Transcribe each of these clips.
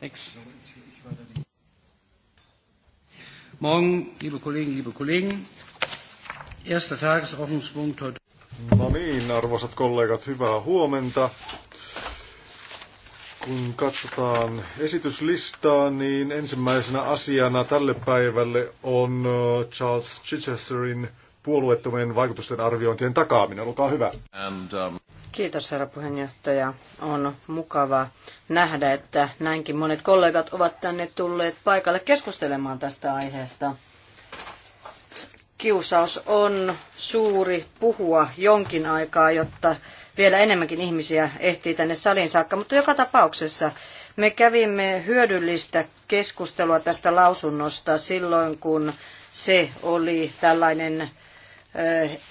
Thanks. Morgen, liebe Kollegen, liebe Kollegen. Erster Tagesordnungspunkt heute. No niin, arvoisat kollegat, hyvää huomenta. Kun katsotaan esityslistaa, niin ensimmäisenä asiana tälle päivälle on Charles Chichesterin puolueettomien vaikutusten arviointien takaaminen. Olkaa hyvä. And, um... Kiitos herra puheenjohtaja. On mukava nähdä, että näinkin monet kollegat ovat tänne tulleet paikalle keskustelemaan tästä aiheesta. Kiusaus on suuri puhua jonkin aikaa, jotta vielä enemmänkin ihmisiä ehtii tänne salin saakka, mutta joka tapauksessa me kävimme hyödyllistä keskustelua tästä lausunnosta silloin, kun se oli tällainen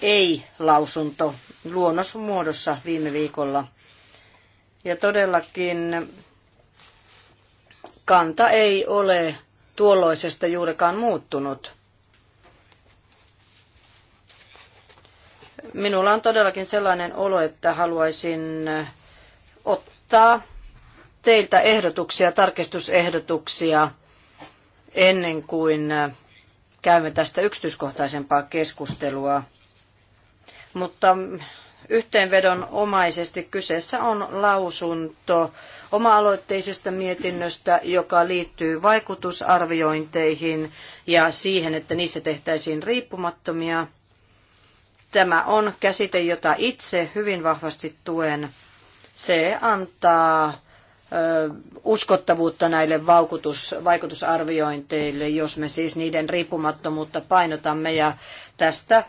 ei-lausunto luonnosmuodossa viime viikolla. Ja todellakin kanta ei ole tuolloisesta juurikaan muuttunut. Minulla on todellakin sellainen olo, että haluaisin ottaa teiltä ehdotuksia, tarkistusehdotuksia ennen kuin käymme tästä yksityiskohtaisempaa keskustelua. Mutta Yhteenvedonomaisesti kyseessä on lausunto oma-aloitteisesta mietinnöstä, joka liittyy vaikutusarviointeihin ja siihen, että niistä tehtäisiin riippumattomia. Tämä on käsite, jota itse hyvin vahvasti tuen. Se antaa uskottavuutta näille vaikutusarviointeille, jos me siis niiden riippumattomuutta painotamme. Ja tästä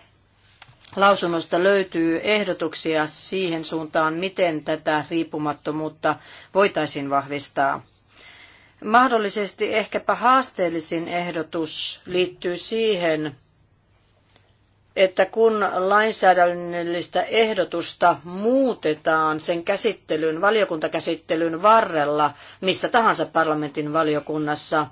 lausunnosta löytyy ehdotuksia siihen suuntaan, miten tätä riippumattomuutta voitaisiin vahvistaa. Mahdollisesti ehkäpä haasteellisin ehdotus liittyy siihen, että kun lainsäädännöllistä ehdotusta muutetaan sen käsittelyn, valiokuntakäsittelyn varrella, missä tahansa parlamentin valiokunnassa,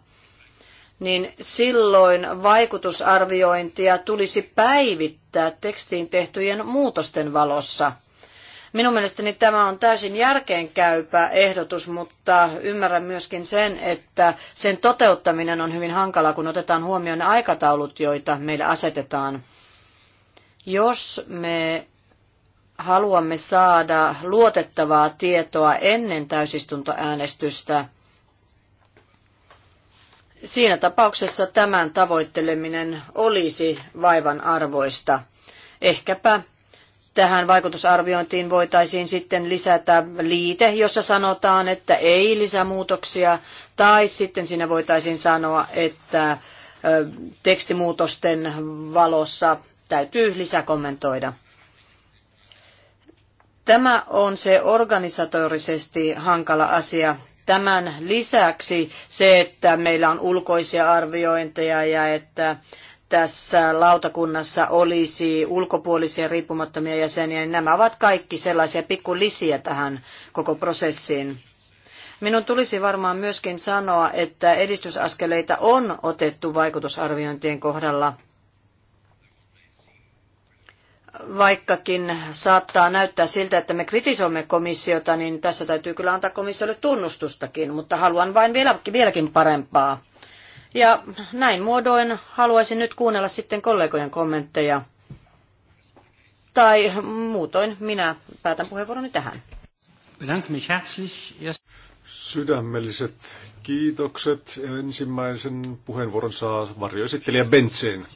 niin silloin vaikutusarviointia tulisi päivittää tekstiin tehtyjen muutosten valossa. Minun mielestäni tämä on täysin järkeenkäypä ehdotus, mutta ymmärrän myöskin sen, että sen toteuttaminen on hyvin hankalaa, kun otetaan huomioon ne aikataulut, joita meille asetetaan jos me haluamme saada luotettavaa tietoa ennen täysistuntoäänestystä, siinä tapauksessa tämän tavoitteleminen olisi vaivan arvoista. Ehkäpä tähän vaikutusarviointiin voitaisiin sitten lisätä liite, jossa sanotaan, että ei lisämuutoksia, tai sitten siinä voitaisiin sanoa, että tekstimuutosten valossa täytyy lisäkommentoida. Tämä on se organisatorisesti hankala asia. Tämän lisäksi se, että meillä on ulkoisia arviointeja ja että tässä lautakunnassa olisi ulkopuolisia riippumattomia jäseniä, niin nämä ovat kaikki sellaisia pikkulisiä tähän koko prosessiin. Minun tulisi varmaan myöskin sanoa, että edistysaskeleita on otettu vaikutusarviointien kohdalla – vaikkakin saattaa näyttää siltä, että me kritisoimme komissiota, niin tässä täytyy kyllä antaa komissiolle tunnustustakin, mutta haluan vain vielä, vieläkin parempaa. Ja näin muodoin haluaisin nyt kuunnella sitten kollegojen kommentteja. Tai muutoin minä päätän puheenvuoroni tähän. Sydämelliset Kiitokset. Ensimmäisen puheenvuoron saa varjoesittelijä Bentsen.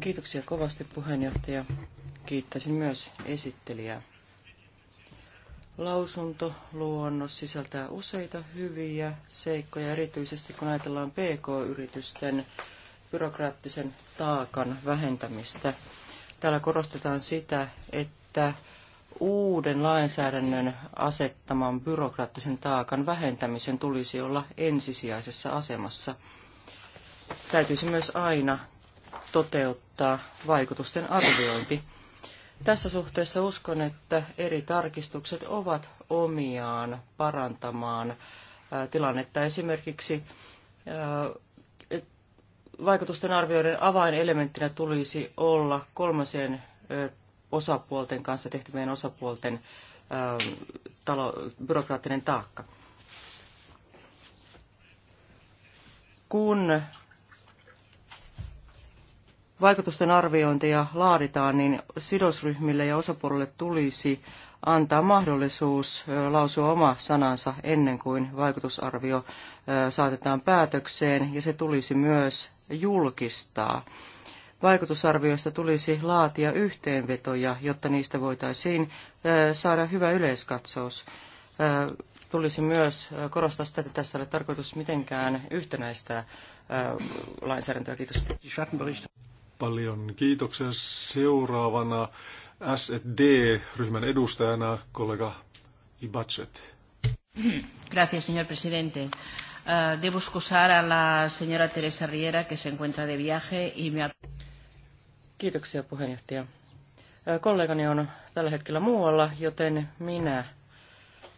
Kiitoksia kovasti puheenjohtaja. Kiittäisin myös esittelijää. luonnos sisältää useita hyviä seikkoja, erityisesti kun ajatellaan PK-yritysten byrokraattisen taakan vähentämistä. Täällä korostetaan sitä, että uuden lainsäädännön asettaman byrokraattisen taakan vähentämisen tulisi olla ensisijaisessa asemassa. Täytyisi myös aina toteuttaa vaikutusten arviointi. Tässä suhteessa uskon, että eri tarkistukset ovat omiaan parantamaan tilannetta. Esimerkiksi vaikutusten arvioiden avainelementtinä tulisi olla kolmasen osapuolten kanssa, tehtävien osapuolten ö, ähm, talo, byrokraattinen taakka. Kun vaikutusten arviointeja laaditaan, niin sidosryhmille ja osapuolille tulisi antaa mahdollisuus äh, lausua oma sanansa ennen kuin vaikutusarvio äh, saatetaan päätökseen, ja se tulisi myös julkistaa Vaikutusarvioista tulisi laatia yhteenvetoja, jotta niistä voitaisiin saada hyvä yleiskatsaus. Tulisi myös korostaa sitä, että tässä ei ole tarkoitus mitenkään yhtenäistää lainsäädäntöä. Kiitos. Paljon kiitoksia. Seuraavana SD-ryhmän edustajana kollega Ibacet. Gracias, señor presidente. Uh, debo excusar a la señora Teresa Riera, que se encuentra de viaje y me ha... Kiitoksia puheenjohtaja. Kollegani on tällä hetkellä muualla, joten minä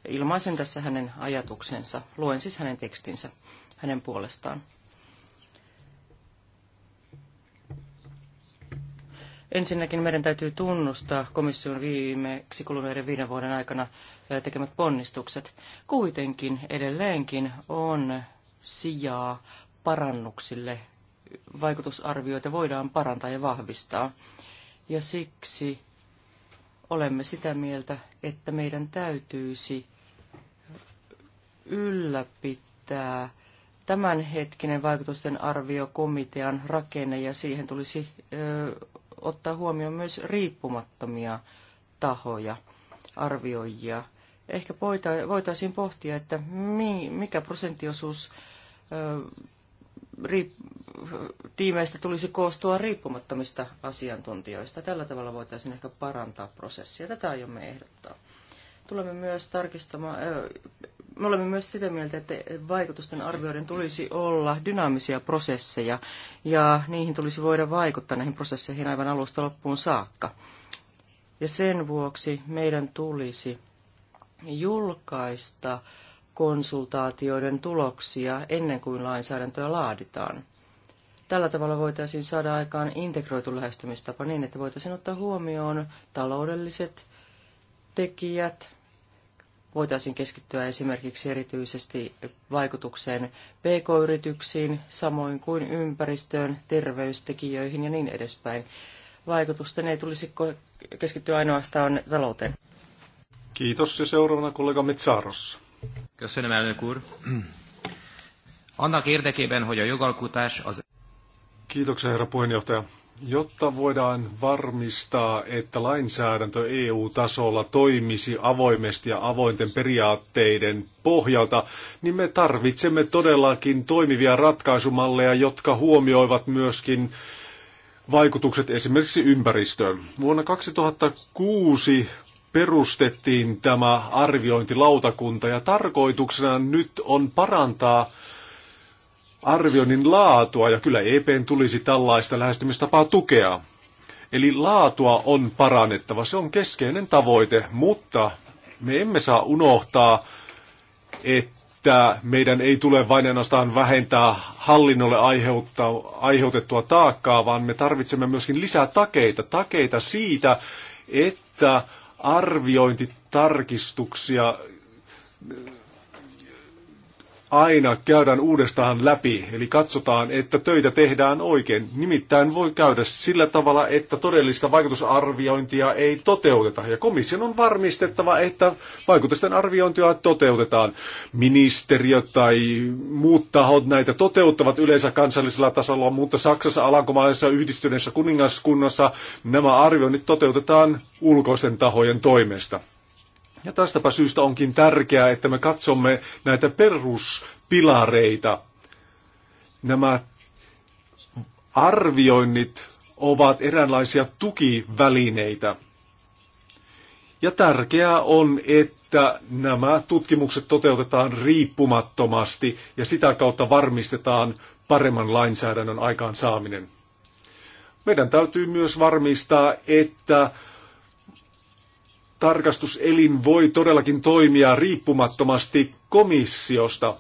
ilmaisen tässä hänen ajatuksensa. Luen siis hänen tekstinsä hänen puolestaan. Ensinnäkin meidän täytyy tunnustaa komission viimeksi kuluneiden viiden vuoden aikana tekemät ponnistukset. Kuitenkin edelleenkin on sijaa parannuksille vaikutusarvioita voidaan parantaa ja vahvistaa. Ja siksi olemme sitä mieltä, että meidän täytyisi ylläpitää tämänhetkinen vaikutusten arviokomitean rakenne ja siihen tulisi ö, ottaa huomioon myös riippumattomia tahoja, arvioijia. Ehkä voitaisiin pohtia, että mikä prosenttiosuus tiimeistä tulisi koostua riippumattomista asiantuntijoista. Tällä tavalla voitaisiin ehkä parantaa prosessia. Tätä aiomme ehdottaa. Tulemme myös tarkistamaan, me olemme myös sitä mieltä, että vaikutusten arvioiden tulisi olla dynaamisia prosesseja ja niihin tulisi voida vaikuttaa näihin prosesseihin aivan alusta loppuun saakka. Ja sen vuoksi meidän tulisi julkaista konsultaatioiden tuloksia ennen kuin lainsäädäntöä laaditaan. Tällä tavalla voitaisiin saada aikaan integroitu lähestymistapa niin, että voitaisiin ottaa huomioon taloudelliset tekijät, voitaisiin keskittyä esimerkiksi erityisesti vaikutukseen pk-yrityksiin, samoin kuin ympäristöön, terveystekijöihin ja niin edespäin. Vaikutusten ei tulisi keskittyä ainoastaan talouteen. Kiitos ja seuraavana kollega Mitsaros. Kiitos, elnök úr. Annak érdekében, hogy a jogalkotás az... Kiitoksia, herra puheenjohtaja. Jotta voidaan varmistaa, että lainsäädäntö EU-tasolla toimisi avoimesti ja avointen periaatteiden pohjalta, niin me tarvitsemme todellakin toimivia ratkaisumalleja, jotka huomioivat myöskin vaikutukset esimerkiksi ympäristöön. Vuonna 2006 perustettiin tämä arviointilautakunta ja tarkoituksena nyt on parantaa arvioinnin laatua, ja kyllä EPn tulisi tällaista lähestymistapaa tukea. Eli laatua on parannettava, se on keskeinen tavoite, mutta me emme saa unohtaa, että meidän ei tule vain ainoastaan vähentää hallinnolle aiheutettua taakkaa, vaan me tarvitsemme myöskin lisää takeita, takeita siitä, että arviointitarkistuksia aina käydään uudestaan läpi, eli katsotaan, että töitä tehdään oikein. Nimittäin voi käydä sillä tavalla, että todellista vaikutusarviointia ei toteuteta, ja komission on varmistettava, että vaikutusten arviointia toteutetaan. Ministeriöt tai muut tahot näitä toteuttavat yleensä kansallisella tasolla, mutta Saksassa, Alankomaissa, Yhdistyneessä kuningaskunnassa nämä arvioinnit toteutetaan ulkoisten tahojen toimesta. Ja tästäpä syystä onkin tärkeää, että me katsomme näitä peruspilareita. Nämä arvioinnit ovat eräänlaisia tukivälineitä. Ja tärkeää on, että nämä tutkimukset toteutetaan riippumattomasti ja sitä kautta varmistetaan paremman lainsäädännön aikaansaaminen. Meidän täytyy myös varmistaa, että tarkastuselin voi todellakin toimia riippumattomasti komissiosta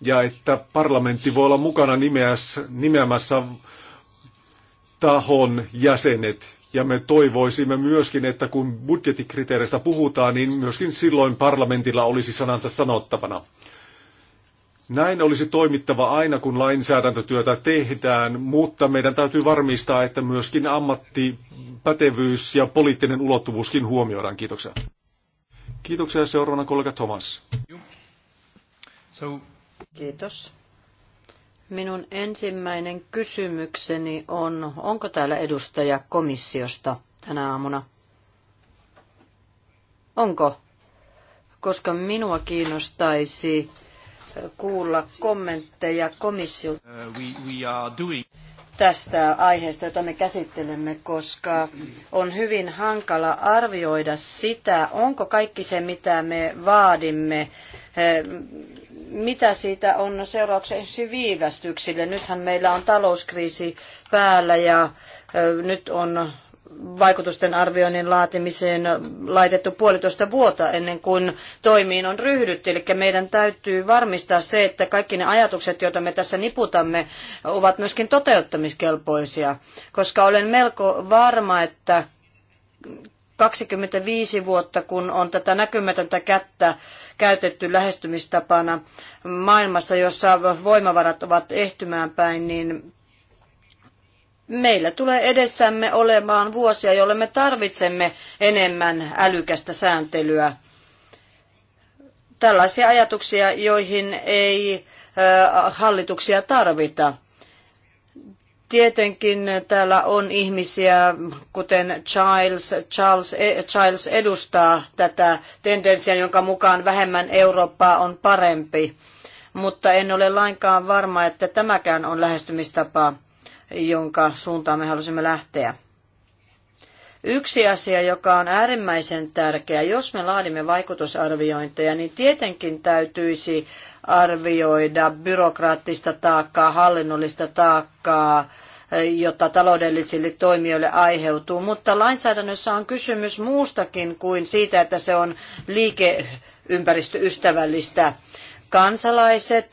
ja että parlamentti voi olla mukana nimeässä, nimeämässä tahon jäsenet. Ja me toivoisimme myöskin, että kun budjettikriteereistä puhutaan, niin myöskin silloin parlamentilla olisi sanansa sanottavana. Näin olisi toimittava aina, kun lainsäädäntötyötä tehdään, mutta meidän täytyy varmistaa, että myöskin ammattipätevyys ja poliittinen ulottuvuuskin huomioidaan. Kiitoksia. Kiitoksia seuraavana kollega Thomas. Kiitos. Minun ensimmäinen kysymykseni on, onko täällä edustaja komissiosta tänä aamuna? Onko? Koska minua kiinnostaisi kuulla kommentteja komissiolta uh, tästä aiheesta, jota me käsittelemme, koska on hyvin hankala arvioida sitä, onko kaikki se, mitä me vaadimme, eh, mitä siitä on seurauksena viivästyksille. Nythän meillä on talouskriisi päällä ja eh, nyt on vaikutusten arvioinnin laatimiseen laitettu puolitoista vuotta ennen kuin toimiin on ryhdytty. Eli meidän täytyy varmistaa se, että kaikki ne ajatukset, joita me tässä niputamme, ovat myöskin toteuttamiskelpoisia. Koska olen melko varma, että 25 vuotta, kun on tätä näkymätöntä kättä käytetty lähestymistapana maailmassa, jossa voimavarat ovat ehtymään päin, niin meillä tulee edessämme olemaan vuosia, jolle me tarvitsemme enemmän älykästä sääntelyä. Tällaisia ajatuksia, joihin ei hallituksia tarvita. Tietenkin täällä on ihmisiä, kuten Charles, Charles, e, Charles edustaa tätä tendenssiä, jonka mukaan vähemmän Eurooppaa on parempi. Mutta en ole lainkaan varma, että tämäkään on lähestymistapa jonka suuntaan me halusimme lähteä. Yksi asia, joka on äärimmäisen tärkeä, jos me laadimme vaikutusarviointeja, niin tietenkin täytyisi arvioida byrokraattista taakkaa, hallinnollista taakkaa, jota taloudellisille toimijoille aiheutuu. Mutta lainsäädännössä on kysymys muustakin kuin siitä, että se on liikeympäristöystävällistä. Kansalaiset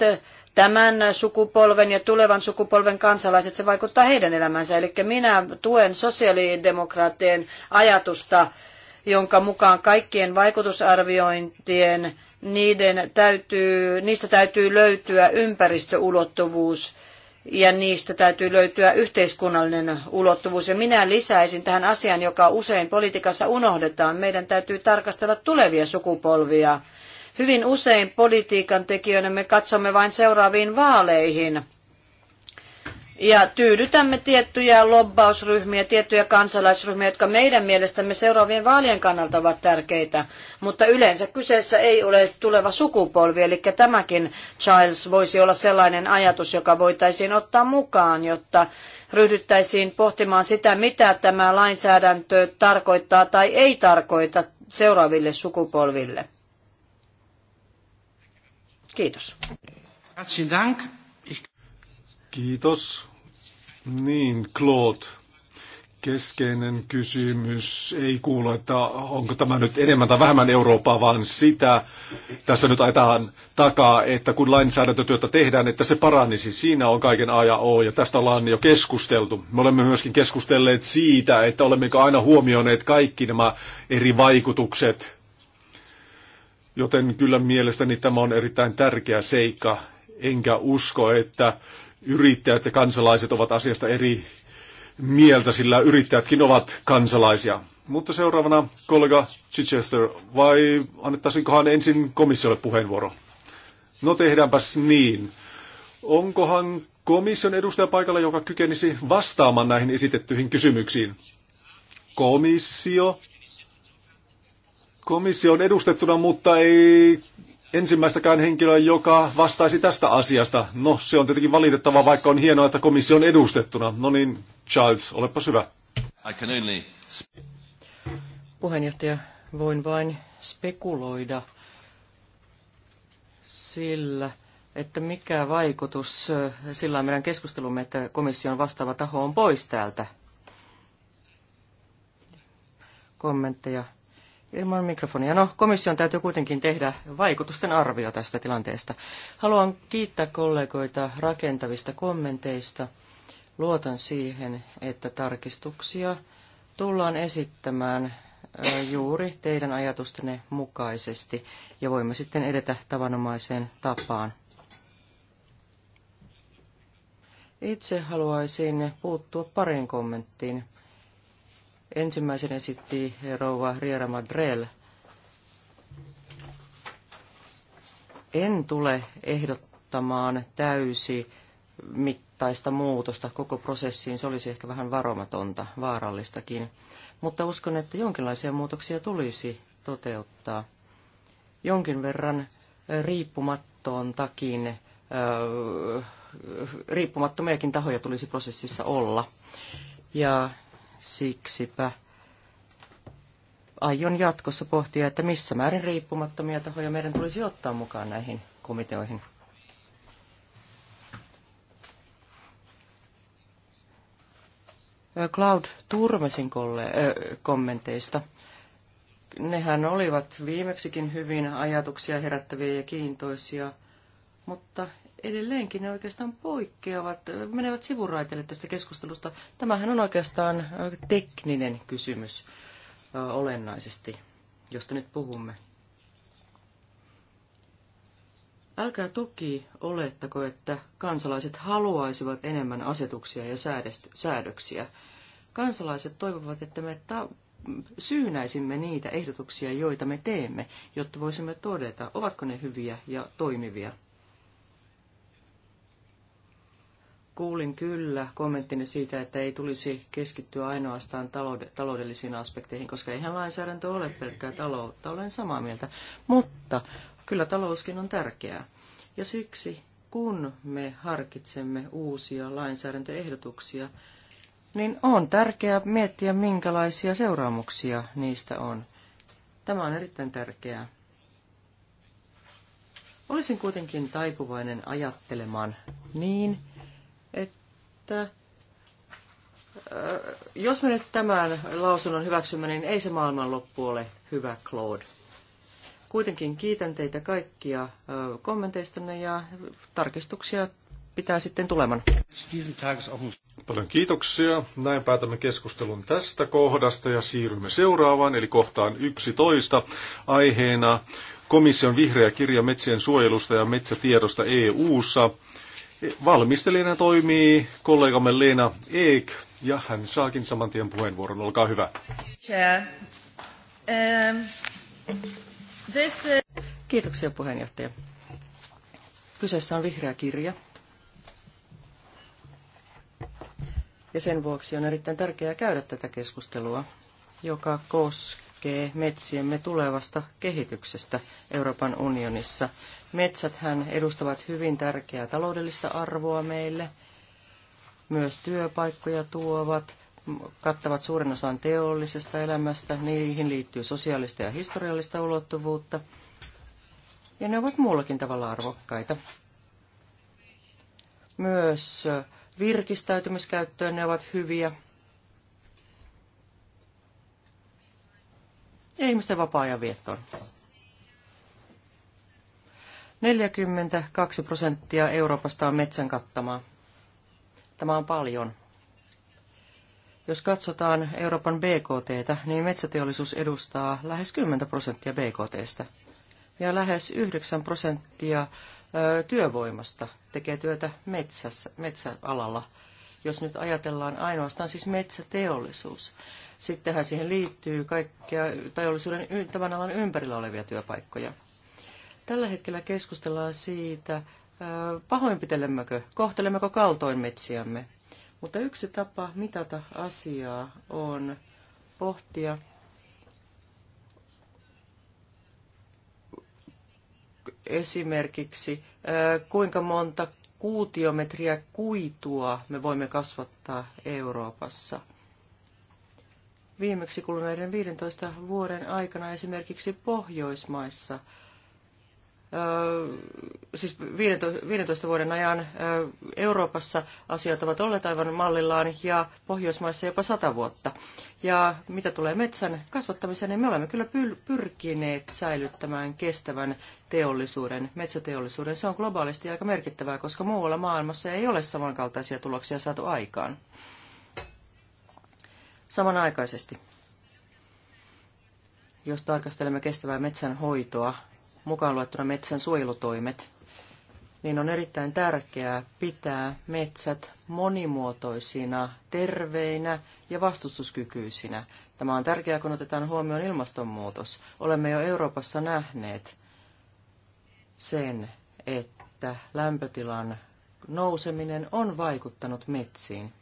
tämän sukupolven ja tulevan sukupolven kansalaiset, se vaikuttaa heidän elämänsä. Eli minä tuen sosiaalidemokraattien ajatusta, jonka mukaan kaikkien vaikutusarviointien niiden täytyy, niistä täytyy löytyä ympäristöulottuvuus ja niistä täytyy löytyä yhteiskunnallinen ulottuvuus. Ja minä lisäisin tähän asiaan, joka usein politiikassa unohdetaan. Meidän täytyy tarkastella tulevia sukupolvia Hyvin usein politiikan tekijöinä me katsomme vain seuraaviin vaaleihin ja tyydytämme tiettyjä lobbausryhmiä, tiettyjä kansalaisryhmiä, jotka meidän mielestämme seuraavien vaalien kannalta ovat tärkeitä, mutta yleensä kyseessä ei ole tuleva sukupolvi, eli tämäkin Childs voisi olla sellainen ajatus, joka voitaisiin ottaa mukaan, jotta ryhdyttäisiin pohtimaan sitä, mitä tämä lainsäädäntö tarkoittaa tai ei tarkoita seuraaville sukupolville. Kiitos. Kiitos. Niin, Claude. Keskeinen kysymys ei kuulu, että onko tämä nyt enemmän tai vähemmän Eurooppaa, vaan sitä tässä nyt ajetaan takaa, että kun lainsäädäntötyötä tehdään, että se paranisi. Siinä on kaiken A ja O, ja tästä ollaan jo keskusteltu. Me olemme myöskin keskustelleet siitä, että olemmeko aina huomioineet kaikki nämä eri vaikutukset Joten kyllä mielestäni tämä on erittäin tärkeä seikka, enkä usko, että yrittäjät ja kansalaiset ovat asiasta eri mieltä, sillä yrittäjätkin ovat kansalaisia. Mutta seuraavana kollega Chichester, vai annettaisinkohan ensin komissiolle puheenvuoro? No tehdäänpäs niin. Onkohan komission edustaja paikalla, joka kykenisi vastaamaan näihin esitettyihin kysymyksiin? Komissio, komissio on edustettuna, mutta ei ensimmäistäkään henkilöä, joka vastaisi tästä asiasta. No, se on tietenkin valitettava, vaikka on hienoa, että komissio on edustettuna. No niin, Charles, olepa hyvä. I can only... Puheenjohtaja, voin vain spekuloida sillä, että mikä vaikutus sillä on meidän keskustelumme, että komission vastaava taho on pois täältä. Kommentteja Ilman mikrofonia. No, komission täytyy kuitenkin tehdä vaikutusten arvio tästä tilanteesta. Haluan kiittää kollegoita rakentavista kommenteista. Luotan siihen, että tarkistuksia tullaan esittämään juuri teidän ajatustenne mukaisesti ja voimme sitten edetä tavanomaiseen tapaan. Itse haluaisin puuttua pariin kommenttiin. Ensimmäisen esitti rouva Riera Madrell. En tule ehdottamaan täysi mittaista muutosta koko prosessiin. Se olisi ehkä vähän varomatonta, vaarallistakin. Mutta uskon, että jonkinlaisia muutoksia tulisi toteuttaa. Jonkin verran riippumattoon takin riippumattomiakin tahoja tulisi prosessissa olla. Ja Siksipä aion jatkossa pohtia, että missä määrin riippumattomia tahoja meidän tulisi ottaa mukaan näihin komiteoihin. Cloud Turmesin kommenteista. Nehän olivat viimeksikin hyvin ajatuksia herättäviä ja kiintoisia, mutta edelleenkin ne oikeastaan poikkeavat, menevät sivuraiteille tästä keskustelusta. Tämähän on oikeastaan tekninen kysymys olennaisesti, josta nyt puhumme. Älkää toki olettako, että kansalaiset haluaisivat enemmän asetuksia ja säädöksiä. Kansalaiset toivovat, että me syynäisimme niitä ehdotuksia, joita me teemme, jotta voisimme todeta, ovatko ne hyviä ja toimivia. kuulin kyllä kommenttinne siitä, että ei tulisi keskittyä ainoastaan taloudellisiin aspekteihin, koska eihän lainsäädäntö ole pelkkää taloutta, olen samaa mieltä. Mutta kyllä talouskin on tärkeää. Ja siksi, kun me harkitsemme uusia lainsäädäntöehdotuksia, niin on tärkeää miettiä, minkälaisia seuraamuksia niistä on. Tämä on erittäin tärkeää. Olisin kuitenkin taipuvainen ajattelemaan niin, että jos me nyt tämän lausunnon hyväksymme, niin ei se maailmanloppu ole hyvä, Claude. Kuitenkin kiitän teitä kaikkia kommenteistanne ja tarkistuksia pitää sitten tuleman. Paljon kiitoksia. Näin päätämme keskustelun tästä kohdasta ja siirrymme seuraavaan, eli kohtaan 11. Aiheena komission vihreä kirja metsien suojelusta ja metsätiedosta EU-ssa. Valmistelijana toimii kollegamme Leena Eek, ja hän saakin saman tien puheenvuoron. Olkaa hyvä. Um, uh, Kiitoksia puheenjohtaja. Kyseessä on vihreä kirja. Ja sen vuoksi on erittäin tärkeää käydä tätä keskustelua, joka koskee metsiemme tulevasta kehityksestä Euroopan unionissa. Metsäthän edustavat hyvin tärkeää taloudellista arvoa meille, myös työpaikkoja tuovat, kattavat suuren osan teollisesta elämästä, niihin liittyy sosiaalista ja historiallista ulottuvuutta, ja ne ovat muullakin tavalla arvokkaita. Myös virkistäytymiskäyttöön ne ovat hyviä. Ja ihmisten vapaa-ajan viettoon. 42 prosenttia Euroopasta on metsän kattamaa. Tämä on paljon. Jos katsotaan Euroopan BKTtä, niin metsäteollisuus edustaa lähes 10 prosenttia BKTstä ja lähes 9 prosenttia työvoimasta tekee työtä metsässä, metsäalalla. Jos nyt ajatellaan ainoastaan siis metsäteollisuus, sittenhän siihen liittyy kaikkea teollisuuden tämän alan ympärillä olevia työpaikkoja. Tällä hetkellä keskustellaan siitä, pahoinpitelemmekö, kohtelemmeko kaltoin metsiämme. Mutta yksi tapa mitata asiaa on pohtia, esimerkiksi, kuinka monta kuutiometriä kuitua me voimme kasvattaa Euroopassa. Viimeksi kuluneiden 15 vuoden aikana esimerkiksi Pohjoismaissa – siis 15 vuoden ajan Euroopassa asiat ovat olleet aivan mallillaan ja Pohjoismaissa jopa 100 vuotta. Ja mitä tulee metsän kasvattamiseen, niin me olemme kyllä pyrkineet säilyttämään kestävän teollisuuden, metsäteollisuuden. Se on globaalisti aika merkittävää, koska muualla maailmassa ei ole samankaltaisia tuloksia saatu aikaan. Samanaikaisesti, jos tarkastelemme kestävää metsänhoitoa, mukaan luettuna metsän suojelutoimet, niin on erittäin tärkeää pitää metsät monimuotoisina, terveinä ja vastustuskykyisinä. Tämä on tärkeää, kun otetaan huomioon ilmastonmuutos. Olemme jo Euroopassa nähneet sen, että lämpötilan nouseminen on vaikuttanut metsiin.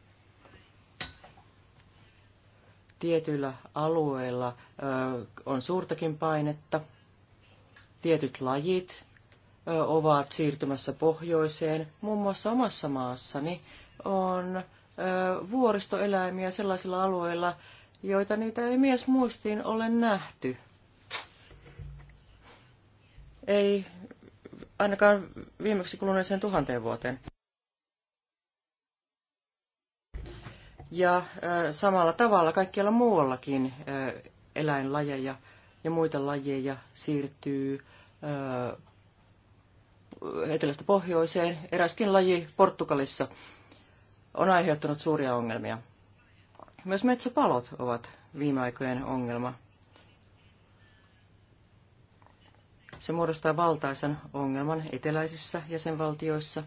Tietyillä alueilla on suurtakin painetta tietyt lajit ovat siirtymässä pohjoiseen. Muun muassa omassa maassani on vuoristoeläimiä sellaisilla alueilla, joita niitä ei mies muistiin ole nähty. Ei ainakaan viimeksi kuluneeseen tuhanteen vuoteen. Ja samalla tavalla kaikkialla muuallakin eläinlajeja – ja muita lajeja siirtyy ö, etelästä pohjoiseen. Eräskin laji Portugalissa on aiheuttanut suuria ongelmia. Myös metsäpalot ovat viime aikojen ongelma. Se muodostaa valtaisen ongelman eteläisissä jäsenvaltioissa.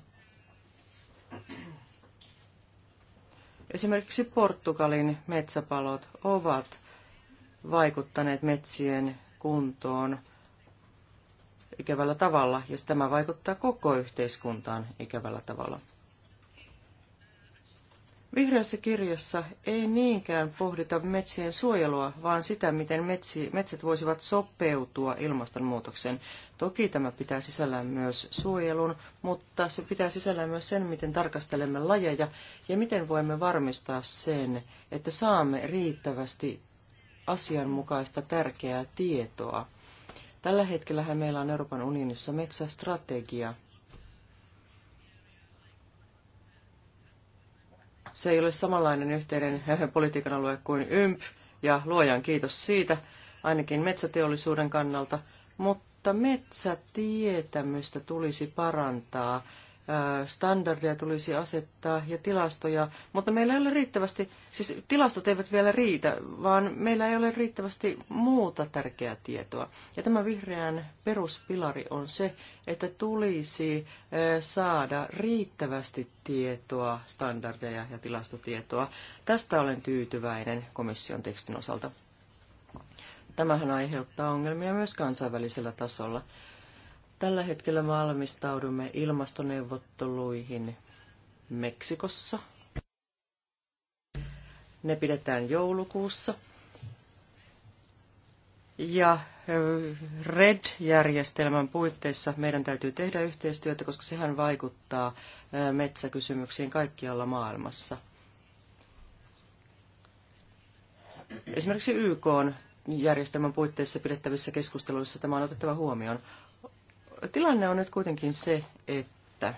Esimerkiksi Portugalin metsäpalot ovat vaikuttaneet metsien kuntoon ikävällä tavalla, ja tämä vaikuttaa koko yhteiskuntaan ikävällä tavalla. Vihreässä kirjassa ei niinkään pohdita metsien suojelua, vaan sitä, miten metsi, metsät voisivat sopeutua ilmastonmuutokseen. Toki tämä pitää sisällään myös suojelun, mutta se pitää sisällään myös sen, miten tarkastelemme lajeja ja miten voimme varmistaa sen, että saamme riittävästi asianmukaista tärkeää tietoa. Tällä hetkellä meillä on Euroopan unionissa metsästrategia. Se ei ole samanlainen yhteinen politiikan alue kuin YMP, ja luojan kiitos siitä, ainakin metsäteollisuuden kannalta, mutta metsätietämystä tulisi parantaa standardeja tulisi asettaa ja tilastoja, mutta meillä ei ole riittävästi, siis tilastot eivät vielä riitä, vaan meillä ei ole riittävästi muuta tärkeää tietoa. Ja tämä vihreän peruspilari on se, että tulisi saada riittävästi tietoa, standardeja ja tilastotietoa. Tästä olen tyytyväinen komission tekstin osalta. Tämähän aiheuttaa ongelmia myös kansainvälisellä tasolla. Tällä hetkellä valmistaudumme ilmastoneuvotteluihin Meksikossa. Ne pidetään joulukuussa. Ja RED-järjestelmän puitteissa meidän täytyy tehdä yhteistyötä, koska sehän vaikuttaa metsäkysymyksiin kaikkialla maailmassa. Esimerkiksi YK järjestelmän puitteissa pidettävissä keskusteluissa tämä on otettava huomioon. Tilanne on nyt kuitenkin se, että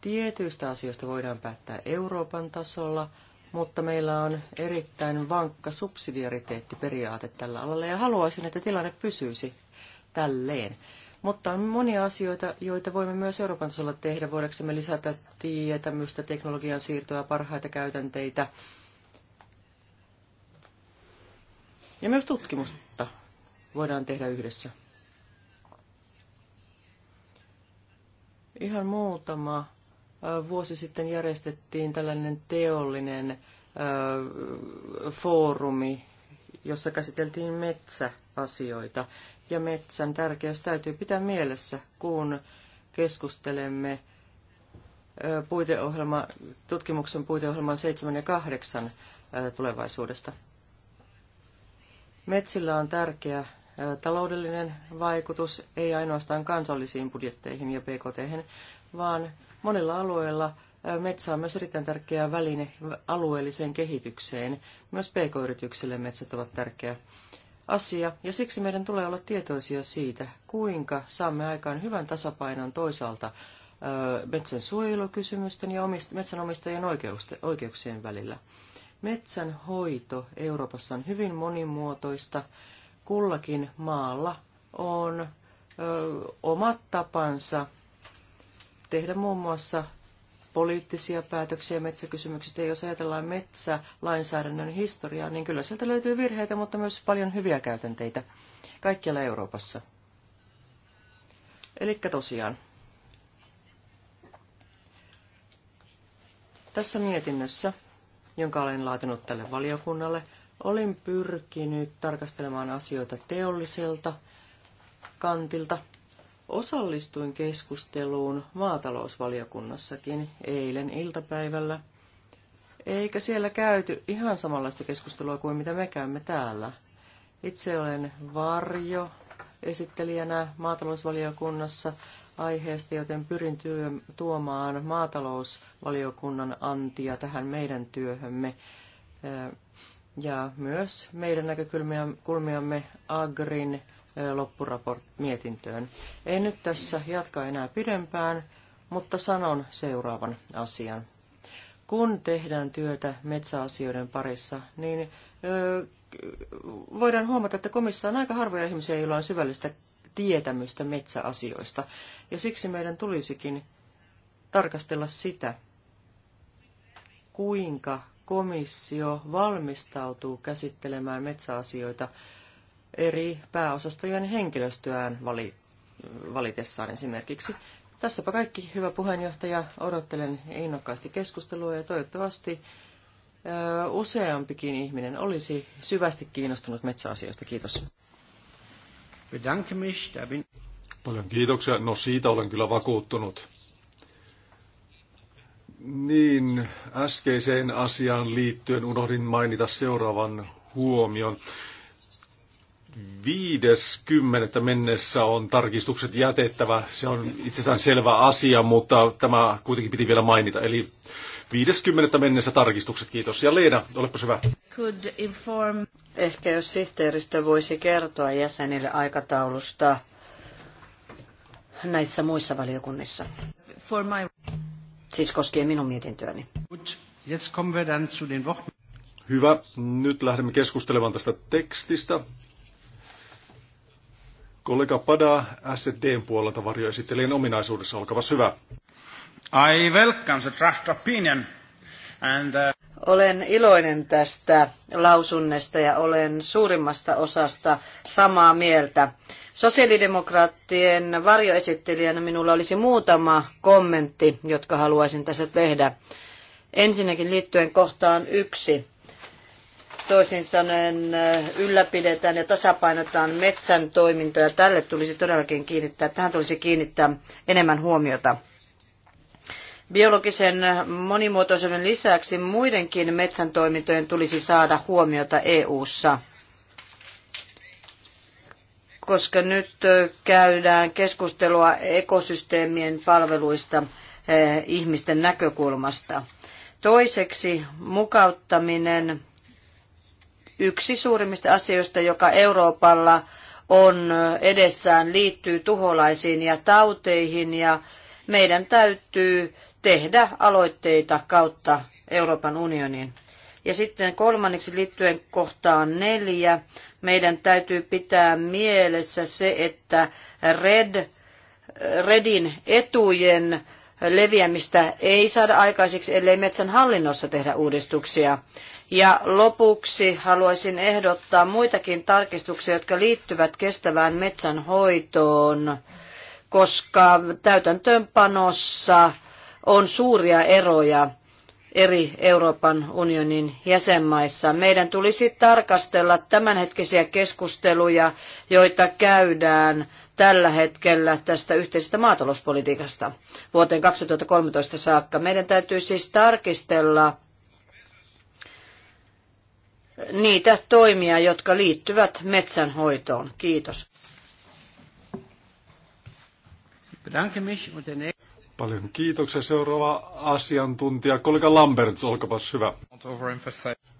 tietyistä asioista voidaan päättää Euroopan tasolla, mutta meillä on erittäin vankka subsidiariteettiperiaate tällä alalla ja haluaisin, että tilanne pysyisi tälleen. Mutta on monia asioita, joita voimme myös Euroopan tasolla tehdä. me lisätä tietämystä, teknologian siirtoa, parhaita käytänteitä ja myös tutkimusta voidaan tehdä yhdessä. Ihan muutama vuosi sitten järjestettiin tällainen teollinen foorumi, jossa käsiteltiin metsäasioita. Ja metsän tärkeys täytyy pitää mielessä, kun keskustelemme puiteohjelma, tutkimuksen puiteohjelman 7 ja 8 tulevaisuudesta. Metsillä on tärkeä taloudellinen vaikutus ei ainoastaan kansallisiin budjetteihin ja BKT, vaan monilla alueilla metsä on myös erittäin tärkeä väline alueelliseen kehitykseen. Myös pk-yrityksille metsät ovat tärkeä asia, ja siksi meidän tulee olla tietoisia siitä, kuinka saamme aikaan hyvän tasapainon toisaalta metsän suojelukysymysten ja metsänomistajien oikeuksien välillä. Metsän hoito Euroopassa on hyvin monimuotoista kullakin maalla on ö, omat tapansa tehdä muun muassa poliittisia päätöksiä metsäkysymyksistä. Ja jos ajatellaan metsälainsäädännön historiaa, niin kyllä sieltä löytyy virheitä, mutta myös paljon hyviä käytänteitä kaikkialla Euroopassa. Eli tosiaan. Tässä mietinnössä, jonka olen laatinut tälle valiokunnalle, olen pyrkinyt tarkastelemaan asioita teolliselta kantilta. Osallistuin keskusteluun maatalousvaliokunnassakin eilen iltapäivällä. Eikä siellä käyty ihan samanlaista keskustelua kuin mitä me käymme täällä. Itse olen varjo esittelijänä maatalousvaliokunnassa aiheesta, joten pyrin työ, tuomaan maatalousvaliokunnan antia tähän meidän työhömme ja myös meidän näkökulmiamme Agrin eh, loppuraporttimietintöön. Ei nyt tässä jatka enää pidempään, mutta sanon seuraavan asian. Kun tehdään työtä metsäasioiden parissa, niin voidaan huomata, että komissa on aika harvoja ihmisiä, joilla on syvällistä tietämystä metsäasioista. Ja siksi meidän tulisikin tarkastella sitä, kuinka komissio valmistautuu käsittelemään metsäasioita eri pääosastojen henkilöstöään vali, valitessaan esimerkiksi. Tässäpä kaikki, hyvä puheenjohtaja. Odottelen innokkaasti keskustelua ja toivottavasti ö, useampikin ihminen olisi syvästi kiinnostunut metsäasioista. Kiitos. Paljon kiitoksia. No siitä olen kyllä vakuuttunut. Niin, äskeiseen asiaan liittyen unohdin mainita seuraavan huomion. 50. mennessä on tarkistukset jätettävä. Se on itsestään selvä asia, mutta tämä kuitenkin piti vielä mainita. Eli 50. mennessä tarkistukset, kiitos. Ja Leena, olepa hyvä. Could inform... Ehkä jos sihteeristö voisi kertoa jäsenille aikataulusta näissä muissa valiokunnissa. For my siis koskien minun mietintyöni. Hyvä, nyt lähdemme keskustelemaan tästä tekstistä. Kollega Pada SDn puolelta varjoesittelijän ominaisuudessa, olkaa hyvä. I welcome the trust opinion and uh... Olen iloinen tästä lausunnesta ja olen suurimmasta osasta samaa mieltä. Sosiaalidemokraattien varjoesittelijänä minulla olisi muutama kommentti, jotka haluaisin tässä tehdä. Ensinnäkin liittyen kohtaan yksi. Toisin sanoen äh, ylläpidetään ja tasapainotetaan metsän toimintoja. Tälle tulisi todellakin kiinnittää, tähän tulisi kiinnittää enemmän huomiota. Biologisen monimuotoisuuden lisäksi muidenkin metsäntoimintojen tulisi saada huomiota EU:ssa koska nyt käydään keskustelua ekosysteemien palveluista ihmisten näkökulmasta. Toiseksi mukauttaminen. Yksi suurimmista asioista, joka Euroopalla on edessään, liittyy tuholaisiin ja tauteihin ja meidän täytyy tehdä aloitteita kautta Euroopan unionin. Ja sitten kolmanneksi liittyen kohtaan neljä, meidän täytyy pitää mielessä se, että Red, Redin etujen leviämistä ei saada aikaiseksi, ellei metsän hallinnossa tehdä uudistuksia. Ja lopuksi haluaisin ehdottaa muitakin tarkistuksia, jotka liittyvät kestävään metsänhoitoon, koska täytäntöönpanossa on suuria eroja eri Euroopan unionin jäsenmaissa. Meidän tulisi tarkastella tämänhetkisiä keskusteluja, joita käydään tällä hetkellä tästä yhteisestä maatalouspolitiikasta vuoteen 2013 saakka. Meidän täytyy siis tarkistella niitä toimia, jotka liittyvät metsänhoitoon. Kiitos. Paljon kiitoksia. Seuraava asiantuntija, kollega Lamberts, olkapas hyvä.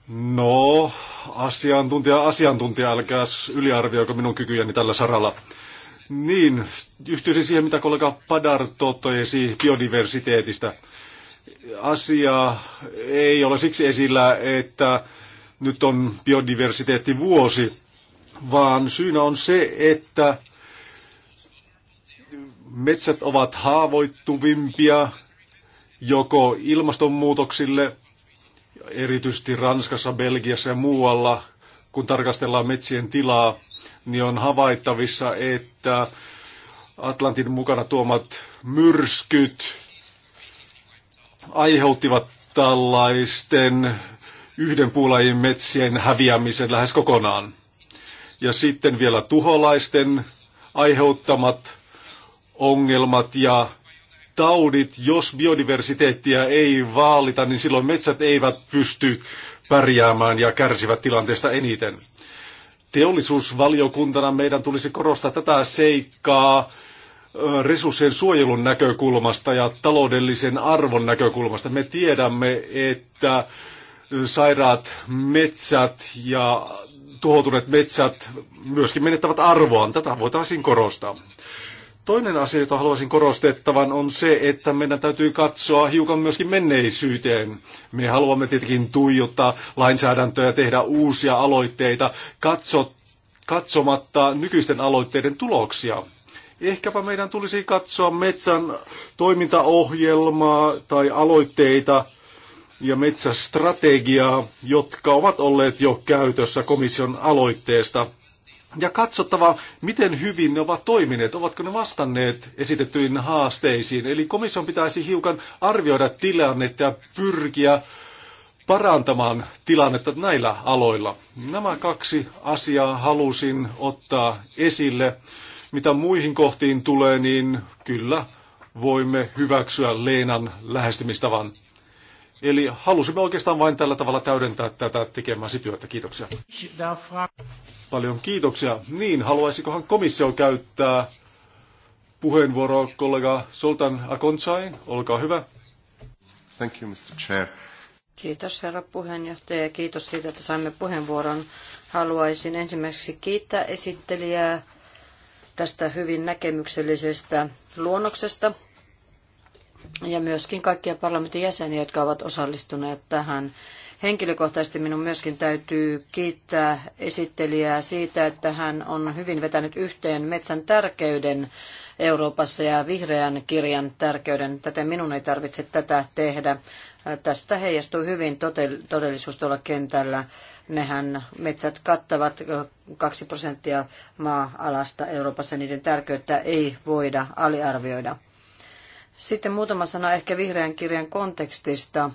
No, asiantuntija, asiantuntija, älkää yliarvioiko minun kykyjäni tällä saralla. Niin, yhtyisin siihen, mitä kollega Padar totesi biodiversiteetistä. Asia ei ole siksi esillä, että nyt on biodiversiteettivuosi, vaan syynä on se, että Metsät ovat haavoittuvimpia joko ilmastonmuutoksille, erityisesti Ranskassa, Belgiassa ja muualla, kun tarkastellaan metsien tilaa, niin on havaittavissa, että Atlantin mukana tuomat myrskyt aiheuttivat tällaisten yhden puulajin metsien häviämisen lähes kokonaan. Ja sitten vielä tuholaisten aiheuttamat ongelmat ja taudit, jos biodiversiteettiä ei vaalita, niin silloin metsät eivät pysty pärjäämään ja kärsivät tilanteesta eniten. Teollisuusvaliokuntana meidän tulisi korostaa tätä seikkaa resurssien suojelun näkökulmasta ja taloudellisen arvon näkökulmasta. Me tiedämme, että sairaat metsät ja tuhoutuneet metsät myöskin menettävät arvoaan. Tätä voitaisiin korostaa. Toinen asia, jota haluaisin korostettavan, on se, että meidän täytyy katsoa hiukan myöskin menneisyyteen. Me haluamme tietenkin tuijottaa lainsäädäntöä, tehdä uusia aloitteita, katso, katsomatta nykyisten aloitteiden tuloksia. Ehkäpä meidän tulisi katsoa metsän toimintaohjelmaa tai aloitteita ja metsästrategiaa, jotka ovat olleet jo käytössä komission aloitteesta – ja katsottava, miten hyvin ne ovat toimineet, ovatko ne vastanneet esitettyihin haasteisiin. Eli komission pitäisi hiukan arvioida tilannetta ja pyrkiä parantamaan tilannetta näillä aloilla. Nämä kaksi asiaa halusin ottaa esille. Mitä muihin kohtiin tulee, niin kyllä voimme hyväksyä Leenan lähestymistavan. Eli halusimme oikeastaan vain tällä tavalla täydentää tätä tekemäsi työtä. Kiitoksia. Paljon kiitoksia. Niin, haluaisikohan komissio käyttää puheenvuoroa kollega Sultan Akonsai? Olkaa hyvä. Thank you, Mr. Chair. Kiitos herra puheenjohtaja ja kiitos siitä, että saimme puheenvuoron. Haluaisin ensimmäiseksi kiittää esittelijää tästä hyvin näkemyksellisestä luonnoksesta ja myöskin kaikkia parlamentin jäseniä, jotka ovat osallistuneet tähän. Henkilökohtaisesti minun myöskin täytyy kiittää esittelijää siitä, että hän on hyvin vetänyt yhteen metsän tärkeyden Euroopassa ja vihreän kirjan tärkeyden. Täten minun ei tarvitse tätä tehdä. Tästä heijastuu hyvin todellisuus tuolla kentällä. Nehän metsät kattavat 2 prosenttia maa-alasta Euroopassa. Niiden tärkeyttä ei voida aliarvioida. Sitten muutama sana ehkä vihreän kirjan kontekstista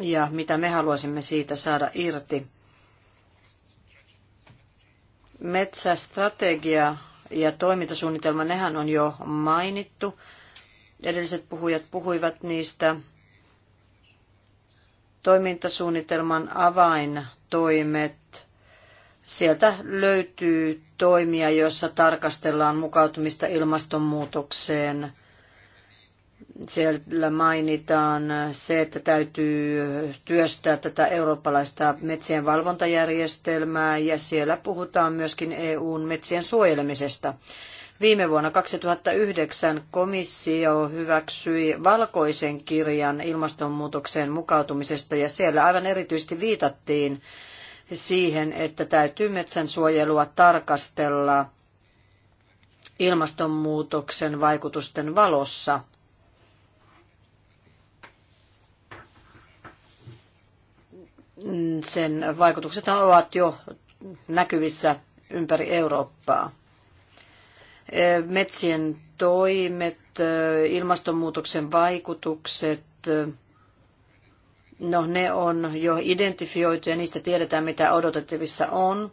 ja mitä me haluaisimme siitä saada irti. Metsästrategia ja toimintasuunnitelma, nehän on jo mainittu. Edelliset puhujat puhuivat niistä. Toimintasuunnitelman avaintoimet Sieltä löytyy toimia, joissa tarkastellaan mukautumista ilmastonmuutokseen. Siellä mainitaan se, että täytyy työstää tätä eurooppalaista metsien valvontajärjestelmää ja siellä puhutaan myöskin EUn metsien suojelemisesta. Viime vuonna 2009 komissio hyväksyi valkoisen kirjan ilmastonmuutokseen mukautumisesta ja siellä aivan erityisesti viitattiin siihen, että täytyy metsänsuojelua tarkastella ilmastonmuutoksen vaikutusten valossa. Sen vaikutukset ovat jo näkyvissä ympäri Eurooppaa. Metsien toimet, ilmastonmuutoksen vaikutukset, No ne on jo identifioitu ja niistä tiedetään, mitä odotettavissa on.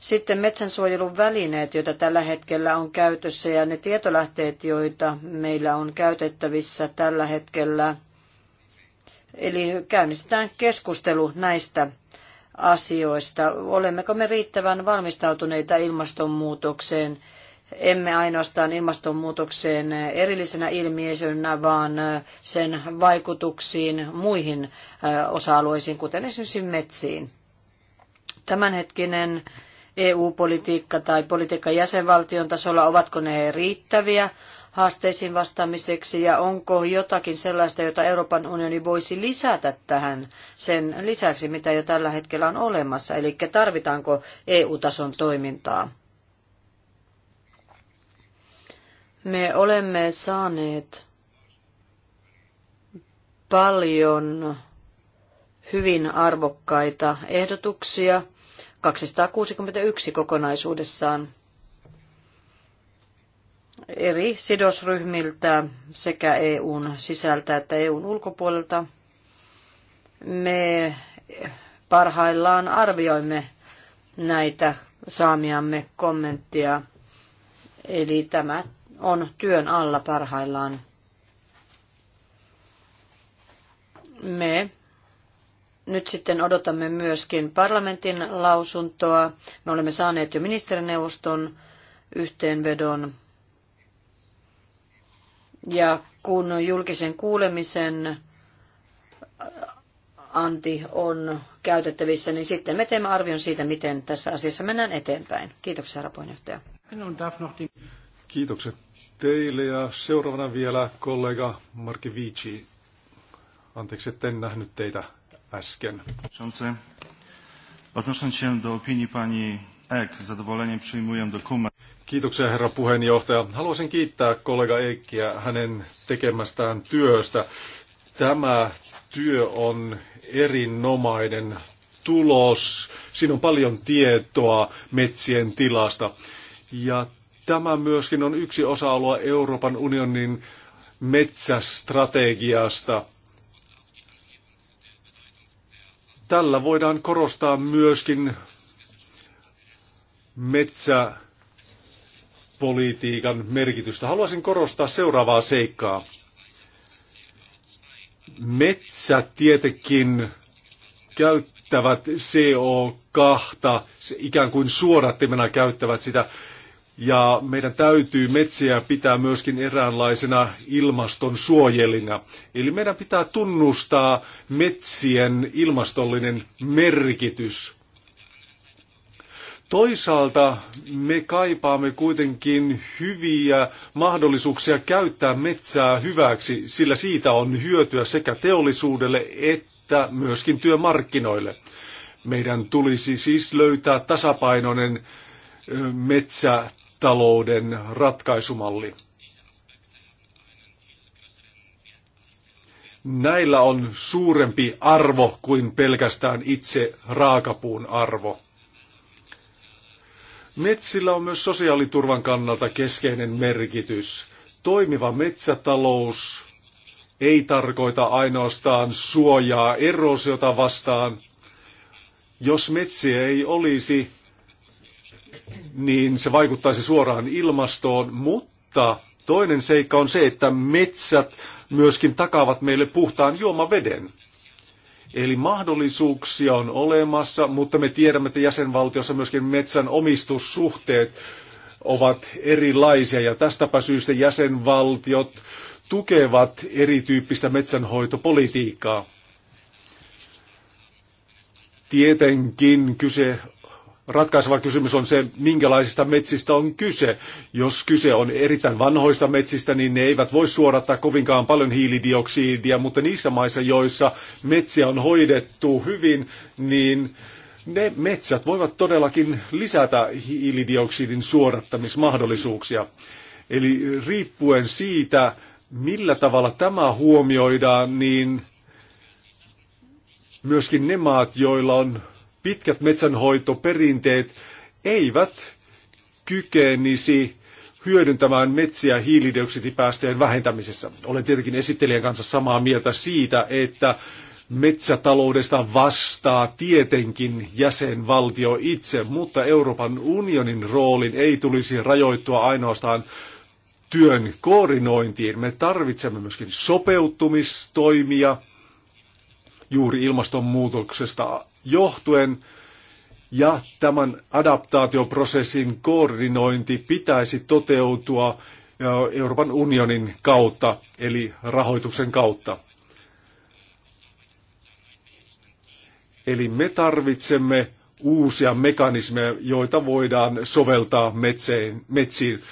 Sitten metsänsuojelun välineet, joita tällä hetkellä on käytössä ja ne tietolähteet, joita meillä on käytettävissä tällä hetkellä. Eli käynnistetään keskustelu näistä asioista. Olemmeko me riittävän valmistautuneita ilmastonmuutokseen? emme ainoastaan ilmastonmuutokseen erillisenä ilmiönä, vaan sen vaikutuksiin muihin osa-alueisiin, kuten esimerkiksi metsiin. Tämänhetkinen EU-politiikka tai politiikka jäsenvaltion tasolla, ovatko ne riittäviä haasteisiin vastaamiseksi ja onko jotakin sellaista, jota Euroopan unioni voisi lisätä tähän sen lisäksi, mitä jo tällä hetkellä on olemassa, eli tarvitaanko EU-tason toimintaa. Me olemme saaneet paljon hyvin arvokkaita ehdotuksia, 261 kokonaisuudessaan eri sidosryhmiltä sekä EUn sisältä että EUn ulkopuolelta. Me parhaillaan arvioimme näitä saamiamme kommenttia. Eli tämä on työn alla parhaillaan. Me nyt sitten odotamme myöskin parlamentin lausuntoa. Me olemme saaneet jo ministerineuvoston yhteenvedon. Ja kun julkisen kuulemisen anti on käytettävissä, niin sitten me teemme arvion siitä, miten tässä asiassa mennään eteenpäin. Kiitoksia, herra puheenjohtaja. Kiitokset teille ja seuraavana vielä kollega Marki Vici. Anteeksi, en nähnyt teitä äsken. Odnosząc się do opinii pani Ek, zadowoleniem przyjmuję dokument. Kiitoksia herra puheenjohtaja. Haluaisin kiittää kollega Eikkiä hänen tekemästään työstä. Tämä työ on erinomainen tulos. Siinä on paljon tietoa metsien tilasta. Ja Tämä myöskin on yksi osa-alue Euroopan unionin metsästrategiasta. Tällä voidaan korostaa myöskin metsäpolitiikan merkitystä. Haluaisin korostaa seuraavaa seikkaa. Metsä tietenkin käyttävät CO2, ikään kuin suodattimena käyttävät sitä ja meidän täytyy metsiä pitää myöskin eräänlaisena ilmaston suojelina. Eli meidän pitää tunnustaa metsien ilmastollinen merkitys. Toisaalta me kaipaamme kuitenkin hyviä mahdollisuuksia käyttää metsää hyväksi, sillä siitä on hyötyä sekä teollisuudelle että myöskin työmarkkinoille. Meidän tulisi siis löytää tasapainoinen metsä talouden ratkaisumalli. Näillä on suurempi arvo kuin pelkästään itse raakapuun arvo. Metsillä on myös sosiaaliturvan kannalta keskeinen merkitys. Toimiva metsätalous ei tarkoita ainoastaan suojaa erosiota vastaan. Jos metsiä ei olisi, niin se vaikuttaisi suoraan ilmastoon, mutta toinen seikka on se, että metsät myöskin takaavat meille puhtaan juomaveden. Eli mahdollisuuksia on olemassa, mutta me tiedämme, että jäsenvaltiossa myöskin metsän omistussuhteet ovat erilaisia ja tästäpä syystä jäsenvaltiot tukevat erityyppistä metsänhoitopolitiikkaa. Tietenkin kyse Ratkaiseva kysymys on se, minkälaisista metsistä on kyse. Jos kyse on erittäin vanhoista metsistä, niin ne eivät voi suodattaa kovinkaan paljon hiilidioksidia, mutta niissä maissa, joissa metsiä on hoidettu hyvin, niin ne metsät voivat todellakin lisätä hiilidioksidin suodattamismahdollisuuksia. Eli riippuen siitä, millä tavalla tämä huomioidaan, niin myöskin ne maat, joilla on pitkät metsänhoitoperinteet eivät kykenisi hyödyntämään metsiä hiilidioksidipäästöjen vähentämisessä. Olen tietenkin esittelijän kanssa samaa mieltä siitä, että metsätaloudesta vastaa tietenkin jäsenvaltio itse, mutta Euroopan unionin roolin ei tulisi rajoittua ainoastaan työn koordinointiin. Me tarvitsemme myöskin sopeutumistoimia, juuri ilmastonmuutoksesta johtuen. Ja tämän adaptaatioprosessin koordinointi pitäisi toteutua Euroopan unionin kautta, eli rahoituksen kautta. Eli me tarvitsemme uusia mekanismeja, joita voidaan soveltaa metsiin.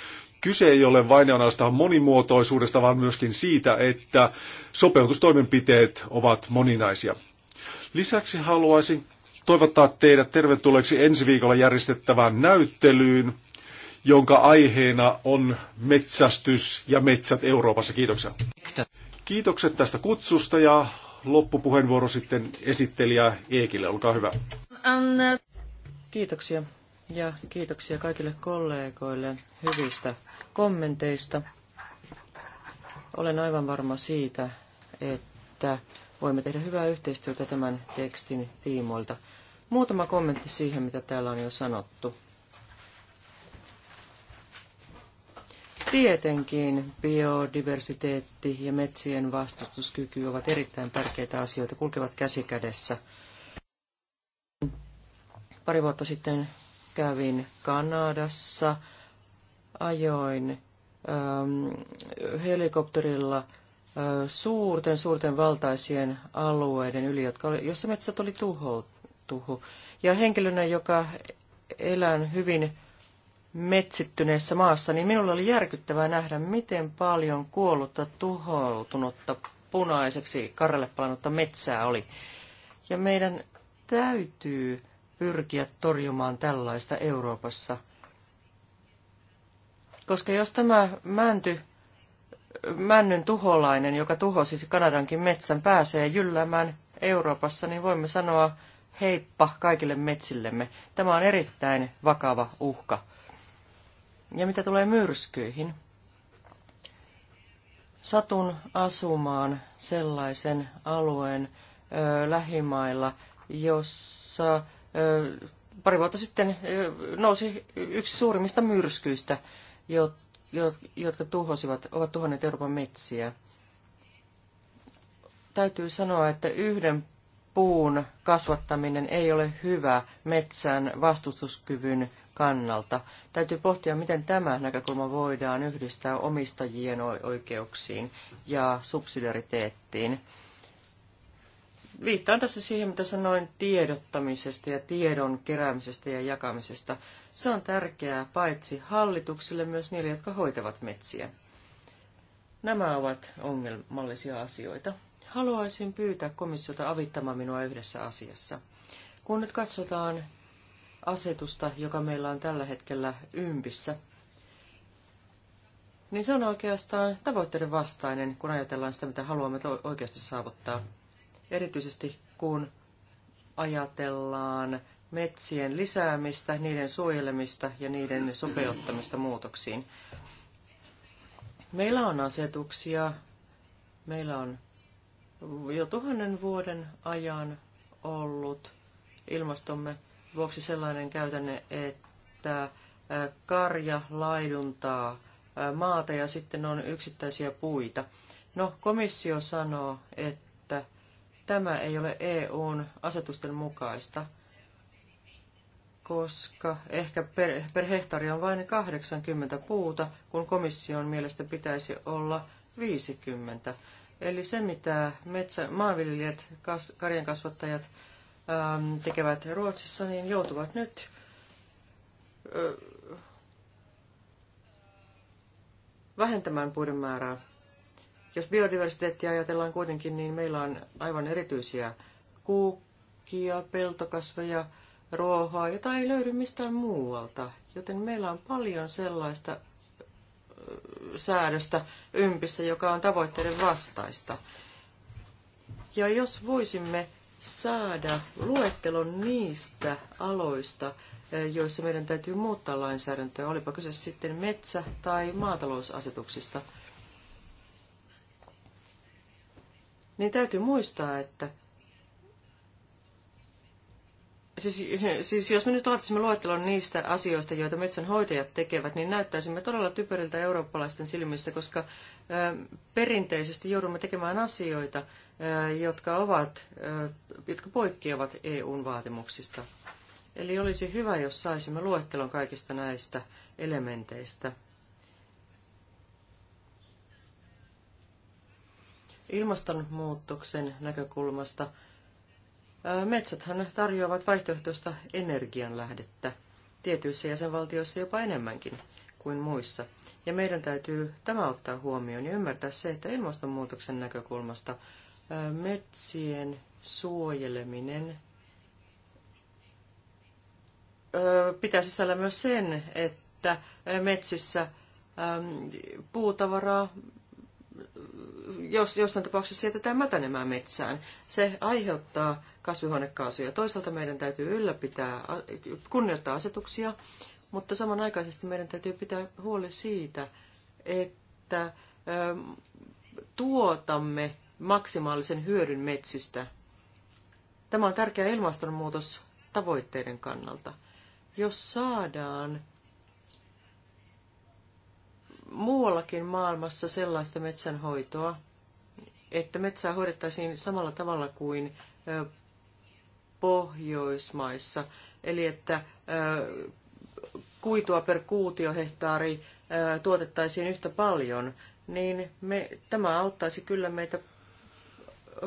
Kyse ei ole vain ja ainoastaan monimuotoisuudesta, vaan myöskin siitä, että sopeutustoimenpiteet ovat moninaisia. Lisäksi haluaisin toivottaa teidät tervetulleeksi ensi viikolla järjestettävään näyttelyyn, jonka aiheena on metsästys ja metsät Euroopassa. Kiitoksia. Kiitokset tästä kutsusta ja loppupuheenvuoro sitten esittelijä Eekille. Olkaa hyvä. Kiitoksia ja kiitoksia kaikille kollegoille hyvistä kommenteista. Olen aivan varma siitä, että voimme tehdä hyvää yhteistyötä tämän tekstin tiimoilta. Muutama kommentti siihen, mitä täällä on jo sanottu. Tietenkin biodiversiteetti ja metsien vastustuskyky ovat erittäin tärkeitä asioita, kulkevat käsi kädessä. Pari vuotta sitten kävin Kanadassa, ajoin ähm, helikopterilla äh, suurten, suurten valtaisien alueiden yli, jotka oli, jossa metsät oli tuho, Ja henkilönä, joka elän hyvin metsittyneessä maassa, niin minulla oli järkyttävää nähdä, miten paljon kuollutta, tuhoutunutta, punaiseksi karrelle palannutta metsää oli. Ja meidän täytyy pyrkiä torjumaan tällaista Euroopassa. Koska jos tämä mänty, männyn tuholainen, joka tuhosi Kanadankin metsän, pääsee jylläämään Euroopassa, niin voimme sanoa heippa kaikille metsillemme. Tämä on erittäin vakava uhka. Ja mitä tulee myrskyihin? Satun asumaan sellaisen alueen ö, lähimailla, jossa pari vuotta sitten nousi yksi suurimmista myrskyistä, jotka tuhosivat, ovat tuhonneet Euroopan metsiä. Täytyy sanoa, että yhden puun kasvattaminen ei ole hyvä metsän vastustuskyvyn kannalta. Täytyy pohtia, miten tämä näkökulma voidaan yhdistää omistajien oikeuksiin ja subsidiariteettiin viittaan tässä siihen, mitä sanoin tiedottamisesta ja tiedon keräämisestä ja jakamisesta. Se on tärkeää paitsi hallituksille, myös niille, jotka hoitavat metsiä. Nämä ovat ongelmallisia asioita. Haluaisin pyytää komissiota avittamaan minua yhdessä asiassa. Kun nyt katsotaan asetusta, joka meillä on tällä hetkellä ympissä, niin se on oikeastaan tavoitteiden vastainen, kun ajatellaan sitä, mitä haluamme oikeasti saavuttaa erityisesti kun ajatellaan metsien lisäämistä, niiden suojelemista ja niiden sopeuttamista muutoksiin. Meillä on asetuksia, meillä on jo tuhannen vuoden ajan ollut ilmastomme vuoksi sellainen käytänne, että karja laiduntaa maata ja sitten on yksittäisiä puita. No, komissio sanoo, että Tämä ei ole EUn asetusten mukaista, koska ehkä per, per hehtaari on vain 80 puuta, kun komission mielestä pitäisi olla 50. Eli se, mitä metsä, maanviljelijät, kas, karjankasvattajat äm, tekevät Ruotsissa, niin joutuvat nyt ö, vähentämään puiden määrää. Jos biodiversiteettiä ajatellaan kuitenkin, niin meillä on aivan erityisiä kuukkia, peltokasveja, ruohoa, jota ei löydy mistään muualta. Joten meillä on paljon sellaista säädöstä ympissä, joka on tavoitteiden vastaista. Ja jos voisimme saada luettelon niistä aloista, joissa meidän täytyy muuttaa lainsäädäntöä, olipa kyse sitten metsä- tai maatalousasetuksista – niin täytyy muistaa, että Siis, siis jos me nyt laatisimme luettelon niistä asioista, joita metsänhoitajat tekevät, niin näyttäisimme todella typeriltä eurooppalaisten silmissä, koska perinteisesti joudumme tekemään asioita, jotka, ovat, jotka poikkeavat EUn vaatimuksista. Eli olisi hyvä, jos saisimme luettelon kaikista näistä elementeistä. ilmastonmuutoksen näkökulmasta metsäthän tarjoavat vaihtoehtoista energianlähdettä tietyissä jäsenvaltioissa jopa enemmänkin kuin muissa. Ja meidän täytyy tämä ottaa huomioon ja ymmärtää se, että ilmastonmuutoksen näkökulmasta metsien suojeleminen pitää sisällä myös sen, että metsissä puutavaraa jos, jossain tapauksessa jätetään mätänemään metsään. Se aiheuttaa kasvihuonekaasuja. Toisaalta meidän täytyy ylläpitää, kunnioittaa asetuksia, mutta samanaikaisesti meidän täytyy pitää huoli siitä, että tuotamme maksimaalisen hyödyn metsistä. Tämä on tärkeä tavoitteiden kannalta. Jos saadaan muuallakin maailmassa sellaista metsänhoitoa, että metsää hoidettaisiin samalla tavalla kuin Pohjoismaissa. Eli että kuitua per kuutiohehtaari tuotettaisiin yhtä paljon, niin me, tämä auttaisi kyllä meitä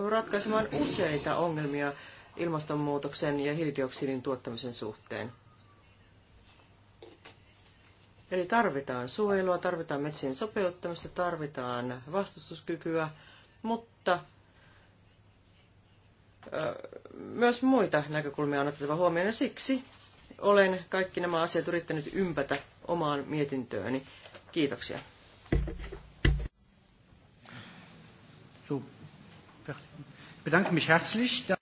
ratkaisemaan useita ongelmia ilmastonmuutoksen ja hiilidioksidin tuottamisen suhteen. Eli tarvitaan suojelua, tarvitaan metsien sopeuttamista, tarvitaan vastustuskykyä, mutta myös muita näkökulmia on otettava huomioon, ja siksi olen kaikki nämä asiat yrittänyt ympätä omaan mietintööni. Kiitoksia. Bedanke mich herzlich.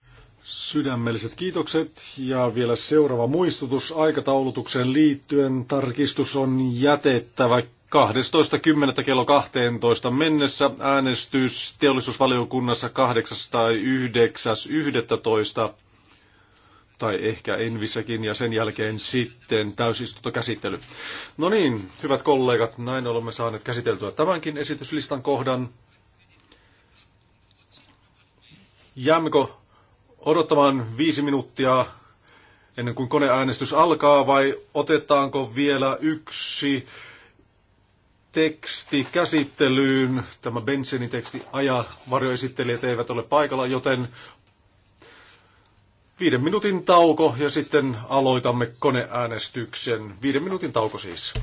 Sydämelliset kiitokset ja vielä seuraava muistutus aikataulutukseen liittyen. Tarkistus on jätettävä 12.10. kello 12 mennessä. Äänestys teollisuusvaliokunnassa 891:1 tai ehkä Envissäkin ja sen jälkeen sitten täysistuntokäsittely. No niin, hyvät kollegat, näin olemme saaneet käsiteltyä tämänkin esityslistan kohdan. Jäämmekö odottamaan viisi minuuttia ennen kuin koneäänestys alkaa vai otetaanko vielä yksi teksti käsittelyyn? Tämä Bensenin teksti aja varjoesittelijät eivät ole paikalla, joten viiden minuutin tauko ja sitten aloitamme koneäänestyksen. Viiden minuutin tauko siis.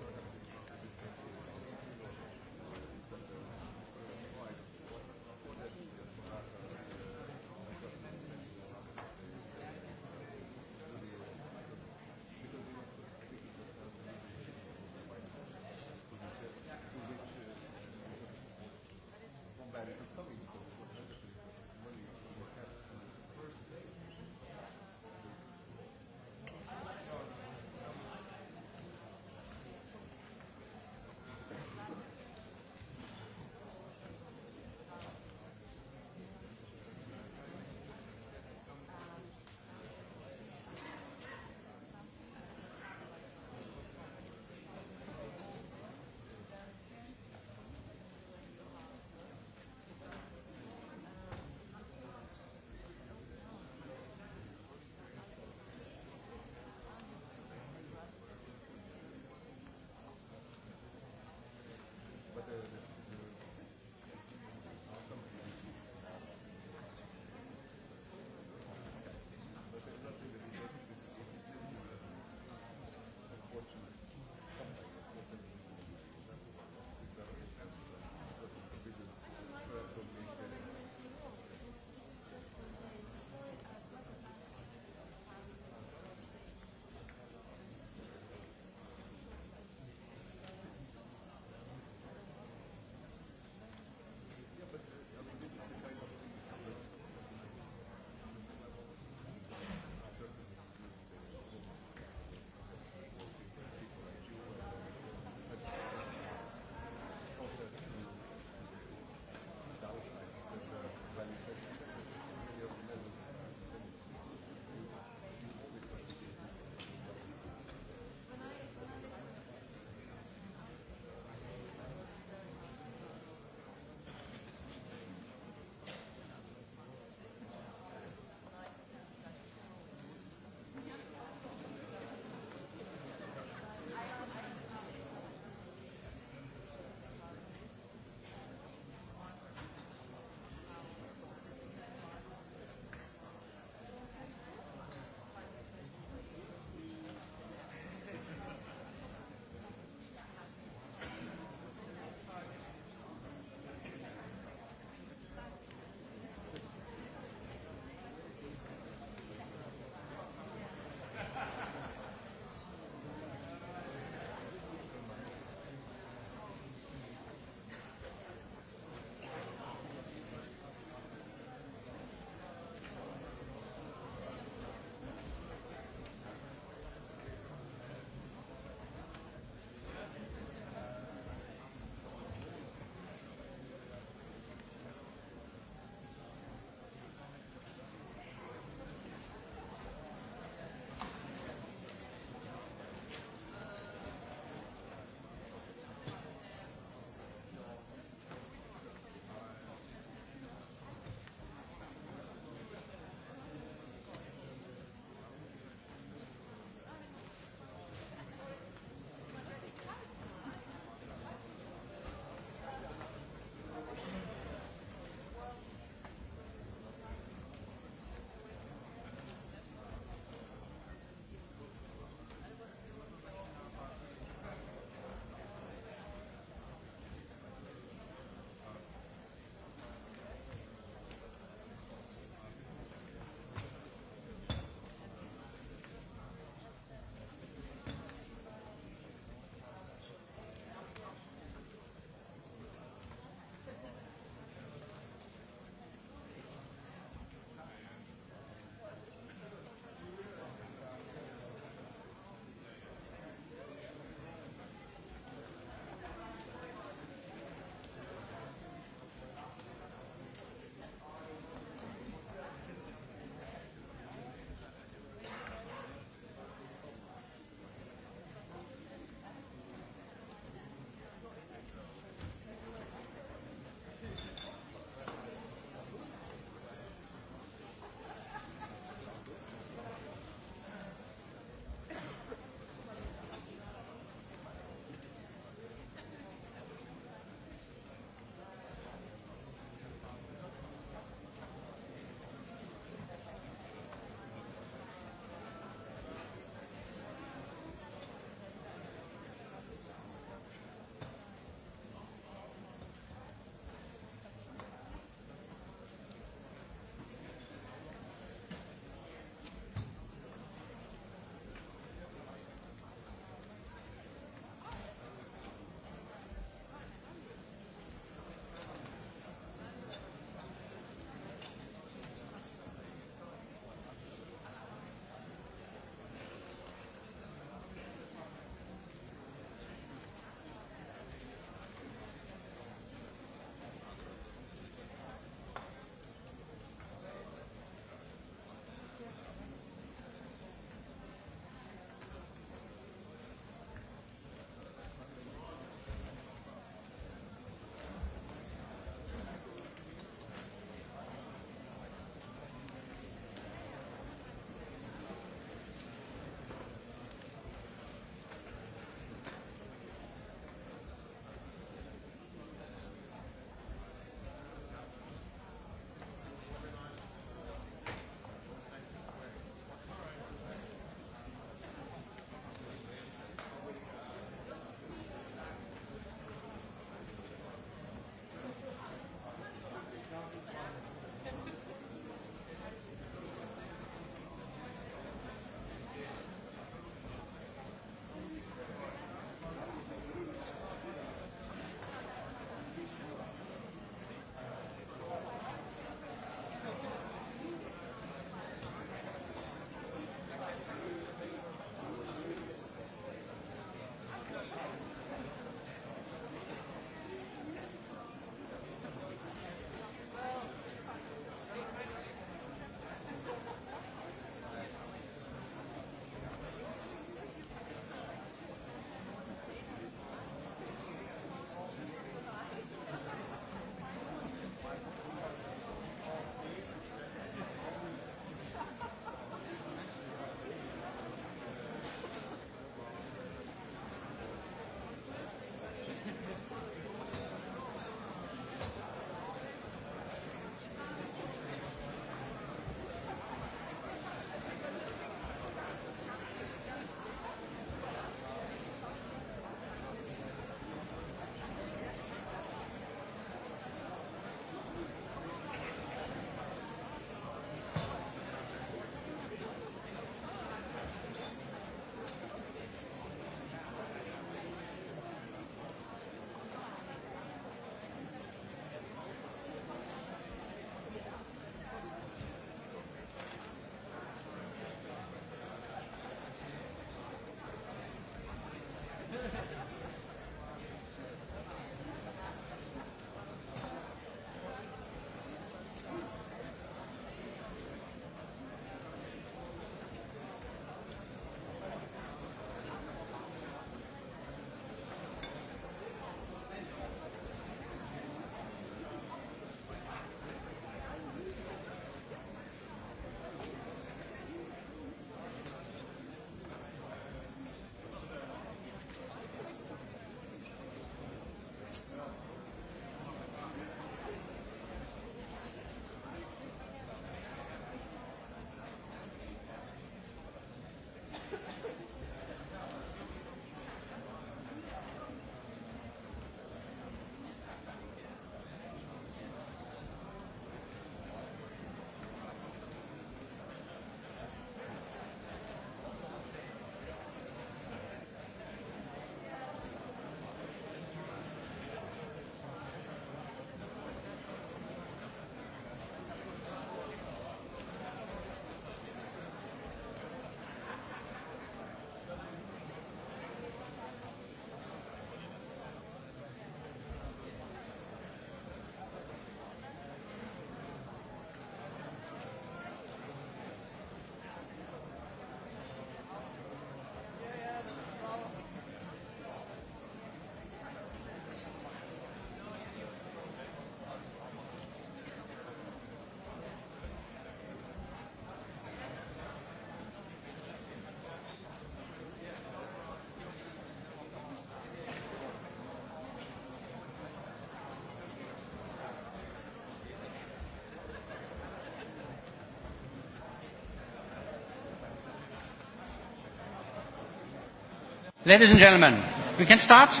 Ladies and gentlemen, we can start.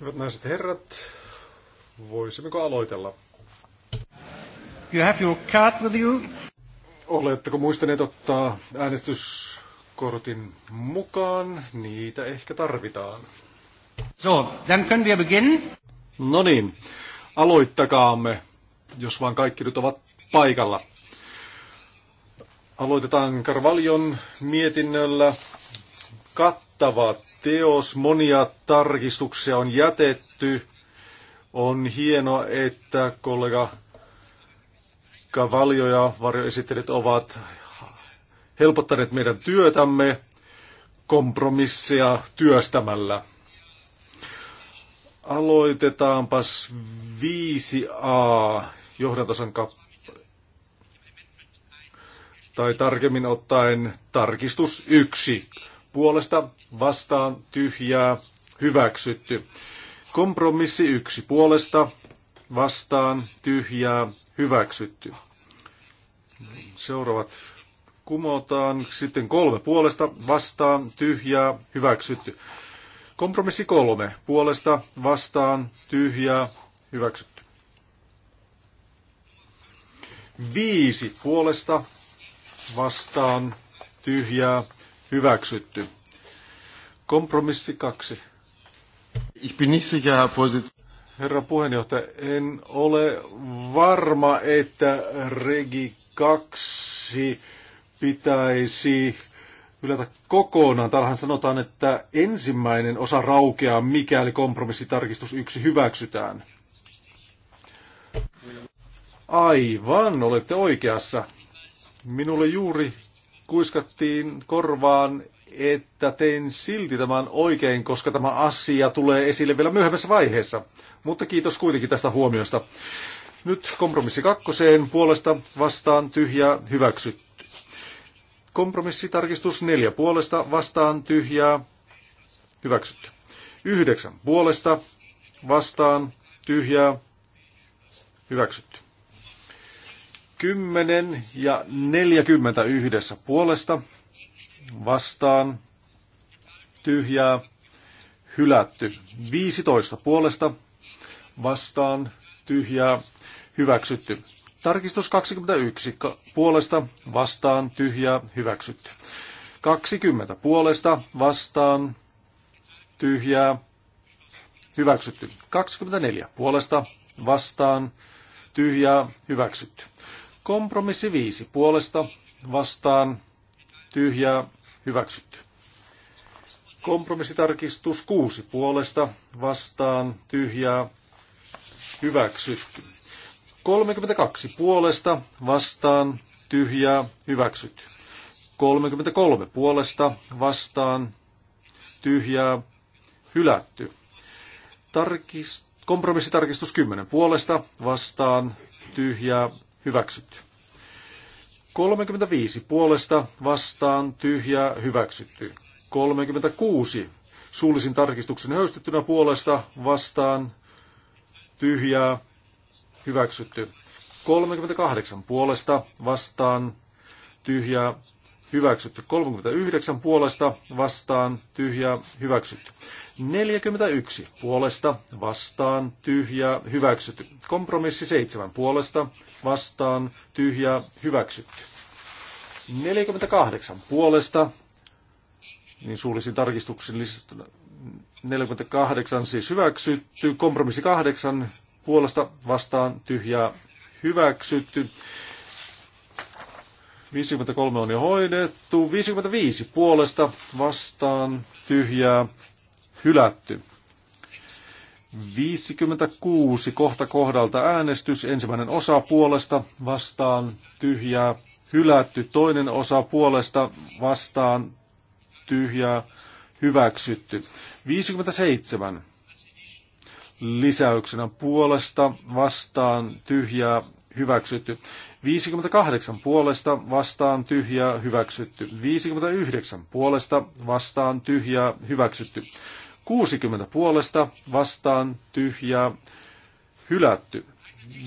Hyvät naiset herrat, voisimmeko aloitella? You have your card with you. Oletteko muistaneet ottaa äänestyskortin mukaan? Niitä ehkä tarvitaan. So, dann können wir beginnen. No niin, aloittakaamme, jos vaan kaikki nyt ovat paikalla. Aloitetaan Karvaljon mietinnöllä kattava teos. Monia tarkistuksia on jätetty. On hienoa, että kollega Kavalio ja varjoesittelijät ovat helpottaneet meidän työtämme kompromissia työstämällä. Aloitetaanpas 5a johdantosan Tai tarkemmin ottaen tarkistus 1 puolesta vastaan tyhjää hyväksytty. Kompromissi yksi puolesta vastaan tyhjää hyväksytty. Seuraavat kumotaan. Sitten kolme puolesta vastaan tyhjää hyväksytty. Kompromissi kolme puolesta vastaan tyhjää hyväksytty. Viisi puolesta vastaan tyhjää Hyväksytty. Kompromissi kaksi. Ich bin nicht sicher, Herr Vorsitzender. Herra puheenjohtaja, en ole varma, että Regi 2 pitäisi ylätä kokonaan. Täällähän sanotaan, että ensimmäinen osa raukeaa, mikäli kompromissitarkistus 1 hyväksytään. Aivan, olette oikeassa. Minulle juuri kuiskattiin korvaan, että tein silti tämän oikein, koska tämä asia tulee esille vielä myöhemmässä vaiheessa. Mutta kiitos kuitenkin tästä huomiosta. Nyt kompromissi kakkoseen puolesta vastaan tyhjä hyväksytty. Kompromissitarkistus neljä puolesta vastaan tyhjää hyväksytty. Yhdeksän puolesta vastaan tyhjää hyväksytty. 10 ja 40 yhdessä puolesta vastaan tyhjää hylätty. 15 puolesta vastaan tyhjää hyväksytty. Tarkistus 21 puolesta vastaan tyhjää hyväksytty. 20 puolesta vastaan tyhjää hyväksytty. 24 puolesta vastaan tyhjää hyväksytty. Kompromissi viisi puolesta vastaan tyhjää hyväksytty. Kompromissitarkistus kuusi puolesta vastaan tyhjää hyväksytty. 32 puolesta vastaan tyhjää hyväksytty. 33 puolesta vastaan tyhjää hylätty. Tarkist, kompromissitarkistus 10 puolesta vastaan tyhjää hyväksytty. 35 puolesta vastaan tyhjää hyväksytty. 36 suullisin tarkistuksen höystettynä puolesta vastaan tyhjää hyväksytty. 38 puolesta vastaan tyhjää hyväksytty. 39 puolesta vastaan tyhjää hyväksytty. 41 puolesta vastaan tyhjää hyväksytty. Kompromissi 7 puolesta vastaan tyhjää hyväksytty. 48 puolesta, niin suullisin tarkistuksen 48 siis hyväksytty. Kompromissi 8 puolesta vastaan tyhjää hyväksytty. 53 on jo hoidettu. 55 puolesta vastaan tyhjää hylätty. 56 kohta kohdalta äänestys. Ensimmäinen osa puolesta vastaan tyhjää hylätty. Toinen osa puolesta vastaan tyhjää hyväksytty. 57 lisäyksenä puolesta vastaan tyhjää hyväksytty. 58 puolesta vastaan tyhjää hyväksytty. 59 puolesta vastaan tyhjää hyväksytty. 60 puolesta vastaan tyhjää hylätty.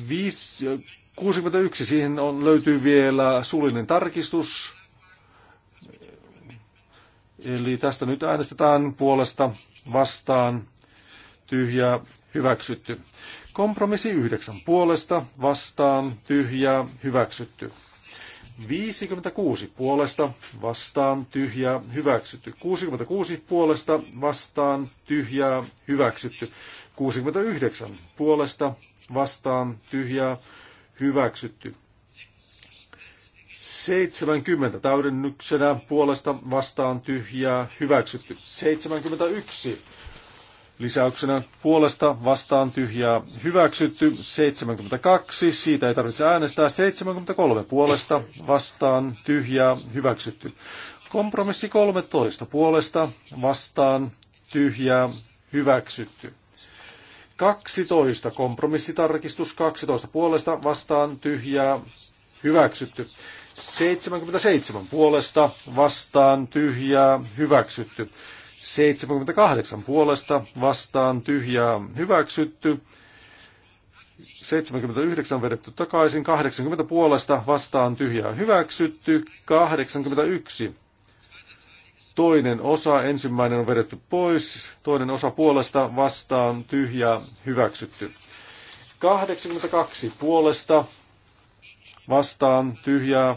5, 61 siihen on, löytyy vielä suullinen tarkistus. Eli tästä nyt äänestetään puolesta vastaan tyhjää hyväksytty. Kompromissi yhdeksän puolesta vastaan tyhjää hyväksytty. 56 puolesta vastaan tyhjää hyväksytty. 66 puolesta vastaan tyhjää hyväksytty. 69 puolesta vastaan tyhjää hyväksytty. 70 täydennyksenä puolesta vastaan tyhjää hyväksytty. 71 Lisäyksenä puolesta vastaan tyhjää hyväksytty 72, siitä ei tarvitse äänestää 73 puolesta vastaan tyhjää hyväksytty. Kompromissi 13 puolesta vastaan tyhjää hyväksytty. 12 kompromissitarkistus 12 puolesta vastaan tyhjää hyväksytty. 77 puolesta vastaan tyhjää hyväksytty. 78 puolesta vastaan tyhjää hyväksytty. 79 vedetty takaisin, 80 puolesta vastaan tyhjää hyväksytty, 81 toinen osa, ensimmäinen on vedetty pois, toinen osa puolesta vastaan tyhjää hyväksytty. 82 puolesta vastaan tyhjää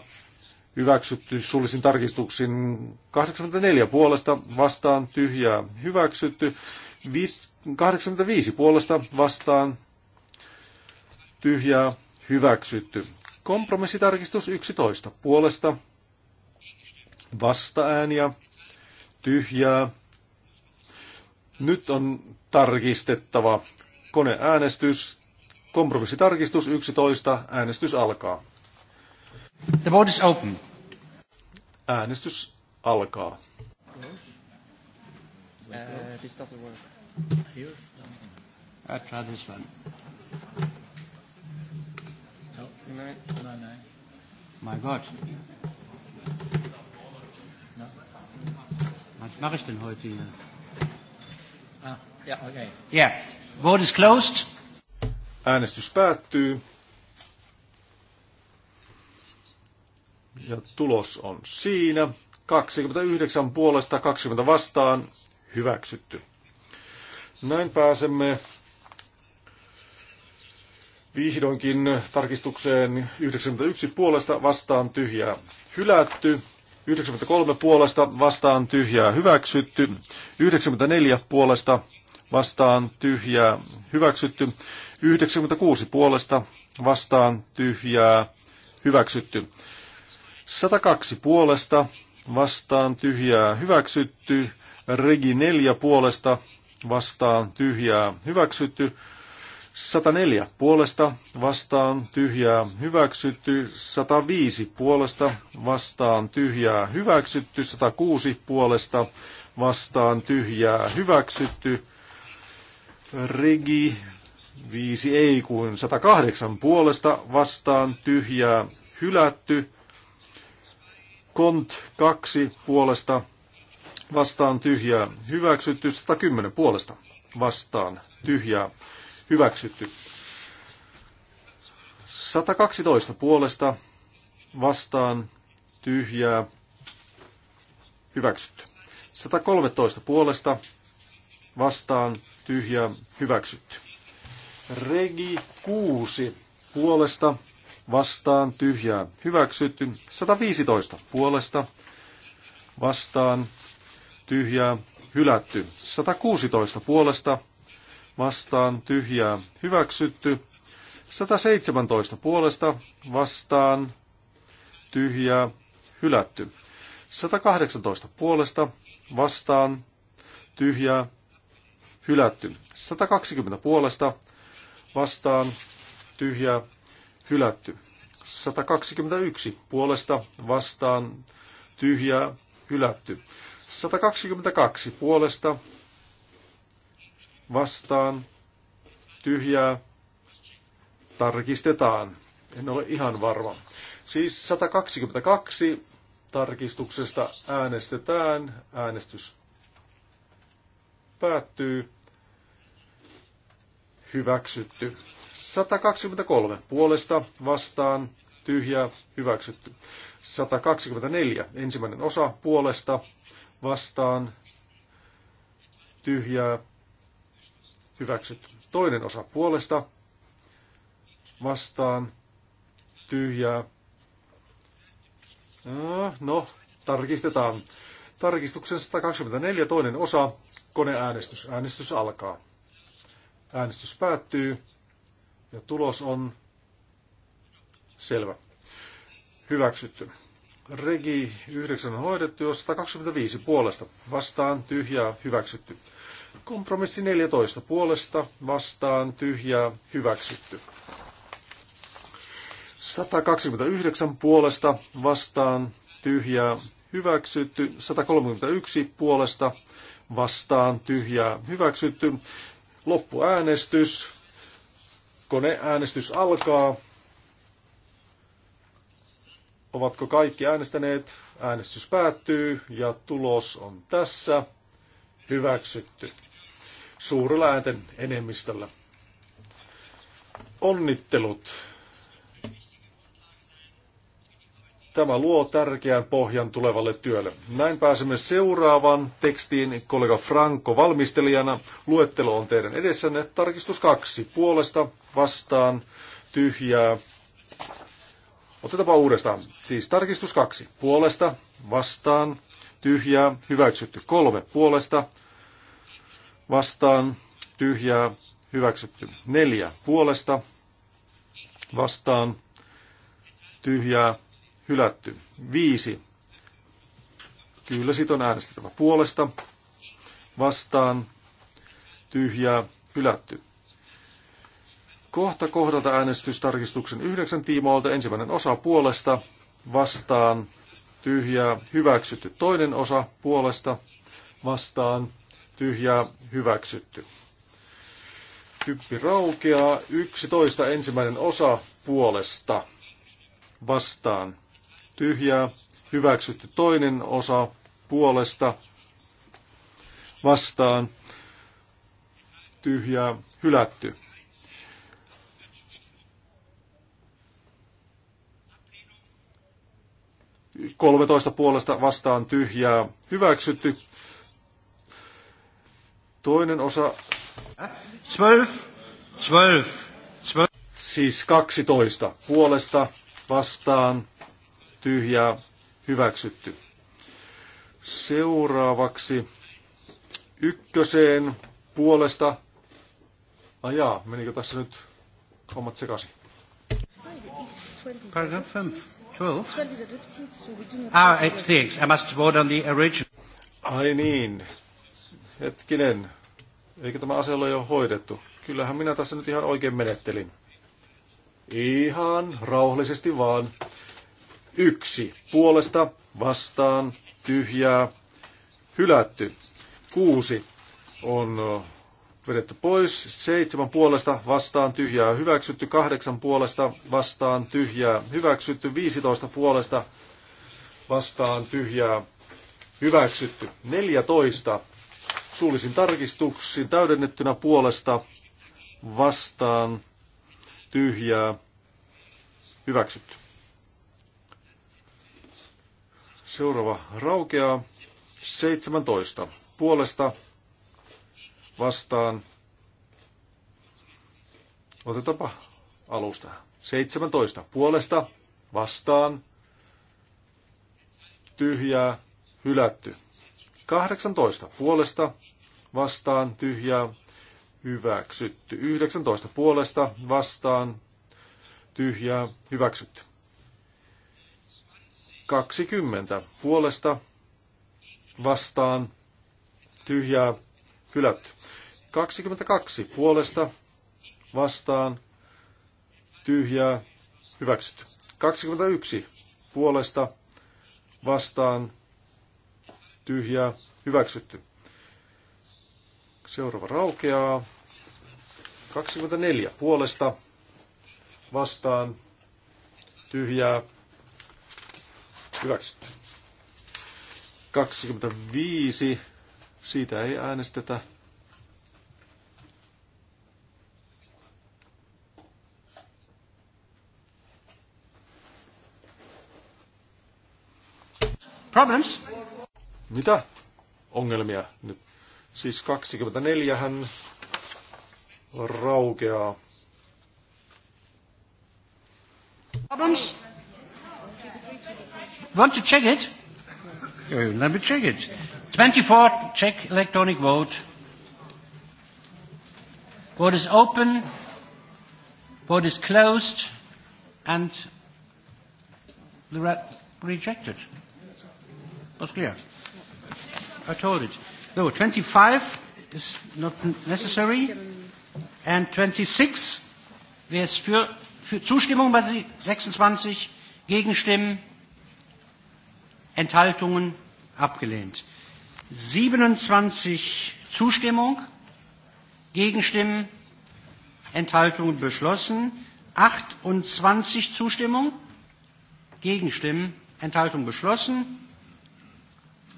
hyväksytty suullisin tarkistuksin 84 puolesta vastaan tyhjää hyväksytty, 85 puolesta vastaan tyhjää hyväksytty. Kompromissitarkistus 11 puolesta vastaääniä tyhjää. Nyt on tarkistettava koneäänestys. Kompromissitarkistus 11. Äänestys alkaa. The vote is open. Äänestys alkaa. Uh, this doesn't work. Here? No. I try this one. No. No, no. My God. No. Was mache ich denn heute hier? Ah, yeah, okay. Yeah. Vote is closed. Äänestys päättyy. Ja tulos on siinä. 29 puolesta 20 vastaan hyväksytty. Näin pääsemme vihdoinkin tarkistukseen 91 puolesta vastaan tyhjää hylätty. 93 puolesta vastaan tyhjää hyväksytty. 94 puolesta vastaan tyhjää hyväksytty. 96 puolesta vastaan tyhjää hyväksytty. 102 puolesta vastaan tyhjää hyväksytty. Regi 4 puolesta vastaan tyhjää hyväksytty. 104 puolesta vastaan tyhjää hyväksytty, 105 puolesta vastaan tyhjää hyväksytty, 106 puolesta vastaan tyhjää hyväksytty, Regi 5 ei kuin 108 puolesta vastaan tyhjää hylätty, Kont 2 puolesta vastaan tyhjää hyväksytty, 110 puolesta vastaan tyhjää hyväksytty. 112 puolesta vastaan tyhjää hyväksytty. 113 puolesta vastaan tyhjää hyväksytty. Regi 6 puolesta vastaan tyhjää hyväksytty. 115 puolesta vastaan tyhjää hylätty. 116 puolesta vastaan tyhjää hyväksytty. 117 puolesta vastaan tyhjää hylätty. 118 puolesta vastaan tyhjää hylätty. 120 puolesta vastaan tyhjää hylätty. 121 puolesta vastaan tyhjää hylätty. 122 puolesta vastaan tyhjää tarkistetaan. En ole ihan varma. Siis 122 tarkistuksesta äänestetään. Äänestys päättyy. Hyväksytty. 123 puolesta vastaan tyhjä hyväksytty. 124 ensimmäinen osa puolesta vastaan tyhjää hyväksytty. Toinen osa puolesta vastaan tyhjää. Ah, no, tarkistetaan. Tarkistuksen 124 toinen osa, koneäänestys. Äänestys alkaa. Äänestys päättyy. Ja tulos on selvä. Hyväksytty. Regi 9 on hoidettu, jo 125 puolesta vastaan tyhjää hyväksytty. Kompromissi 14 puolesta vastaan tyhjää hyväksytty. 129 puolesta vastaan tyhjää hyväksytty. 131 puolesta vastaan tyhjää hyväksytty. Loppuäänestys Koneäänestys alkaa. Ovatko kaikki äänestäneet? Äänestys päättyy ja tulos on tässä. Hyväksytty. Suurella äänten enemmistöllä. Onnittelut Tämä luo tärkeän pohjan tulevalle työlle. Näin pääsemme seuraavaan tekstiin. Kollega Franco valmistelijana. Luettelo on teidän edessänne. Tarkistus kaksi. Puolesta vastaan tyhjää. Otetaanpa uudestaan. Siis tarkistus kaksi. Puolesta vastaan tyhjää. Hyväksytty. Kolme. Puolesta vastaan tyhjää. Hyväksytty. Neljä. Puolesta vastaan tyhjää hylätty. Viisi. Kyllä sit on äänestettävä puolesta. Vastaan. Tyhjää. Hylätty. Kohta kohdalta äänestystarkistuksen yhdeksän tiimoilta ensimmäinen osa puolesta. Vastaan. Tyhjää. Hyväksytty. Toinen osa puolesta. Vastaan. Tyhjää. Hyväksytty. Typpi raukeaa. Yksitoista. ensimmäinen osa puolesta vastaan tyhjää, hyväksytty toinen osa puolesta vastaan, tyhjää, hylätty. Kolmetoista puolesta vastaan tyhjää, hyväksytty. Toinen osa. 12, 12, 12. Siis 12 puolesta vastaan tyhjää hyväksytty. Seuraavaksi ykköseen puolesta. Ajaa, menikö tässä nyt hommat sekaisin? Ah, I must vote on the original. Ai niin. Hetkinen. Eikö tämä asia ole jo hoidettu? Kyllähän minä tässä nyt ihan oikein menettelin. Ihan rauhallisesti vaan. Yksi puolesta vastaan tyhjää hylätty. Kuusi on vedetty pois. Seitsemän puolesta vastaan tyhjää hyväksytty. Kahdeksan puolesta vastaan tyhjää hyväksytty. Viisitoista puolesta vastaan tyhjää hyväksytty. Neljätoista suullisin tarkistuksiin täydennettynä puolesta vastaan tyhjää hyväksytty. Seuraava raukeaa 17. Puolesta vastaan. Otetaanpa alusta. 17. Puolesta vastaan. Tyhjää hylätty. 18. Puolesta vastaan tyhjää hyväksytty. 19. Puolesta vastaan tyhjää hyväksytty. 20 puolesta vastaan tyhjää hylätty. 22 puolesta vastaan tyhjää hyväksytty. 21 puolesta vastaan tyhjää hyväksytty. Seuraava raukeaa. 24 puolesta vastaan tyhjää Hyväksytty. 25. Siitä ei äänestetä. Problems? Mitä? Ongelmia nyt. Siis 24 hän raukeaa. Problems? Want to check it? Let me check it. 24, check electronic vote. Vote is open. Vote is closed. And the re- rejected. Was clear. I told it. No, 25 is not necessary. And 26, wer ist für, für Zustimmung bei 26, Gegenstimmen, Enthaltungen abgelehnt. 27 Zustimmung, Gegenstimmen, Enthaltungen beschlossen. 28 Zustimmung, Gegenstimmen, Enthaltungen beschlossen.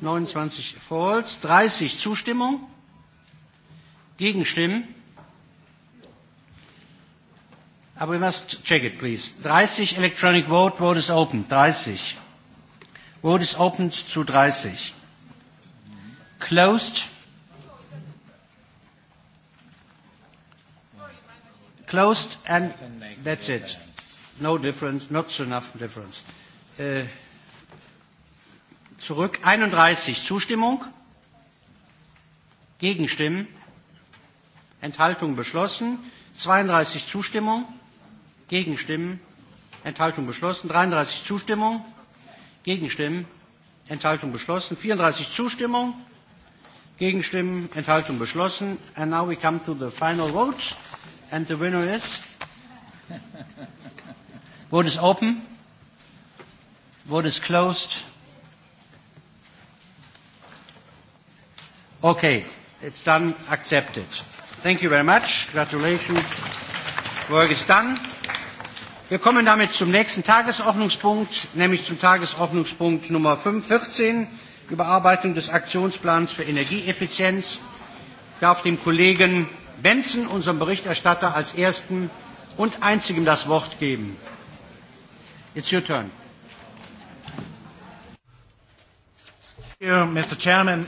29 Falls, 30 Zustimmung, Gegenstimmen. Aber we must check it, please. 30 electronic vote, vote is open. 30. Vote is opened zu 30. Closed. Closed and that's it. No difference, not enough difference. Uh, zurück. 31. Zustimmung. Gegenstimmen. Enthaltung beschlossen. 32 Zustimmung. Gegenstimmen. Enthaltung beschlossen. 33 Zustimmung. Gegenstimmen, Enthaltung beschlossen. 34 Zustimmung, Gegenstimmen, Enthaltung beschlossen. And now we come to the final vote. And the winner is? Vote is open. Vote is closed. Okay, it's done, accepted. Thank you very much. Congratulations. Work is done. Wir kommen damit zum nächsten Tagesordnungspunkt, nämlich zum Tagesordnungspunkt Nummer 14, Überarbeitung des Aktionsplans für Energieeffizienz. Ich darf dem Kollegen Benson, unserem Berichterstatter, als ersten und einzigen das Wort geben. It's your turn. Thank you, Mr. Chairman.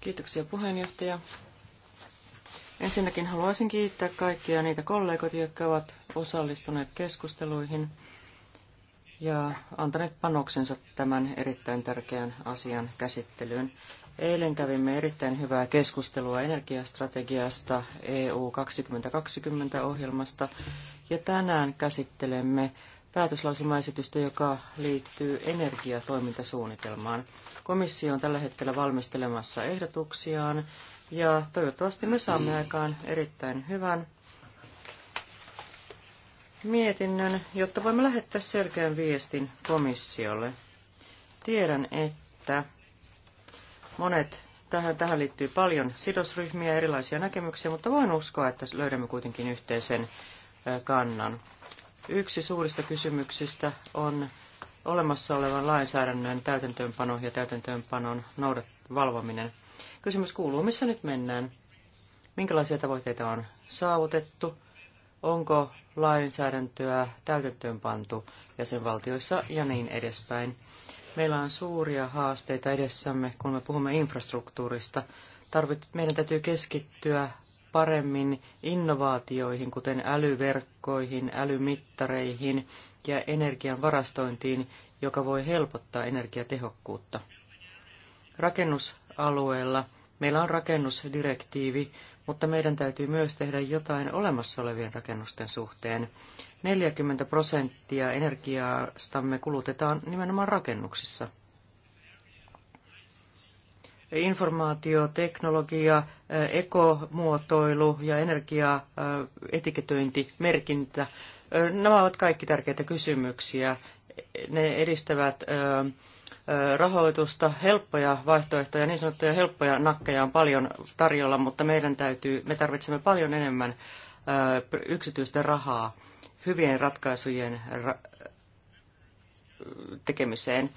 Kiitoksia puheenjohtaja. Ensinnäkin haluaisin kiittää kaikkia niitä kollegoita, jotka ovat osallistuneet keskusteluihin ja antaneet panoksensa tämän erittäin tärkeän asian käsittelyyn. Eilen kävimme erittäin hyvää keskustelua energiastrategiasta, EU 2020-ohjelmasta ja tänään käsittelemme päätöslausumaesitystä, joka liittyy energiatoimintasuunnitelmaan. Komissio on tällä hetkellä valmistelemassa ehdotuksiaan ja toivottavasti me saamme aikaan erittäin hyvän mietinnön, jotta voimme lähettää selkeän viestin komissiolle. Tiedän, että monet tähän, tähän liittyy paljon sidosryhmiä, erilaisia näkemyksiä, mutta voin uskoa, että löydämme kuitenkin yhteisen kannan. Yksi suurista kysymyksistä on olemassa olevan lainsäädännön täytäntöönpano ja täytäntöönpanon noudat, valvominen – Kysymys kuuluu, missä nyt mennään? Minkälaisia tavoitteita on saavutettu? Onko lainsäädäntöä täytettyön pantu jäsenvaltioissa ja niin edespäin? Meillä on suuria haasteita edessämme, kun me puhumme infrastruktuurista. Tarvit, meidän täytyy keskittyä paremmin innovaatioihin, kuten älyverkkoihin, älymittareihin ja energian varastointiin, joka voi helpottaa energiatehokkuutta. Rakennusalueella – Meillä on rakennusdirektiivi, mutta meidän täytyy myös tehdä jotain olemassa olevien rakennusten suhteen. 40 prosenttia energiastamme kulutetaan nimenomaan rakennuksissa. Informaatioteknologia, ekomuotoilu ja energiaetiketöinti, merkintä, nämä ovat kaikki tärkeitä kysymyksiä. Ne edistävät rahoitusta, helppoja vaihtoehtoja, niin sanottuja helppoja nakkeja on paljon tarjolla, mutta meidän täytyy, me tarvitsemme paljon enemmän yksityistä rahaa hyvien ratkaisujen tekemiseen.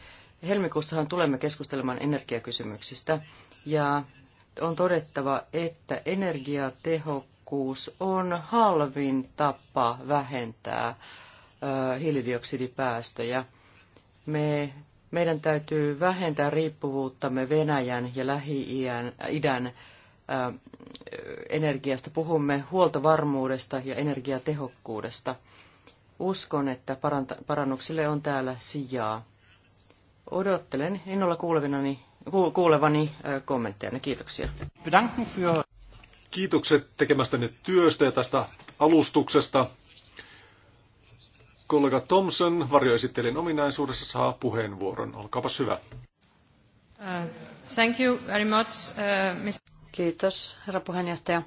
Helmikuussahan tulemme keskustelemaan energiakysymyksistä ja on todettava, että energiatehokkuus on halvin tapa vähentää hiilidioksidipäästöjä. Me meidän täytyy vähentää riippuvuuttamme Venäjän ja Lähi-idän energiasta. Puhumme huoltovarmuudesta ja energiatehokkuudesta. Uskon, että parannuksille on täällä sijaa. Odottelen innolla kuulevani, kuulevani kommentteja Kiitoksia. Kiitokset tekemästänne työstä ja tästä alustuksesta kollega Thompson varjoesittelijän ominaisuudessa saa puheenvuoron. Olkaapas hyvä. Uh, thank you very much, uh, Mr. Kiitos, herra puheenjohtaja.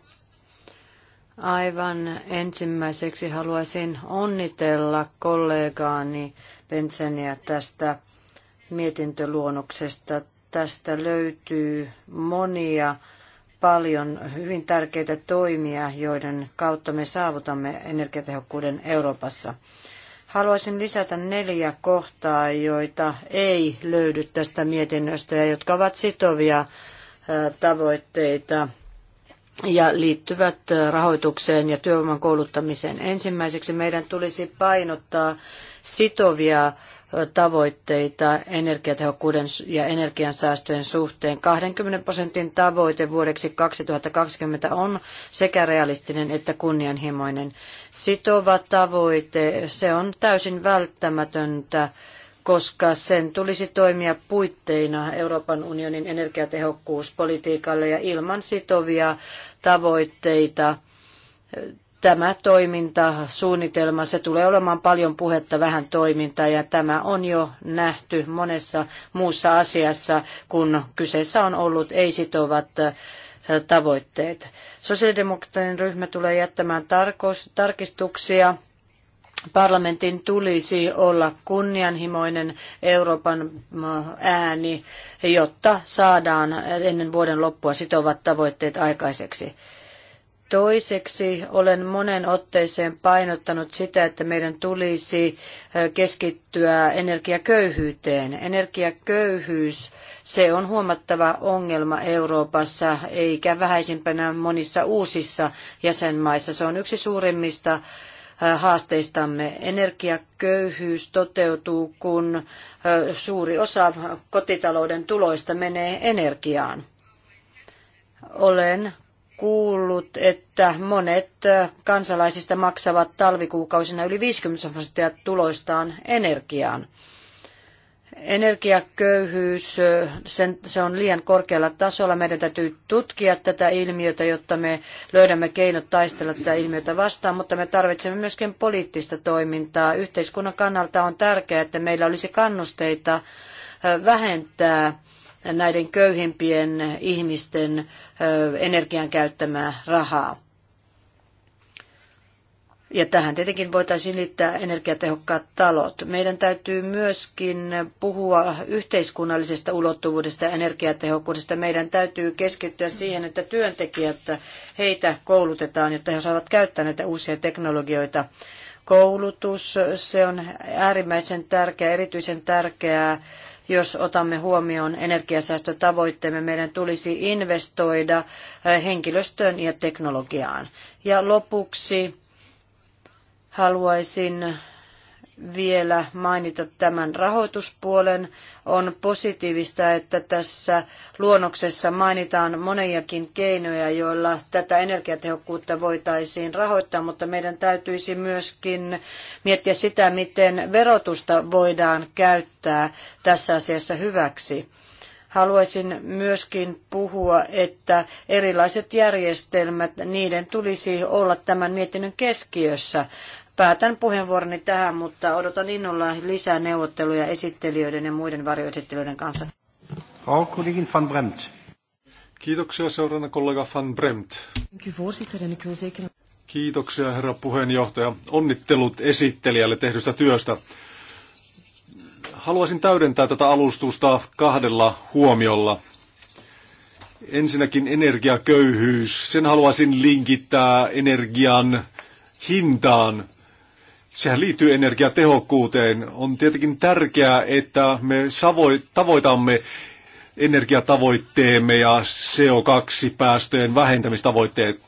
Aivan ensimmäiseksi haluaisin onnitella kollegaani Benseniä tästä mietintöluonnoksesta. Tästä löytyy monia paljon hyvin tärkeitä toimia, joiden kautta me saavutamme energiatehokkuuden Euroopassa. Haluaisin lisätä neljä kohtaa, joita ei löydy tästä mietinnöstä ja jotka ovat sitovia tavoitteita ja liittyvät rahoitukseen ja työvoiman kouluttamiseen. Ensimmäiseksi meidän tulisi painottaa sitovia tavoitteita energiatehokkuuden ja energiansäästöjen suhteen. 20 prosentin tavoite vuodeksi 2020 on sekä realistinen että kunnianhimoinen. Sitova tavoite, se on täysin välttämätöntä koska sen tulisi toimia puitteina Euroopan unionin energiatehokkuuspolitiikalle ja ilman sitovia tavoitteita tämä toimintasuunnitelma, se tulee olemaan paljon puhetta vähän toimintaa ja tämä on jo nähty monessa muussa asiassa, kun kyseessä on ollut ei-sitovat tavoitteet. Sosiaalidemokraattinen ryhmä tulee jättämään tarkistuksia. Parlamentin tulisi olla kunnianhimoinen Euroopan ääni, jotta saadaan ennen vuoden loppua sitovat tavoitteet aikaiseksi. Toiseksi olen monen otteeseen painottanut sitä, että meidän tulisi keskittyä energiaköyhyyteen. Energiaköyhyys, se on huomattava ongelma Euroopassa, eikä vähäisimpänä monissa uusissa jäsenmaissa. Se on yksi suurimmista haasteistamme. Energiaköyhyys toteutuu, kun suuri osa kotitalouden tuloista menee energiaan. Olen kuullut, että monet kansalaisista maksavat talvikuukausina yli 50 prosenttia tuloistaan energiaan. Energiaköyhyys, sen, se on liian korkealla tasolla. Meidän täytyy tutkia tätä ilmiötä, jotta me löydämme keinot taistella tätä ilmiötä vastaan, mutta me tarvitsemme myöskin poliittista toimintaa. Yhteiskunnan kannalta on tärkeää, että meillä olisi kannusteita vähentää näiden köyhimpien ihmisten energian käyttämää rahaa. Ja tähän tietenkin voitaisiin liittää energiatehokkaat talot. Meidän täytyy myöskin puhua yhteiskunnallisesta ulottuvuudesta ja energiatehokkuudesta. Meidän täytyy keskittyä siihen, että työntekijät, heitä koulutetaan, jotta he saavat käyttää näitä uusia teknologioita. Koulutus, se on äärimmäisen tärkeää, erityisen tärkeää jos otamme huomioon energiasäästötavoitteemme, meidän tulisi investoida eh, henkilöstöön ja teknologiaan. Ja lopuksi haluaisin vielä mainita tämän rahoituspuolen. On positiivista, että tässä luonnoksessa mainitaan moniakin keinoja, joilla tätä energiatehokkuutta voitaisiin rahoittaa, mutta meidän täytyisi myöskin miettiä sitä, miten verotusta voidaan käyttää tässä asiassa hyväksi. Haluaisin myöskin puhua, että erilaiset järjestelmät, niiden tulisi olla tämän mietinnön keskiössä. Päätän puheenvuoroni tähän, mutta odotan innolla lisää neuvotteluja esittelijöiden ja muiden varjoesittelijöiden kanssa. Frau Kollegin van Bremt. Kiitoksia seurana kollega van Bremt. Kiitoksia herra puheenjohtaja. Onnittelut esittelijälle tehdystä työstä. Haluaisin täydentää tätä alustusta kahdella huomiolla. Ensinnäkin energiaköyhyys. Sen haluaisin linkittää energian hintaan. Sehän liittyy energiatehokkuuteen. On tietenkin tärkeää, että me tavoitamme energiatavoitteemme ja CO2-päästöjen vähentämistavoitteet.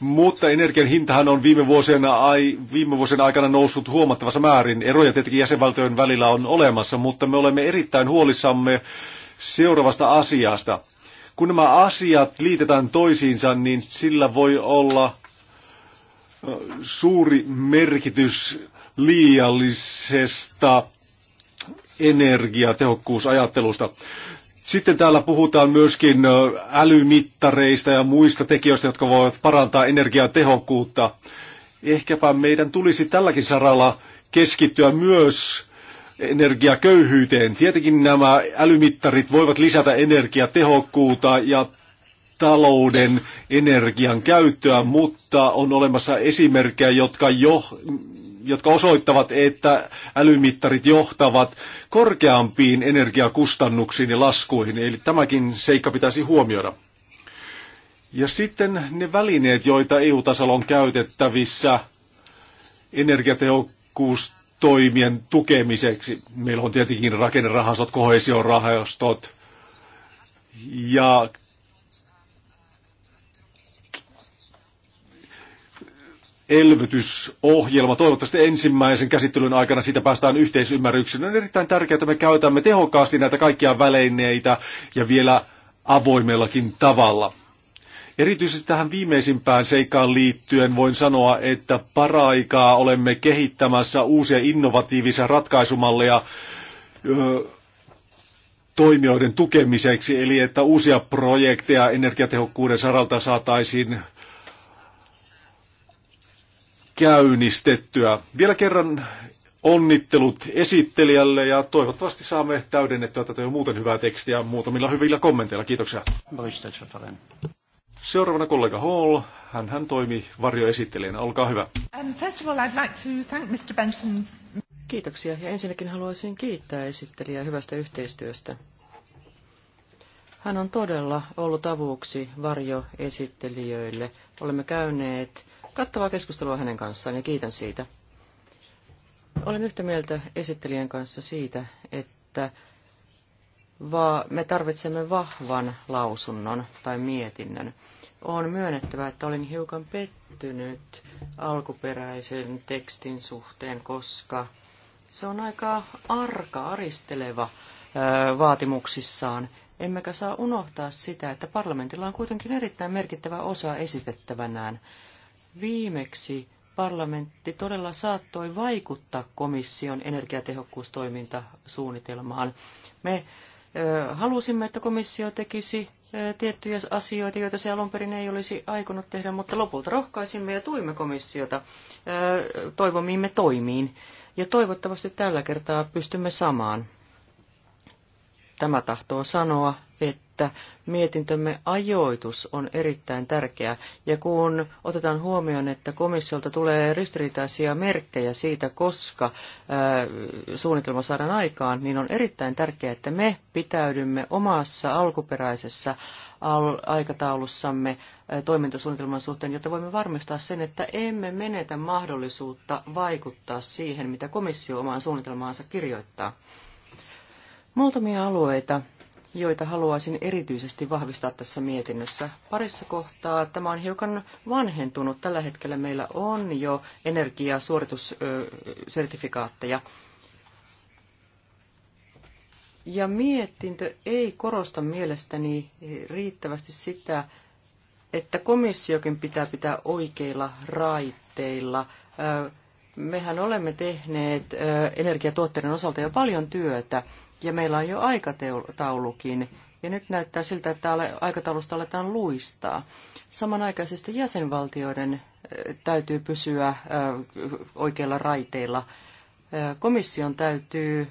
Mutta energian hintahan on viime vuosien, ai, viime vuosien aikana noussut huomattavassa määrin. Eroja tietenkin jäsenvaltiojen välillä on olemassa, mutta me olemme erittäin huolissamme seuraavasta asiasta. Kun nämä asiat liitetään toisiinsa, niin sillä voi olla suuri merkitys liiallisesta energiatehokkuusajattelusta. Sitten täällä puhutaan myöskin älymittareista ja muista tekijöistä, jotka voivat parantaa energiatehokkuutta. Ehkäpä meidän tulisi tälläkin saralla keskittyä myös energiaköyhyyteen. Tietenkin nämä älymittarit voivat lisätä energiatehokkuutta ja talouden energian käyttöä, mutta on olemassa esimerkkejä, jotka, jo, jotka osoittavat, että älymittarit johtavat korkeampiin energiakustannuksiin ja laskuihin. Eli tämäkin seikka pitäisi huomioida. Ja sitten ne välineet, joita EU-tasolla on käytettävissä energiatehokkuustoimien tukemiseksi. Meillä on tietenkin rakennerahastot, kohesiorahastot ja elvytysohjelma. Toivottavasti ensimmäisen käsittelyn aikana siitä päästään yhteisymmärrykseen. On erittäin tärkeää, että me käytämme tehokkaasti näitä kaikkia välineitä ja vielä avoimellakin tavalla. Erityisesti tähän viimeisimpään seikkaan liittyen voin sanoa, että paraikaa olemme kehittämässä uusia innovatiivisia ratkaisumalleja öö, toimijoiden tukemiseksi, eli että uusia projekteja energiatehokkuuden saralta saataisiin käynnistettyä. Vielä kerran onnittelut esittelijälle ja toivottavasti saamme täydennettyä tätä jo muuten hyvää tekstiä muutamilla hyvillä kommenteilla. Kiitoksia. Seuraavana kollega Hall. Hän, hän toimi varjoesittelijänä. Olkaa hyvä. Um, first of all, I'd like to thank Mr. Benson. Kiitoksia ja ensinnäkin haluaisin kiittää esittelijää hyvästä yhteistyöstä. Hän on todella ollut avuksi varjoesittelijöille. Olemme käyneet kattavaa keskustelua hänen kanssaan ja kiitän siitä. Olen yhtä mieltä esittelijän kanssa siitä, että me tarvitsemme vahvan lausunnon tai mietinnön. On myönnettävä, että olin hiukan pettynyt alkuperäisen tekstin suhteen, koska se on aika arka, aristeleva vaatimuksissaan. Emmekä saa unohtaa sitä, että parlamentilla on kuitenkin erittäin merkittävä osa esitettävänään. Viimeksi parlamentti todella saattoi vaikuttaa komission energiatehokkuustoimintasuunnitelmaan. Me ö, halusimme, että komissio tekisi ö, tiettyjä asioita, joita se alun perin ei olisi aikonut tehdä, mutta lopulta rohkaisimme ja tuimme komissiota ö, toivomiimme toimiin. Ja toivottavasti tällä kertaa pystymme samaan. Tämä tahtoo sanoa, että mietintömme ajoitus on erittäin tärkeä, ja kun otetaan huomioon, että komissiolta tulee ristiriitaisia merkkejä siitä, koska äh, suunnitelma saadaan aikaan, niin on erittäin tärkeää, että me pitäydymme omassa alkuperäisessä aikataulussamme äh, toimintasuunnitelman suhteen, jotta voimme varmistaa sen, että emme menetä mahdollisuutta vaikuttaa siihen, mitä komissio omaan suunnitelmaansa kirjoittaa. Muutamia alueita, joita haluaisin erityisesti vahvistaa tässä mietinnössä. Parissa kohtaa tämä on hiukan vanhentunut. Tällä hetkellä meillä on jo energiasuoritussertifikaatteja. Ja mietintö ei korosta mielestäni riittävästi sitä, että komissiokin pitää pitää oikeilla raiteilla. Mehän olemme tehneet energiatuotteiden osalta jo paljon työtä ja meillä on jo aikataulukin. Ja nyt näyttää siltä, että aikataulusta aletaan luistaa. Samanaikaisesti jäsenvaltioiden täytyy pysyä oikeilla raiteilla. Komission täytyy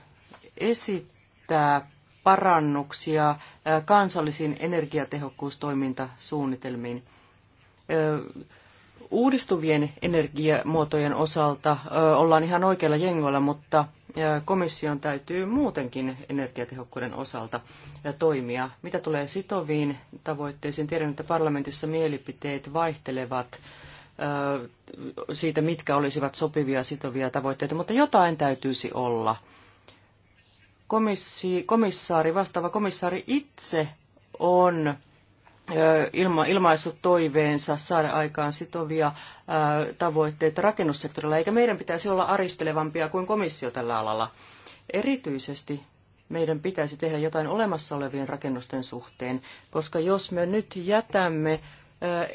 esittää parannuksia kansallisiin energiatehokkuustoimintasuunnitelmiin. Uudistuvien energiamuotojen osalta ollaan ihan oikeilla jengoilla, mutta komission täytyy muutenkin energiatehokkuuden osalta toimia. Mitä tulee sitoviin tavoitteisiin, tiedän, että parlamentissa mielipiteet vaihtelevat siitä, mitkä olisivat sopivia sitovia tavoitteita, mutta jotain täytyisi olla. Komissi, komissaari, vastaava komissaari itse on ilma, ilmaissut toiveensa saada aikaan sitovia tavoitteita rakennussektorilla, eikä meidän pitäisi olla aristelevampia kuin komissio tällä alalla. Erityisesti meidän pitäisi tehdä jotain olemassa olevien rakennusten suhteen, koska jos me nyt jätämme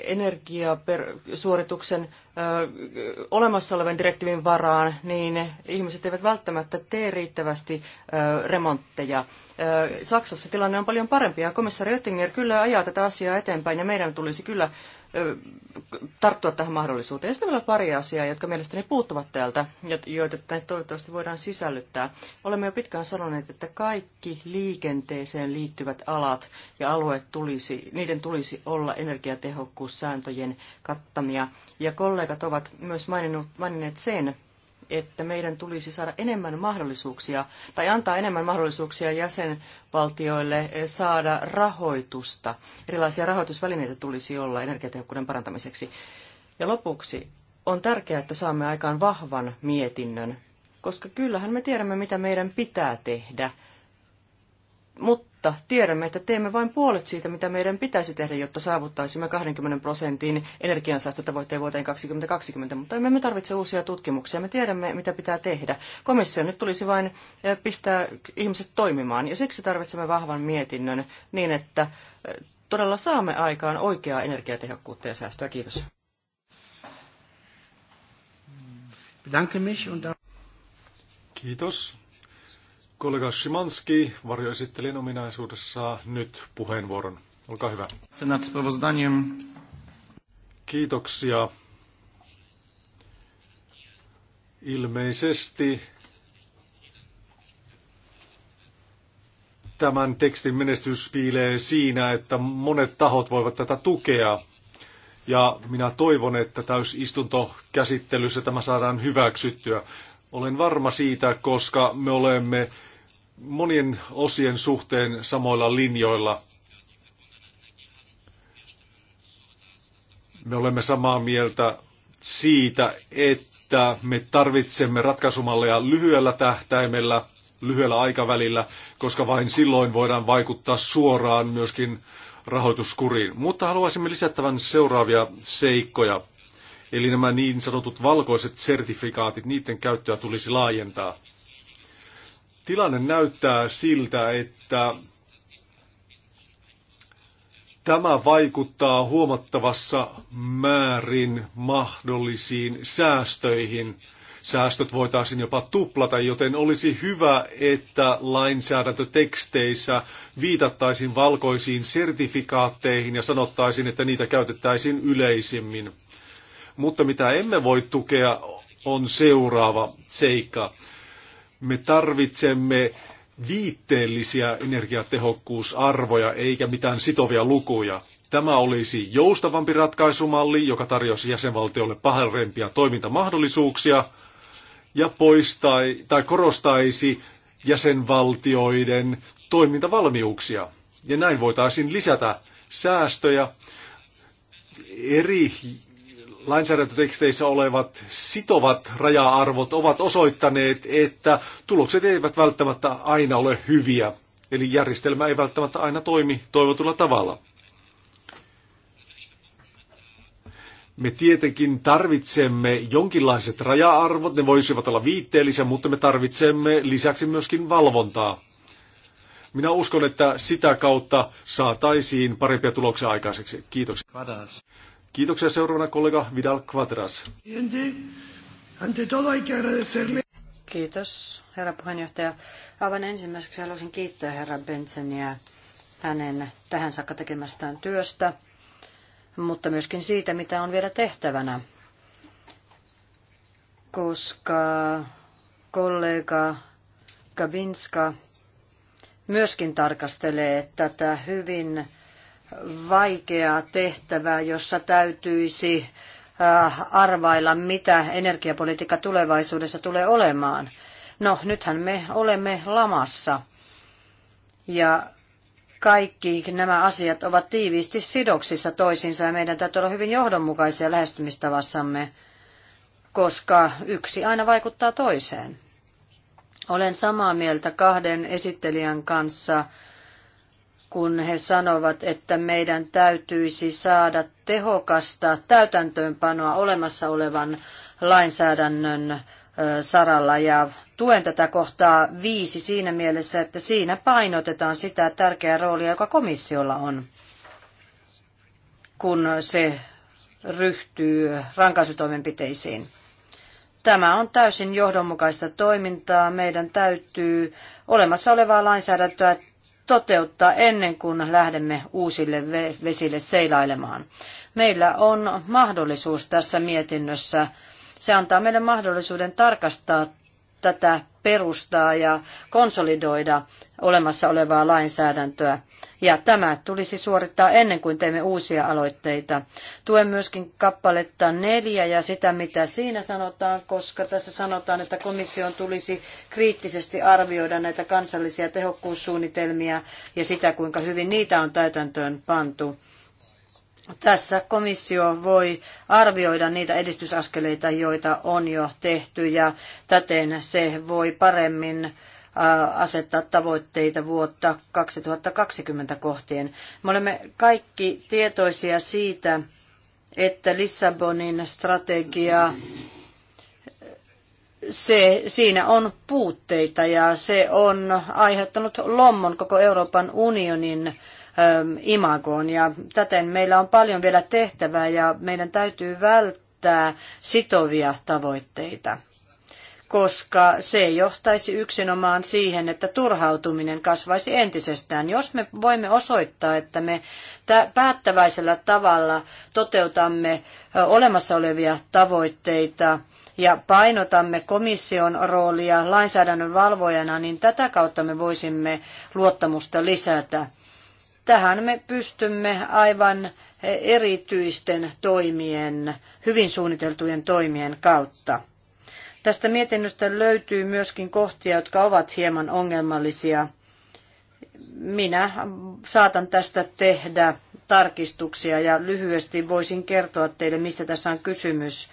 energiasuorituksen olemassa olevan direktiivin varaan, niin ihmiset eivät välttämättä tee riittävästi remontteja. Saksassa tilanne on paljon parempi ja komissaari Oettinger kyllä ajaa tätä asiaa eteenpäin ja meidän tulisi kyllä tarttua tähän mahdollisuuteen. Sitten vielä pari asiaa, jotka mielestäni puuttuvat täältä, joita toivottavasti voidaan sisällyttää. Olemme jo pitkään sanoneet, että kaikki liikenteeseen liittyvät alat ja alueet tulisi, niiden tulisi olla energiatehokkuussääntöjen kattamia. Ja kollegat ovat myös maininneet sen, että meidän tulisi saada enemmän mahdollisuuksia tai antaa enemmän mahdollisuuksia jäsenvaltioille eh, saada rahoitusta. Erilaisia rahoitusvälineitä tulisi olla energiatehokkuuden parantamiseksi. Ja lopuksi on tärkeää, että saamme aikaan vahvan mietinnön, koska kyllähän me tiedämme, mitä meidän pitää tehdä – mutta tiedämme, että teemme vain puolet siitä, mitä meidän pitäisi tehdä, jotta saavuttaisimme 20 prosentin energiansäästötavoitteen vuoteen 2020. Mutta emme me tarvitse uusia tutkimuksia. Me tiedämme, mitä pitää tehdä. Komissio nyt tulisi vain eh, pistää ihmiset toimimaan. Ja siksi tarvitsemme vahvan mietinnön niin, että eh, todella saamme aikaan oikeaa energiatehokkuutta ja säästöä. Kiitos. Kiitos. Kollega Szymanski, varjoesittelijän ominaisuudessa nyt puheenvuoron. Olkaa hyvä. Kiitoksia. Ilmeisesti tämän tekstin menestys piilee siinä, että monet tahot voivat tätä tukea. Ja minä toivon, että täysistuntokäsittelyssä tämä saadaan hyväksyttyä. Olen varma siitä, koska me olemme monien osien suhteen samoilla linjoilla. Me olemme samaa mieltä siitä, että me tarvitsemme ratkaisumalleja lyhyellä tähtäimellä, lyhyellä aikavälillä, koska vain silloin voidaan vaikuttaa suoraan myöskin rahoituskuriin. Mutta haluaisimme lisättävän seuraavia seikkoja. Eli nämä niin sanotut valkoiset sertifikaatit, niiden käyttöä tulisi laajentaa. Tilanne näyttää siltä, että tämä vaikuttaa huomattavassa määrin mahdollisiin säästöihin. Säästöt voitaisiin jopa tuplata, joten olisi hyvä, että lainsäädäntöteksteissä viitattaisiin valkoisiin sertifikaatteihin ja sanottaisiin, että niitä käytettäisiin yleisimmin. Mutta mitä emme voi tukea on seuraava seikka. Me tarvitsemme viitteellisiä energiatehokkuusarvoja eikä mitään sitovia lukuja. Tämä olisi joustavampi ratkaisumalli, joka tarjosi jäsenvaltiolle parempia toimintamahdollisuuksia ja poistai, tai korostaisi jäsenvaltioiden toimintavalmiuksia. Ja näin voitaisiin lisätä säästöjä. Eri lainsäädäntöteksteissä olevat sitovat raja-arvot ovat osoittaneet, että tulokset eivät välttämättä aina ole hyviä. Eli järjestelmä ei välttämättä aina toimi toivotulla tavalla. Me tietenkin tarvitsemme jonkinlaiset raja-arvot, ne voisivat olla viitteellisiä, mutta me tarvitsemme lisäksi myöskin valvontaa. Minä uskon, että sitä kautta saataisiin parempia tuloksia aikaiseksi. Kiitoksia. Kiitoksia seuraavana kollega Vidal Quadras. Kiitos, herra puheenjohtaja. Aivan ensimmäiseksi haluaisin kiittää herra Benseniä hänen tähän saakka tekemästään työstä, mutta myöskin siitä, mitä on vielä tehtävänä. Koska kollega Kabinska myöskin tarkastelee tätä hyvin vaikeaa tehtävää, jossa täytyisi äh, arvailla, mitä energiapolitiikka tulevaisuudessa tulee olemaan. No, nythän me olemme lamassa. Ja kaikki nämä asiat ovat tiiviisti sidoksissa toisiinsa ja meidän täytyy olla hyvin johdonmukaisia lähestymistavassamme, koska yksi aina vaikuttaa toiseen. Olen samaa mieltä kahden esittelijän kanssa kun he sanovat, että meidän täytyisi saada tehokasta täytäntöönpanoa olemassa olevan lainsäädännön saralla ja tuen tätä kohtaa viisi siinä mielessä, että siinä painotetaan sitä tärkeää roolia, joka komissiolla on, kun se ryhtyy rankaisutoimenpiteisiin. Tämä on täysin johdonmukaista toimintaa. Meidän täytyy olemassa olevaa lainsäädäntöä toteuttaa ennen kuin lähdemme uusille vesille seilailemaan. Meillä on mahdollisuus tässä mietinnössä. Se antaa meille mahdollisuuden tarkastaa tätä perustaa ja konsolidoida olemassa olevaa lainsäädäntöä. Ja tämä tulisi suorittaa ennen kuin teemme uusia aloitteita. Tuen myöskin kappaletta neljä ja sitä, mitä siinä sanotaan, koska tässä sanotaan, että komission tulisi kriittisesti arvioida näitä kansallisia tehokkuussuunnitelmia ja sitä, kuinka hyvin niitä on täytäntöön pantu. Tässä komissio voi arvioida niitä edistysaskeleita, joita on jo tehty ja täten se voi paremmin äh, asettaa tavoitteita vuotta 2020 kohtien. Me olemme kaikki tietoisia siitä, että Lissabonin strategia, se, siinä on puutteita ja se on aiheuttanut lommon koko Euroopan unionin Ähm, imagoon. Ja täten meillä on paljon vielä tehtävää ja meidän täytyy välttää sitovia tavoitteita koska se johtaisi yksinomaan siihen, että turhautuminen kasvaisi entisestään. Jos me voimme osoittaa, että me päättäväisellä tavalla toteutamme olemassa olevia tavoitteita, ja painotamme komission roolia lainsäädännön valvojana, niin tätä kautta me voisimme luottamusta lisätä. Tähän me pystymme aivan erityisten toimien, hyvin suunniteltujen toimien kautta. Tästä mietinnöstä löytyy myöskin kohtia, jotka ovat hieman ongelmallisia. Minä saatan tästä tehdä tarkistuksia ja lyhyesti voisin kertoa teille, mistä tässä on kysymys.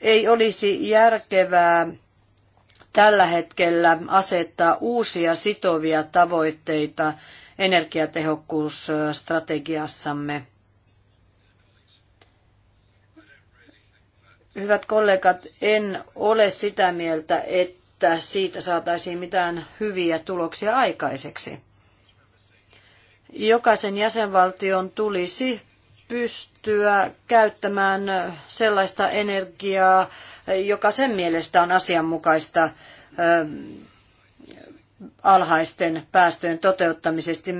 Ei olisi järkevää tällä hetkellä asettaa uusia sitovia tavoitteita energiatehokkuusstrategiassamme. Hyvät kollegat, en ole sitä mieltä, että siitä saataisiin mitään hyviä tuloksia aikaiseksi. Jokaisen jäsenvaltion tulisi pystyä käyttämään sellaista energiaa, joka sen mielestä on asianmukaista alhaisten päästöjen toteuttamisesta.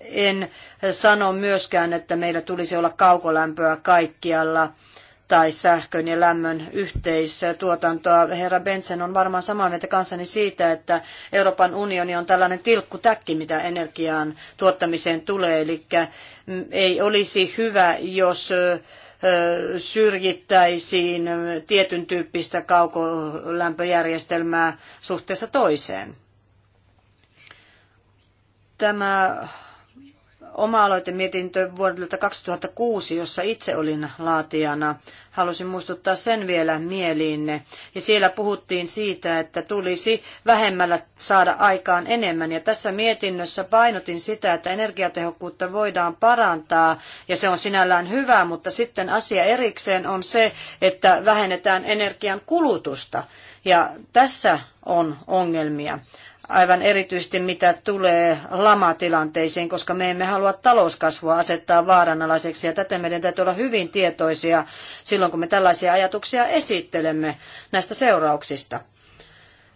En sano myöskään, että meillä tulisi olla kaukolämpöä kaikkialla tai sähkön ja lämmön yhteistuotantoa. Herra Benson on varmaan samaa mieltä kanssani siitä, että Euroopan unioni on tällainen tilkkutäkki, mitä energiaan tuottamiseen tulee. Eli ei olisi hyvä, jos syrjittäisiin tietyn tyyppistä kaukolämpöjärjestelmää suhteessa toiseen. Tämä oma-aloitemietintö vuodelta 2006, jossa itse olin laatijana. Halusin muistuttaa sen vielä mieliinne. Ja siellä puhuttiin siitä, että tulisi vähemmällä saada aikaan enemmän. Ja tässä mietinnössä painotin sitä, että energiatehokkuutta voidaan parantaa ja se on sinällään hyvä, mutta sitten asia erikseen on se, että vähennetään energian kulutusta. Ja tässä on ongelmia aivan erityisesti mitä tulee lamatilanteisiin, koska me emme halua talouskasvua asettaa vaaranalaiseksi ja täten meidän täytyy olla hyvin tietoisia silloin, kun me tällaisia ajatuksia esittelemme näistä seurauksista.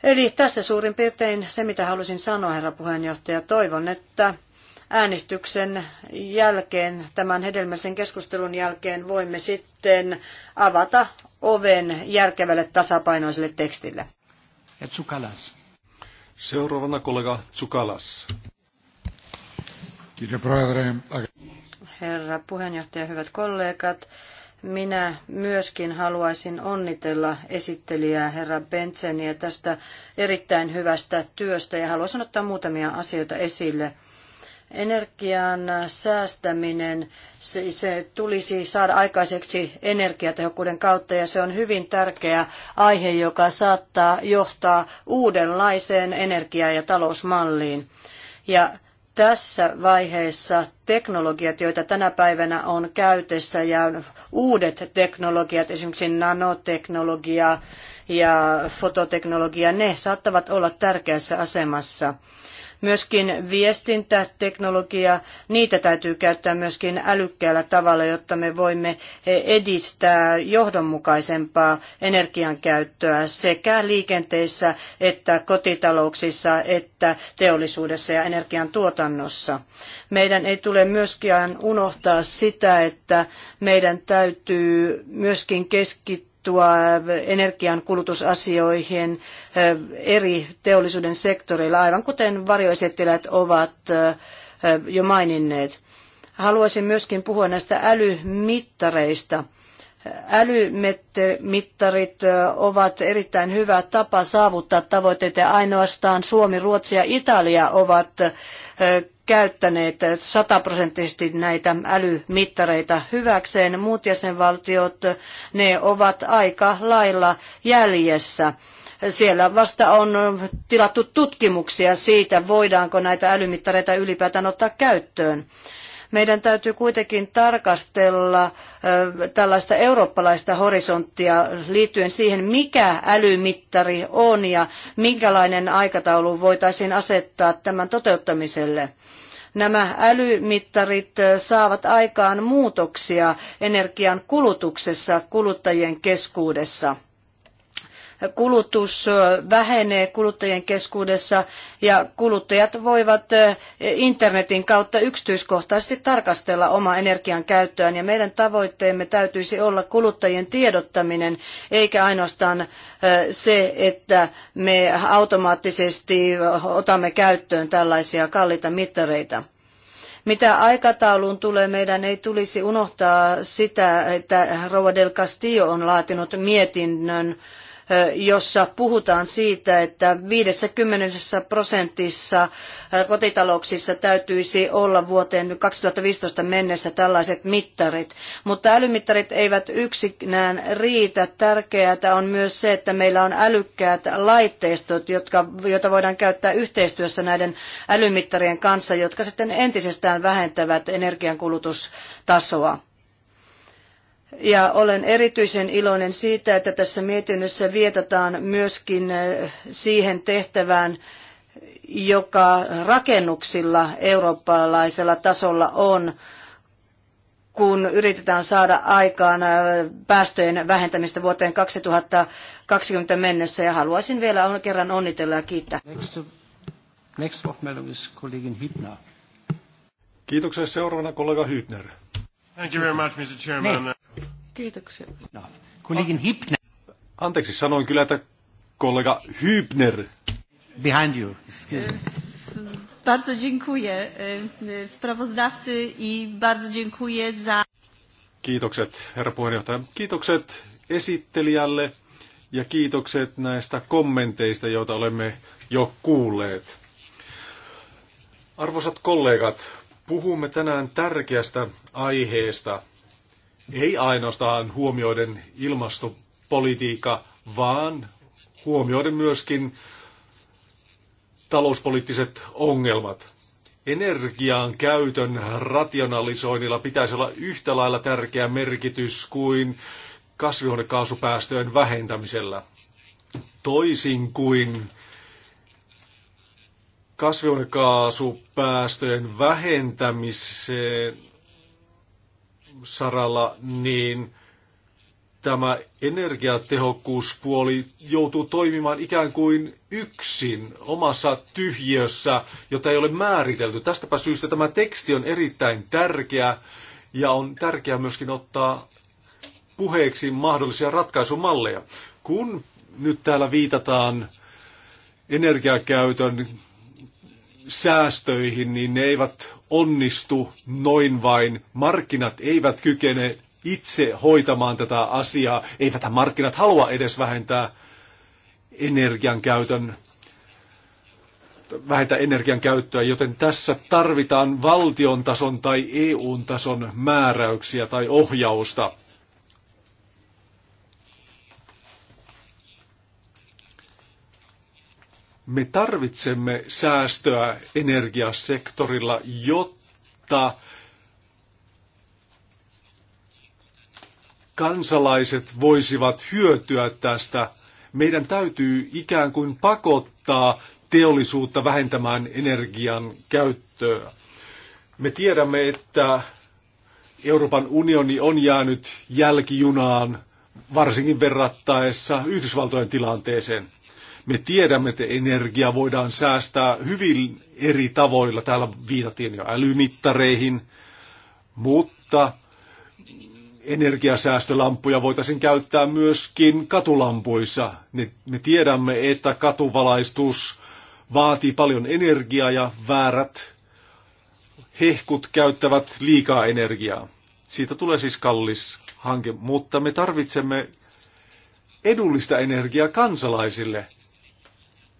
Eli tässä suurin piirtein se, mitä halusin sanoa, herra puheenjohtaja. Toivon, että äänestyksen jälkeen, tämän hedelmällisen keskustelun jälkeen, voimme sitten avata oven järkevälle tasapainoiselle tekstille. Etsukalas. Seuraavana kollega Tsukalas. Herra puheenjohtaja, hyvät kollegat. Minä myöskin haluaisin onnitella esittelijää herra Bentseniä tästä erittäin hyvästä työstä ja haluaisin ottaa muutamia asioita esille. Energian säästäminen, se, se tulisi saada aikaiseksi energiatehokkuuden kautta ja se on hyvin tärkeä aihe, joka saattaa johtaa uudenlaiseen energia- ja talousmalliin. Ja tässä vaiheessa teknologiat, joita tänä päivänä on käytössä ja uudet teknologiat, esimerkiksi nanoteknologia ja fototeknologia, ne saattavat olla tärkeässä asemassa. Myöskin viestintäteknologia, niitä täytyy käyttää myöskin älykkäällä tavalla, jotta me voimme e, edistää johdonmukaisempaa energiankäyttöä sekä liikenteessä että kotitalouksissa että teollisuudessa ja energiantuotannossa. Meidän ei tule myöskään unohtaa sitä, että meidän täytyy myöskin keskittyä puuttua energian kulutusasioihin eh, eri teollisuuden sektoreilla, aivan kuten varjoesittelijät ovat eh, jo maininneet. Haluaisin myöskin puhua näistä älymittareista. Älymittarit eh, ovat erittäin hyvä tapa saavuttaa tavoitteita. Ainoastaan Suomi, Ruotsi ja Italia ovat käyttäneet sataprosenttisesti näitä älymittareita hyväkseen. Muut jäsenvaltiot, ne ovat aika lailla jäljessä siellä vasta on tilattu tutkimuksia siitä, voidaanko näitä älymittareita ylipäätään ottaa käyttöön. Meidän täytyy kuitenkin tarkastella tällaista eurooppalaista horisonttia liittyen siihen, mikä älymittari on ja minkälainen aikataulu voitaisiin asettaa tämän toteuttamiselle nämä älymittarit saavat aikaan muutoksia energian kulutuksessa kuluttajien keskuudessa kulutus vähenee kuluttajien keskuudessa ja kuluttajat voivat internetin kautta yksityiskohtaisesti tarkastella omaa energian käyttöään. Ja meidän tavoitteemme täytyisi olla kuluttajien tiedottaminen, eikä ainoastaan se, että me automaattisesti otamme käyttöön tällaisia kalliita mittareita. Mitä aikatauluun tulee, meidän ei tulisi unohtaa sitä, että Rouva del Castillo on laatinut mietinnön jossa puhutaan siitä, että 50 prosentissa kotitalouksissa täytyisi olla vuoteen 2015 mennessä tällaiset mittarit. Mutta älymittarit eivät yksinään riitä. Tärkeää on myös se, että meillä on älykkäät laitteistot, jotka, joita voidaan käyttää yhteistyössä näiden älymittarien kanssa, jotka sitten entisestään vähentävät energiankulutustasoa. Ja olen erityisen iloinen siitä, että tässä mietinnössä vietataan myöskin eh, siihen tehtävään, joka rakennuksilla eurooppalaisella tasolla on, kun yritetään saada aikaan eh, päästöjen vähentämistä vuoteen 2020 mennessä. Ja haluaisin vielä kerran onnitella ja kiittää. Next, next Kiitoksia seuraavana kollega Hübner. Thank you very much, Mr. Chairman. Niin. Kiitoksia. No. Kollegin Hipner. Ah. Anteeksi, sanoin kyllä, että kollega Hübner. Behind you. Excuse me. E, bardzo dziękuję e, e, sprawozdawcy i bardzo dziękuję za... Kiitokset, herra puheenjohtaja. Kiitokset esittelijälle ja kiitokset näistä kommenteista, joita olemme jo kuulleet. Arvoisat kollegat, puhumme tänään tärkeästä aiheesta – ei ainoastaan huomioiden ilmastopolitiikka, vaan huomioiden myöskin talouspoliittiset ongelmat. Energian käytön rationalisoinnilla pitäisi olla yhtä lailla tärkeä merkitys kuin kasvihuonekaasupäästöjen vähentämisellä. Toisin kuin kasvihuonekaasupäästöjen vähentämiseen saralla, niin tämä energiatehokkuuspuoli joutuu toimimaan ikään kuin yksin omassa tyhjiössä, jota ei ole määritelty. Tästäpä syystä tämä teksti on erittäin tärkeä ja on tärkeää myöskin ottaa puheeksi mahdollisia ratkaisumalleja. Kun nyt täällä viitataan energiakäytön säästöihin, niin ne eivät onnistu noin vain. Markkinat eivät kykene itse hoitamaan tätä asiaa. eivät markkinat halua edes vähentää energian käytön vähentää energian käyttöä, joten tässä tarvitaan valtion tason tai eu tason määräyksiä tai ohjausta. Me tarvitsemme säästöä energiasektorilla, jotta kansalaiset voisivat hyötyä tästä. Meidän täytyy ikään kuin pakottaa teollisuutta vähentämään energian käyttöä. Me tiedämme, että Euroopan unioni on jäänyt jälkijunaan, varsinkin verrattaessa Yhdysvaltojen tilanteeseen. Me tiedämme, että energia voidaan säästää hyvin eri tavoilla. Täällä viitattiin jo älymittareihin, mutta energiasäästölampuja voitaisiin käyttää myöskin katulampuissa. Me tiedämme, että katuvalaistus vaatii paljon energiaa ja väärät hehkut käyttävät liikaa energiaa. Siitä tulee siis kallis hanke, mutta me tarvitsemme edullista energiaa kansalaisille.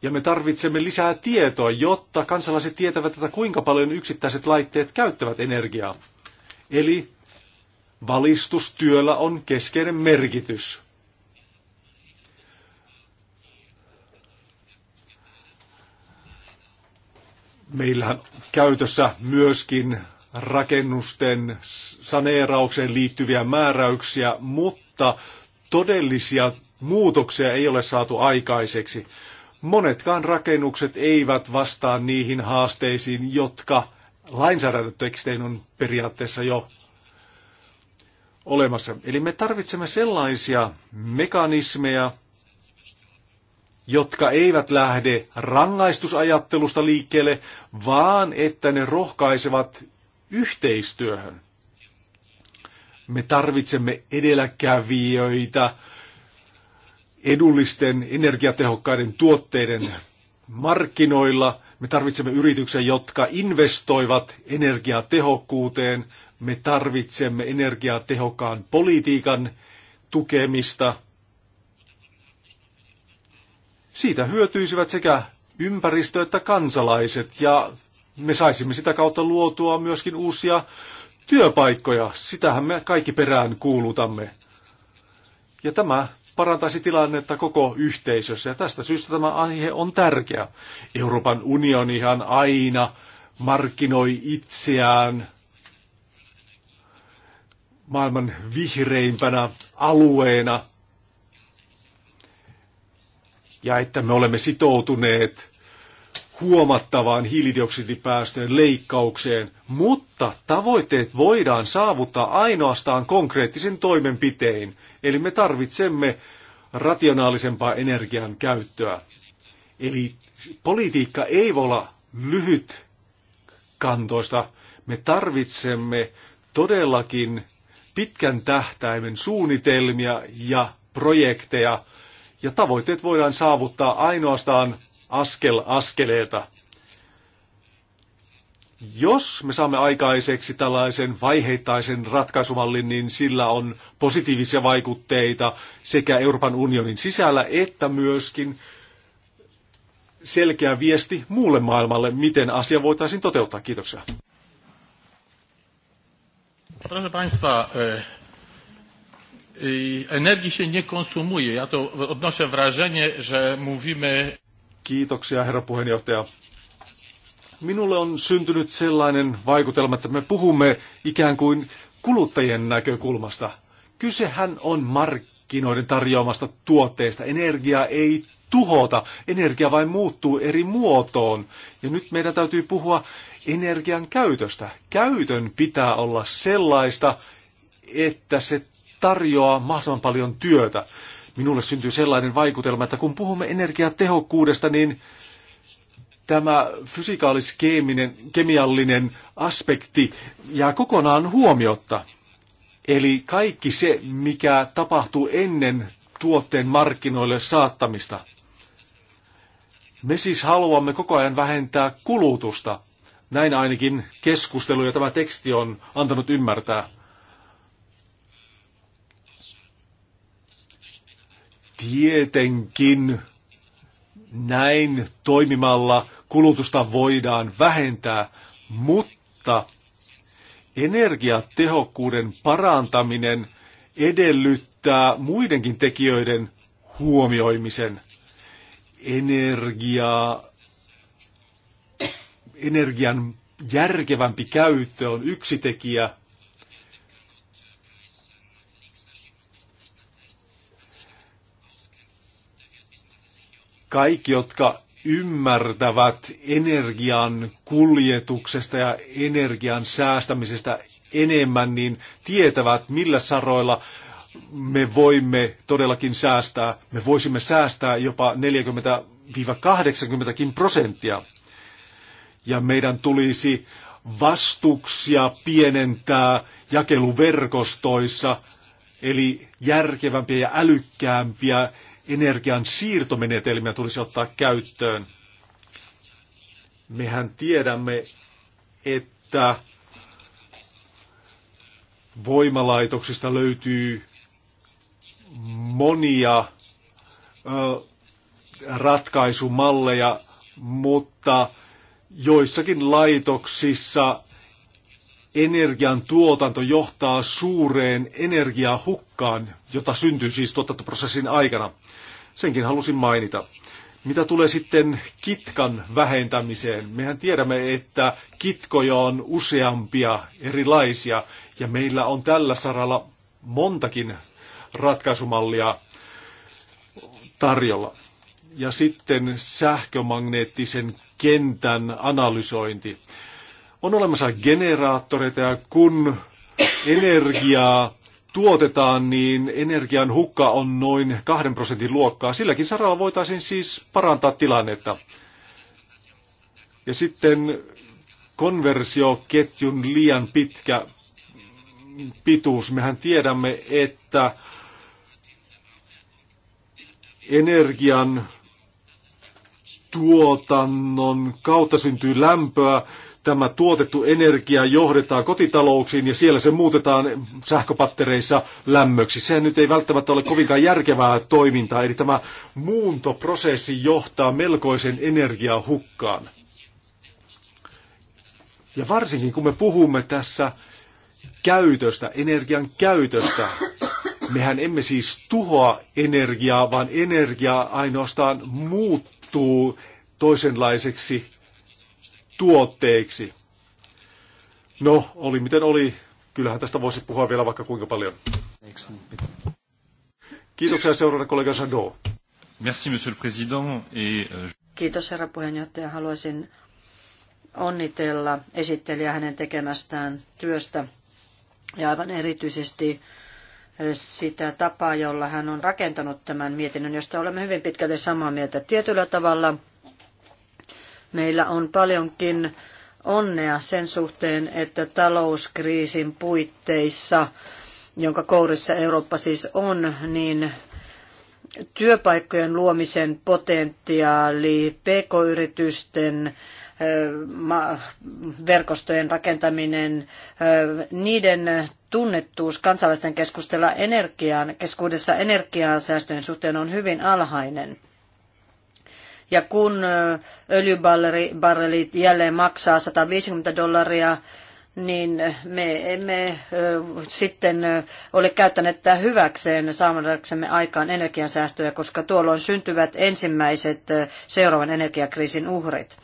Ja me tarvitsemme lisää tietoa, jotta kansalaiset tietävät, että kuinka paljon yksittäiset laitteet käyttävät energiaa. Eli valistustyöllä on keskeinen merkitys. Meillähän käytössä myöskin rakennusten saneeraukseen liittyviä määräyksiä, mutta todellisia muutoksia ei ole saatu aikaiseksi monetkaan rakennukset eivät vastaa niihin haasteisiin, jotka lainsäädäntötekstein on periaatteessa jo olemassa. Eli me tarvitsemme sellaisia mekanismeja, jotka eivät lähde rangaistusajattelusta liikkeelle, vaan että ne rohkaisevat yhteistyöhön. Me tarvitsemme edelläkävijöitä, edullisten energiatehokkaiden tuotteiden markkinoilla. Me tarvitsemme yrityksiä, jotka investoivat energiatehokkuuteen. Me tarvitsemme energiatehokkaan politiikan tukemista. Siitä hyötyisivät sekä ympäristö että kansalaiset ja me saisimme sitä kautta luotua myöskin uusia työpaikkoja. Sitähän me kaikki perään kuulutamme. Ja tämä parantaisi tilannetta koko yhteisössä. Ja tästä syystä tämä aihe on tärkeä. Euroopan unionihan aina markkinoi itseään maailman vihreimpänä alueena. Ja että me olemme sitoutuneet huomattavaan hiilidioksidipäästöjen leikkaukseen, mutta tavoitteet voidaan saavuttaa ainoastaan konkreettisin toimenpitein, eli me tarvitsemme rationaalisempaa energian käyttöä. Eli politiikka ei voi olla lyhyt kantoista. Me tarvitsemme todellakin pitkän tähtäimen suunnitelmia ja projekteja, ja tavoitteet voidaan saavuttaa ainoastaan askel askeleelta. Jos me saamme aikaiseksi tällaisen vaiheittaisen ratkaisumallin, niin sillä on positiivisia vaikutteita sekä Euroopan unionin sisällä että myöskin selkeä viesti muulle maailmalle, miten asia voitaisiin toteuttaa. Kiitoksia. Proszę Państwa, e, e, energii się nie konsumuje. Ja to odnoszę wrażenie, że mówimy Kiitoksia, herra puheenjohtaja. Minulle on syntynyt sellainen vaikutelma, että me puhumme ikään kuin kuluttajien näkökulmasta. Kysehän on markkinoiden tarjoamasta tuotteesta. Energia ei tuhota, energia vain muuttuu eri muotoon. Ja nyt meidän täytyy puhua energian käytöstä. Käytön pitää olla sellaista, että se tarjoaa mahdollisimman paljon työtä. Minulle syntyy sellainen vaikutelma, että kun puhumme energiatehokkuudesta, niin tämä fysikaalis kemiallinen aspekti jää kokonaan huomiotta. Eli kaikki se, mikä tapahtuu ennen tuotteen markkinoille saattamista. Me siis haluamme koko ajan vähentää kulutusta. Näin ainakin keskustelu ja tämä teksti on antanut ymmärtää. Tietenkin näin toimimalla kulutusta voidaan vähentää, mutta energiatehokkuuden parantaminen edellyttää muidenkin tekijöiden huomioimisen. Energia, energian järkevämpi käyttö on yksi tekijä, Kaikki, jotka ymmärtävät energian kuljetuksesta ja energian säästämisestä enemmän, niin tietävät, millä saroilla me voimme todellakin säästää. Me voisimme säästää jopa 40-80 prosenttia. Ja meidän tulisi vastuksia pienentää jakeluverkostoissa, eli järkevämpiä ja älykkäämpiä energian siirtomenetelmiä tulisi ottaa käyttöön. Mehän tiedämme, että voimalaitoksista löytyy monia ö, ratkaisumalleja, mutta joissakin laitoksissa energian tuotanto johtaa suureen energiahukkaan, jota syntyy siis tuotantoprosessin aikana. Senkin halusin mainita. Mitä tulee sitten kitkan vähentämiseen? Mehän tiedämme, että kitkoja on useampia erilaisia ja meillä on tällä saralla montakin ratkaisumallia tarjolla. Ja sitten sähkömagneettisen kentän analysointi. On olemassa generaattoreita ja kun energiaa tuotetaan, niin energian hukka on noin kahden prosentin luokkaa. Silläkin saralla voitaisiin siis parantaa tilannetta. Ja sitten konversioketjun liian pitkä pituus. Mehän tiedämme, että energian tuotannon kautta syntyy lämpöä, tämä tuotettu energia johdetaan kotitalouksiin ja siellä se muutetaan sähköpattereissa lämmöksi. Se nyt ei välttämättä ole kovinkaan järkevää toimintaa, eli tämä muuntoprosessi johtaa melkoisen hukkaan. Ja varsinkin kun me puhumme tässä käytöstä, energian käytöstä, mehän emme siis tuhoa energiaa, vaan energia ainoastaan muuttuu toisenlaiseksi tuotteeksi. No, oli miten oli. Kyllähän tästä voisi puhua vielä vaikka kuinka paljon. Kiitoksia seuraavana kollega Sado. Merci, monsieur le président. Et... Euh, Kiitos herra puheenjohtaja. Haluaisin onnitella esittelijä hänen tekemästään työstä ja aivan erityisesti eh, sitä tapaa, jolla hän on rakentanut tämän mietinnön, josta olemme hyvin pitkälti samaa mieltä. Tietyllä tavalla Meillä on paljonkin onnea sen suhteen, että talouskriisin puitteissa, jonka kourissa Eurooppa siis on, niin työpaikkojen luomisen potentiaali, pk-yritysten verkostojen rakentaminen, niiden tunnettuus kansalaisten keskustella energiaan, keskuudessa energiaan säästöjen suhteen on hyvin alhainen. Ja kun öljybarrelit jälleen maksaa 150 dollaria, niin me emme sitten ole käyttäneet tätä hyväkseen saamadaksemme aikaan energiansäästöjä, koska tuolloin syntyvät ensimmäiset seuraavan energiakriisin uhrit.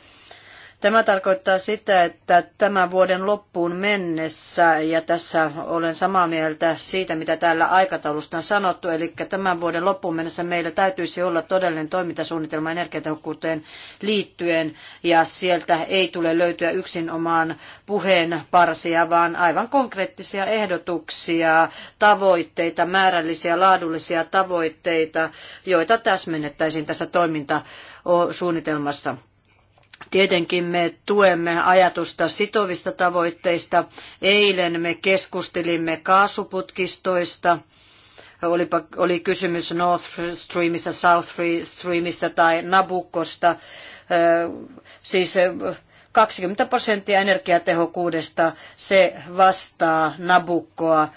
Tämä tarkoittaa sitä, että tämän vuoden loppuun mennessä, ja tässä olen samaa mieltä siitä, mitä täällä aikataulusta on sanottu, eli tämän vuoden loppuun mennessä meillä täytyisi olla todellinen toimintasuunnitelma energiatehokkuuteen liittyen, ja sieltä ei tule löytyä yksinomaan puheen parsia, vaan aivan konkreettisia ehdotuksia, tavoitteita, määrällisiä, laadullisia tavoitteita, joita täsmennettäisiin tässä toimintasuunnitelmassa. Tietenkin me tuemme ajatusta sitovista tavoitteista. Eilen me keskustelimme kaasuputkistoista. Olipa, oli kysymys North Streamissa, South Streamissa tai Nabukosta. Siis 20 prosenttia energiatehokkuudesta se vastaa Nabukkoa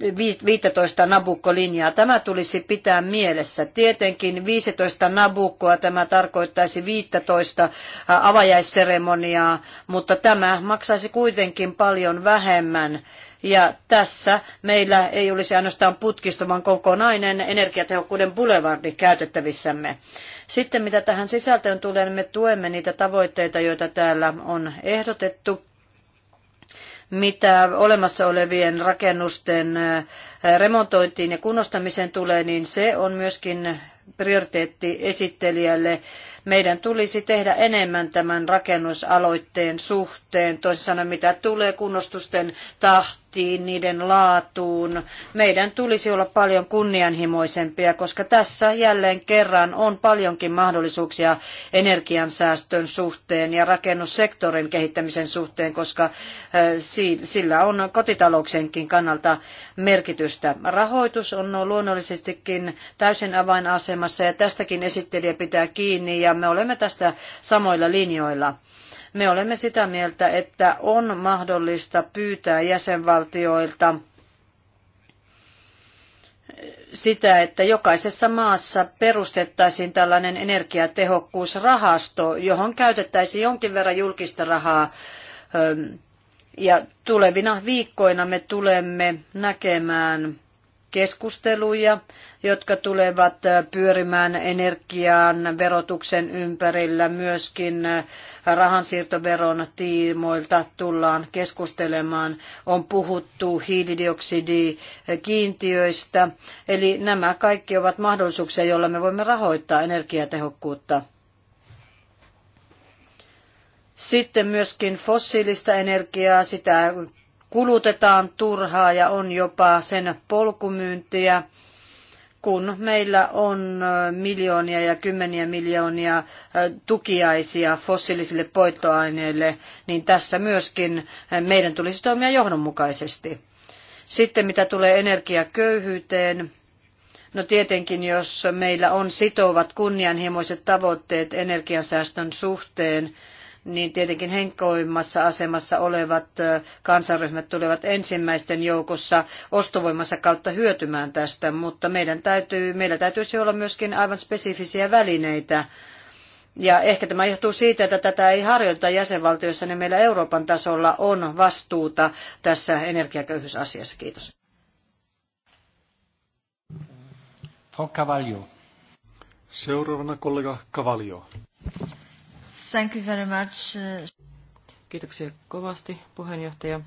15 Nabukko-linjaa. Tämä tulisi pitää mielessä. Tietenkin 15 Nabukkoa tämä tarkoittaisi 15 avajaisseremoniaa, mutta tämä maksaisi kuitenkin paljon vähemmän. Ja tässä meillä ei olisi ainoastaan putkistuman kokonainen energiatehokkuuden bulevardi käytettävissämme. Sitten mitä tähän sisältöön tulee, niin me tuemme niitä tavoitteita, joita täällä on ehdotettu mitä olemassa olevien rakennusten remontointiin ja kunnostamiseen tulee, niin se on myöskin prioriteetti esittelijälle meidän tulisi tehdä enemmän tämän rakennusaloitteen suhteen, toisin sanoen mitä tulee kunnostusten tahtiin, niiden laatuun. Meidän tulisi olla paljon kunnianhimoisempia, koska tässä jälleen kerran on paljonkin mahdollisuuksia energiansäästön suhteen ja rakennussektorin kehittämisen suhteen, koska äh, sillä on kotitalouksienkin kannalta merkitystä. Rahoitus on luonnollisestikin täysin avainasemassa ja tästäkin esittelijä pitää kiinni ja me olemme tästä samoilla linjoilla. Me olemme sitä mieltä, että on mahdollista pyytää jäsenvaltioilta sitä, että jokaisessa maassa perustettaisiin tällainen energiatehokkuusrahasto, johon käytettäisiin jonkin verran julkista rahaa. Ja tulevina viikkoina me tulemme näkemään keskusteluja, jotka tulevat äh, pyörimään energian verotuksen ympärillä. Myöskin äh, rahansiirtoveron tiimoilta tullaan keskustelemaan. On puhuttu hiilidioksidikiintiöistä. Eli nämä kaikki ovat mahdollisuuksia, joilla me voimme rahoittaa energiatehokkuutta. Sitten myöskin fossiilista energiaa, sitä kulutetaan turhaa ja on jopa sen polkumyyntiä, kun meillä on miljoonia ja kymmeniä miljoonia tukiaisia fossiilisille poittoaineille, niin tässä myöskin meidän tulisi toimia johdonmukaisesti. Sitten mitä tulee energiaköyhyyteen, No tietenkin, jos meillä on sitovat kunnianhimoiset tavoitteet energiansäästön suhteen, niin tietenkin henkkoimmassa asemassa olevat kansanryhmät tulevat ensimmäisten joukossa ostovoimassa kautta hyötymään tästä, mutta meidän täytyy, meillä täytyisi olla myöskin aivan spesifisiä välineitä ja ehkä tämä johtuu siitä, että tätä ei harjoiteta jäsenvaltioissa, niin meillä Euroopan tasolla on vastuuta tässä energiaköyhyysasiassa. Kiitos. Frau Seuraavana kollega Cavalio. Thank you very much. Uh, Kiitoksia kovasti puheenjohtaja.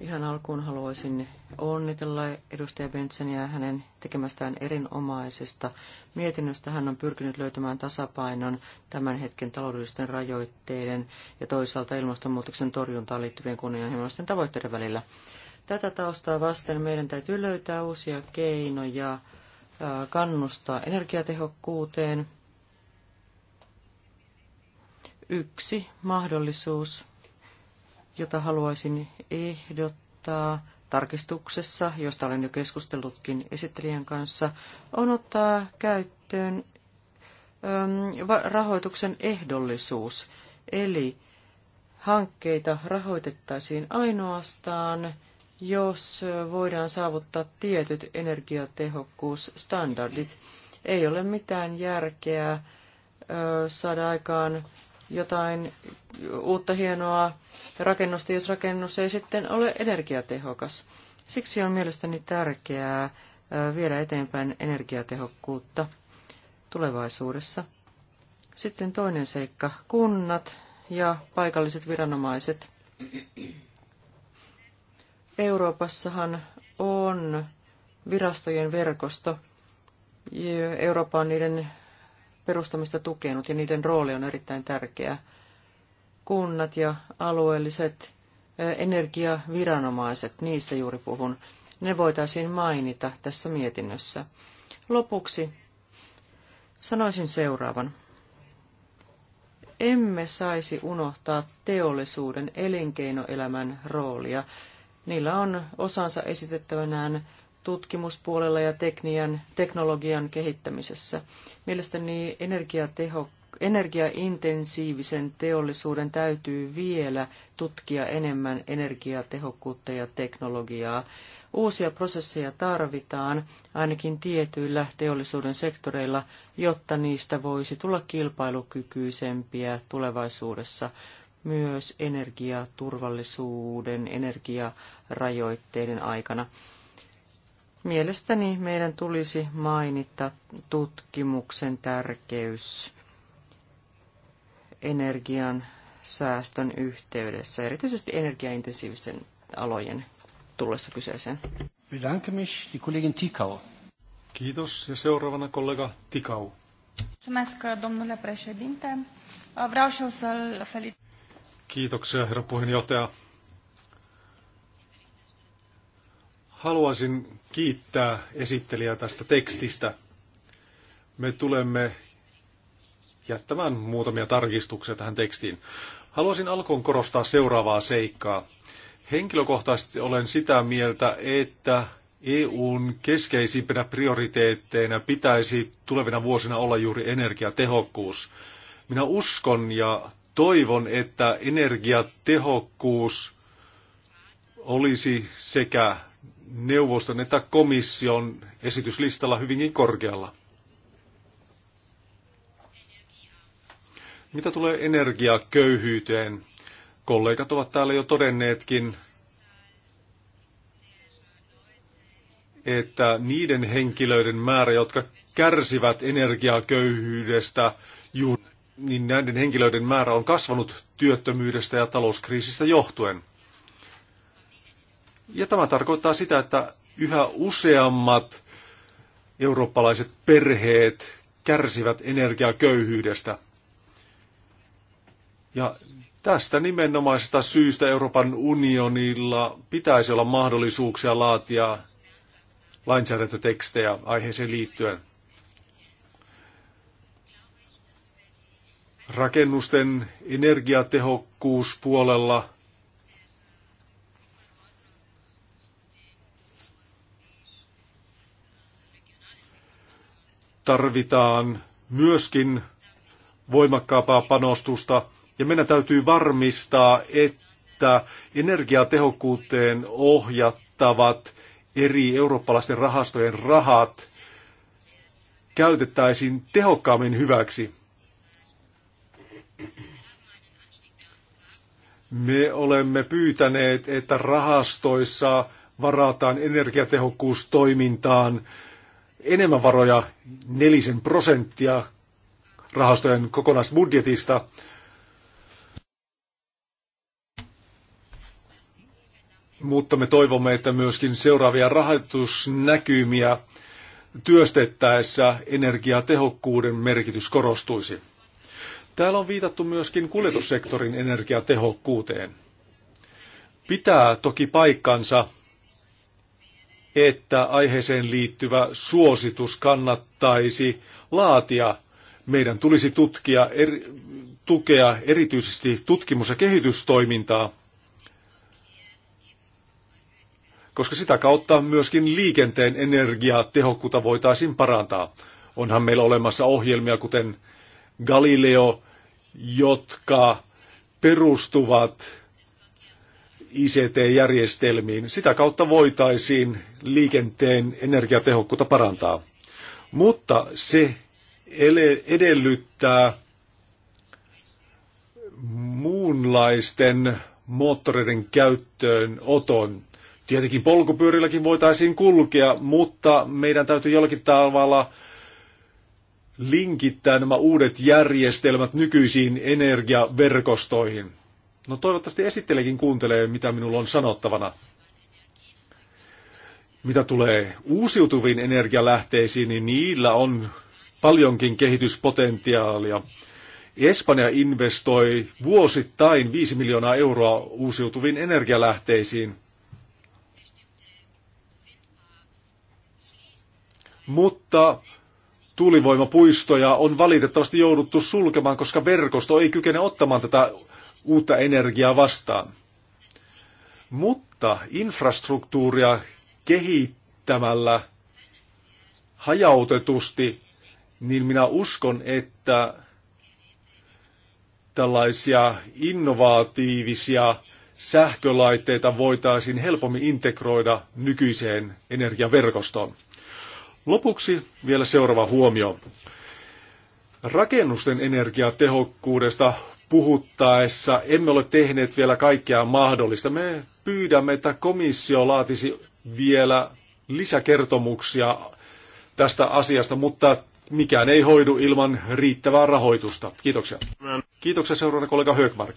Ihan alkuun haluaisin onnitella edustaja Bentseniä hänen tekemästään erinomaisesta mietinnöstä. Hän on pyrkinyt löytämään tasapainon tämän hetken taloudellisten rajoitteiden ja toisaalta ilmastonmuutoksen torjuntaan liittyvien kunnianhimoisten tavoitteiden välillä. Tätä taustaa vasten meidän täytyy löytää uusia keinoja kannustaa energiatehokkuuteen, Yksi mahdollisuus, jota haluaisin ehdottaa tarkistuksessa, josta olen jo keskustellutkin esittelijän kanssa, on ottaa käyttöön rahoituksen ehdollisuus. Eli hankkeita rahoitettaisiin ainoastaan, jos voidaan saavuttaa tietyt energiatehokkuusstandardit. Ei ole mitään järkeä saada aikaan jotain uutta hienoa rakennusta, jos rakennus ei sitten ole energiatehokas. Siksi on mielestäni tärkeää viedä eteenpäin energiatehokkuutta tulevaisuudessa. Sitten toinen seikka, kunnat ja paikalliset viranomaiset. Euroopassahan on virastojen verkosto. Eurooppa on niiden perustamista tukenut ja niiden rooli on erittäin tärkeä. Kunnat ja alueelliset energiaviranomaiset, niistä juuri puhun, ne voitaisiin mainita tässä mietinnössä. Lopuksi sanoisin seuraavan. Emme saisi unohtaa teollisuuden elinkeinoelämän roolia. Niillä on osansa esitettävänään tutkimuspuolella ja teknian, teknologian kehittämisessä. Mielestäni energiateho, energiaintensiivisen teollisuuden täytyy vielä tutkia enemmän energiatehokkuutta ja teknologiaa. Uusia prosesseja tarvitaan ainakin tietyillä teollisuuden sektoreilla, jotta niistä voisi tulla kilpailukykyisempiä tulevaisuudessa myös energiaturvallisuuden, energiarajoitteiden aikana. Mielestäni meidän tulisi mainita tutkimuksen tärkeys energian säästön yhteydessä, erityisesti energiaintensiivisten alojen tullessa kyseeseen. Bedanke mich, die Kollegin Tikau. Kiitos. Ja seuraavana kollega Tikau. domnule Kiitoksia, herra puheenjohtaja. Haluaisin kiittää esittelijää tästä tekstistä. Me tulemme jättämään muutamia tarkistuksia tähän tekstiin. Haluaisin alkuun korostaa seuraavaa seikkaa. Henkilökohtaisesti olen sitä mieltä, että EUn keskeisimpänä prioriteetteina pitäisi tulevina vuosina olla juuri energiatehokkuus. Minä uskon ja toivon, että energiatehokkuus olisi sekä neuvoston että komission esityslistalla hyvinkin korkealla. Mitä tulee energiaköyhyyteen, kollegat ovat täällä jo todenneetkin, että niiden henkilöiden määrä, jotka kärsivät energiaköyhyydestä, niin näiden henkilöiden määrä on kasvanut työttömyydestä ja talouskriisistä johtuen. Ja tämä tarkoittaa sitä, että yhä useammat eurooppalaiset perheet kärsivät energiaköyhyydestä. Ja tästä nimenomaisesta syystä Euroopan unionilla pitäisi olla mahdollisuuksia laatia lainsäädäntötekstejä aiheeseen liittyen. Rakennusten energiatehokkuuspuolella tarvitaan myöskin voimakkaampaa panostusta ja meidän täytyy varmistaa, että energiatehokkuuteen ohjattavat eri eurooppalaisten rahastojen rahat käytettäisiin tehokkaammin hyväksi. Me olemme pyytäneet, että rahastoissa varataan energiatehokkuustoimintaan enemmän varoja nelisen prosenttia rahastojen kokonaisbudjetista. Mutta me toivomme, että myöskin seuraavia rahoitusnäkymiä työstettäessä energiatehokkuuden merkitys korostuisi. Täällä on viitattu myöskin kuljetussektorin energiatehokkuuteen. Pitää toki paikkansa, että aiheeseen liittyvä suositus kannattaisi laatia. Meidän tulisi tutkia, er, tukea erityisesti tutkimus- ja kehitystoimintaa, koska sitä kautta myöskin liikenteen energiatehokkuutta voitaisiin parantaa. Onhan meillä olemassa ohjelmia, kuten Galileo, jotka perustuvat ICT-järjestelmiin. Sitä kautta voitaisiin liikenteen energiatehokkuutta parantaa. Mutta se edellyttää muunlaisten moottoreiden käyttöön oton. Tietenkin polkupyörilläkin voitaisiin kulkea, mutta meidän täytyy jollakin tavalla linkittää nämä uudet järjestelmät nykyisiin energiaverkostoihin. No toivottavasti esittelekin kuuntelee, mitä minulla on sanottavana. Mitä tulee uusiutuviin energialähteisiin, niin niillä on paljonkin kehityspotentiaalia. Espanja investoi vuosittain 5 miljoonaa euroa uusiutuviin energialähteisiin. Mutta tuulivoimapuistoja on valitettavasti jouduttu sulkemaan, koska verkosto ei kykene ottamaan tätä uutta energiaa vastaan. Mutta infrastruktuuria kehittämällä hajautetusti, niin minä uskon, että tällaisia innovatiivisia sähkölaitteita voitaisiin helpommin integroida nykyiseen energiaverkostoon. Lopuksi vielä seuraava huomio. Rakennusten energiatehokkuudesta puhuttaessa emme ole tehneet vielä kaikkea mahdollista. Me pyydämme, että komissio laatisi vielä lisäkertomuksia tästä asiasta, mutta mikään ei hoidu ilman riittävää rahoitusta. Kiitoksia. Kiitoksia seuraavana kollega Högmark.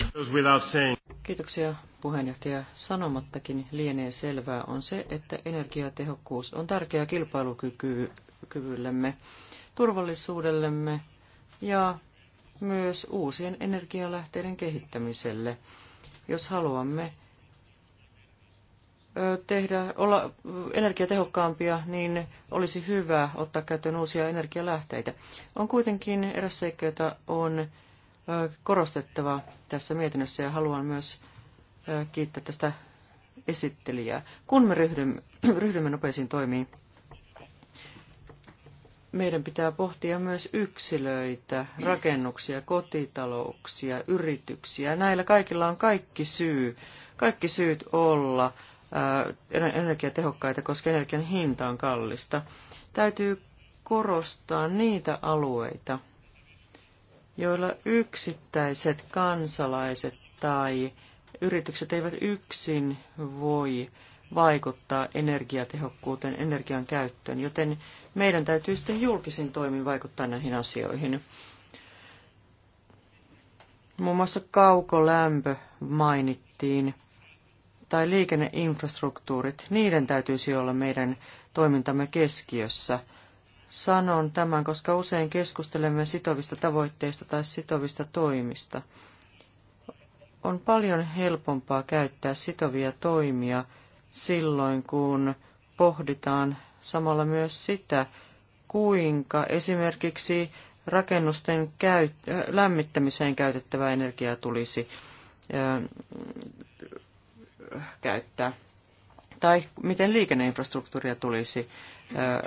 Kiitoksia puheenjohtaja. Sanomattakin lienee selvää on se, että energiatehokkuus on tärkeä kilpailukyvyllemme, turvallisuudellemme ja myös uusien energialähteiden kehittämiselle. Jos haluamme tehdä, olla energiatehokkaampia, niin olisi hyvä ottaa käyttöön uusia energialähteitä. On kuitenkin eräs seikka, jota on korostettava tässä mietinnössä ja haluan myös kiittää tästä esittelijää. Kun me ryhdymme, ryhdymme nopeisiin toimiin, meidän pitää pohtia myös yksilöitä, rakennuksia, kotitalouksia, yrityksiä. Näillä kaikilla on kaikki syy, kaikki syyt olla energiatehokkaita, koska energian hinta on kallista. Täytyy korostaa niitä alueita, joilla yksittäiset kansalaiset tai yritykset eivät yksin voi vaikuttaa energiatehokkuuteen, energian käyttöön, joten meidän täytyy sitten julkisin toimin vaikuttaa näihin asioihin. Muun muassa kaukolämpö mainittiin, tai liikenneinfrastruktuurit, niiden täytyisi olla meidän toimintamme keskiössä. Sanon tämän, koska usein keskustelemme sitovista tavoitteista tai sitovista toimista. On paljon helpompaa käyttää sitovia toimia silloin, kun pohditaan samalla myös sitä, kuinka esimerkiksi rakennusten käyt, lämmittämiseen käytettävää energiaa tulisi käyttää, tai miten liikenneinfrastruktuuria tulisi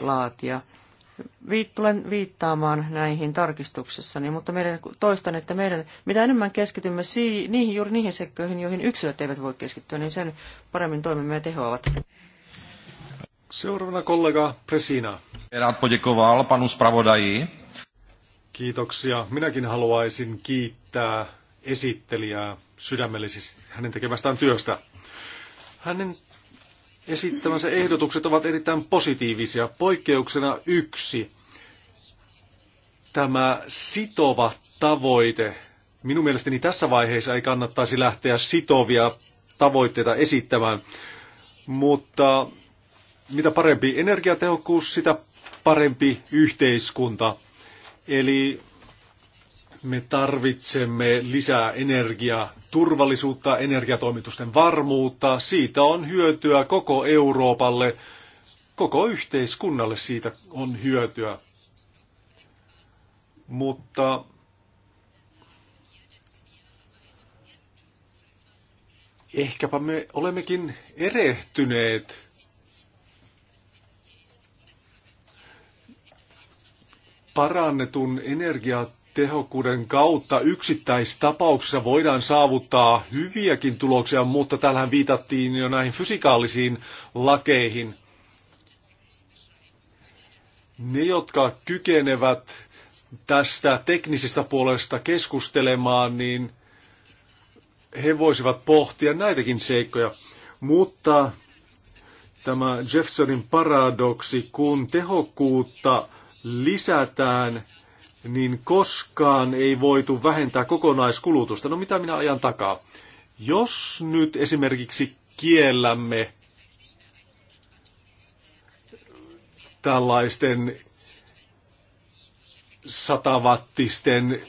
laatia tulen viittaamaan näihin tarkistuksessani, mutta meidän, toistan, että meidän, mitä enemmän keskitymme si- niihin, juuri niihin sekkoihin, joihin yksilöt eivät voi keskittyä, niin sen paremmin toimimme ja tehoavat. Seuraavana kollega Presina. Rád poděkoval panu spravodaji. Kiitoksia. Minäkin haluaisin kiittää esittelijää sydämellisesti hänen tekemästään työstä. Hänen esittämänsä ehdotukset ovat erittäin positiivisia. Poikkeuksena yksi, tämä sitova tavoite. Minun mielestäni tässä vaiheessa ei kannattaisi lähteä sitovia tavoitteita esittämään, mutta mitä parempi energiatehokkuus, sitä parempi yhteiskunta. Eli me tarvitsemme lisää energiaa, turvallisuutta, energiatoimitusten varmuutta. Siitä on hyötyä koko Euroopalle, koko yhteiskunnalle siitä on hyötyä. Mutta ehkäpä me olemmekin erehtyneet. Parannetun energiat tehokkuuden kautta yksittäistapauksessa voidaan saavuttaa hyviäkin tuloksia, mutta täällähän viitattiin jo näihin fysikaalisiin lakeihin. Ne, jotka kykenevät tästä teknisestä puolesta keskustelemaan, niin he voisivat pohtia näitäkin seikkoja. Mutta tämä Jeffersonin paradoksi, kun tehokkuutta lisätään – niin koskaan ei voitu vähentää kokonaiskulutusta. No mitä minä ajan takaa? Jos nyt esimerkiksi kiellämme tällaisten satavattisten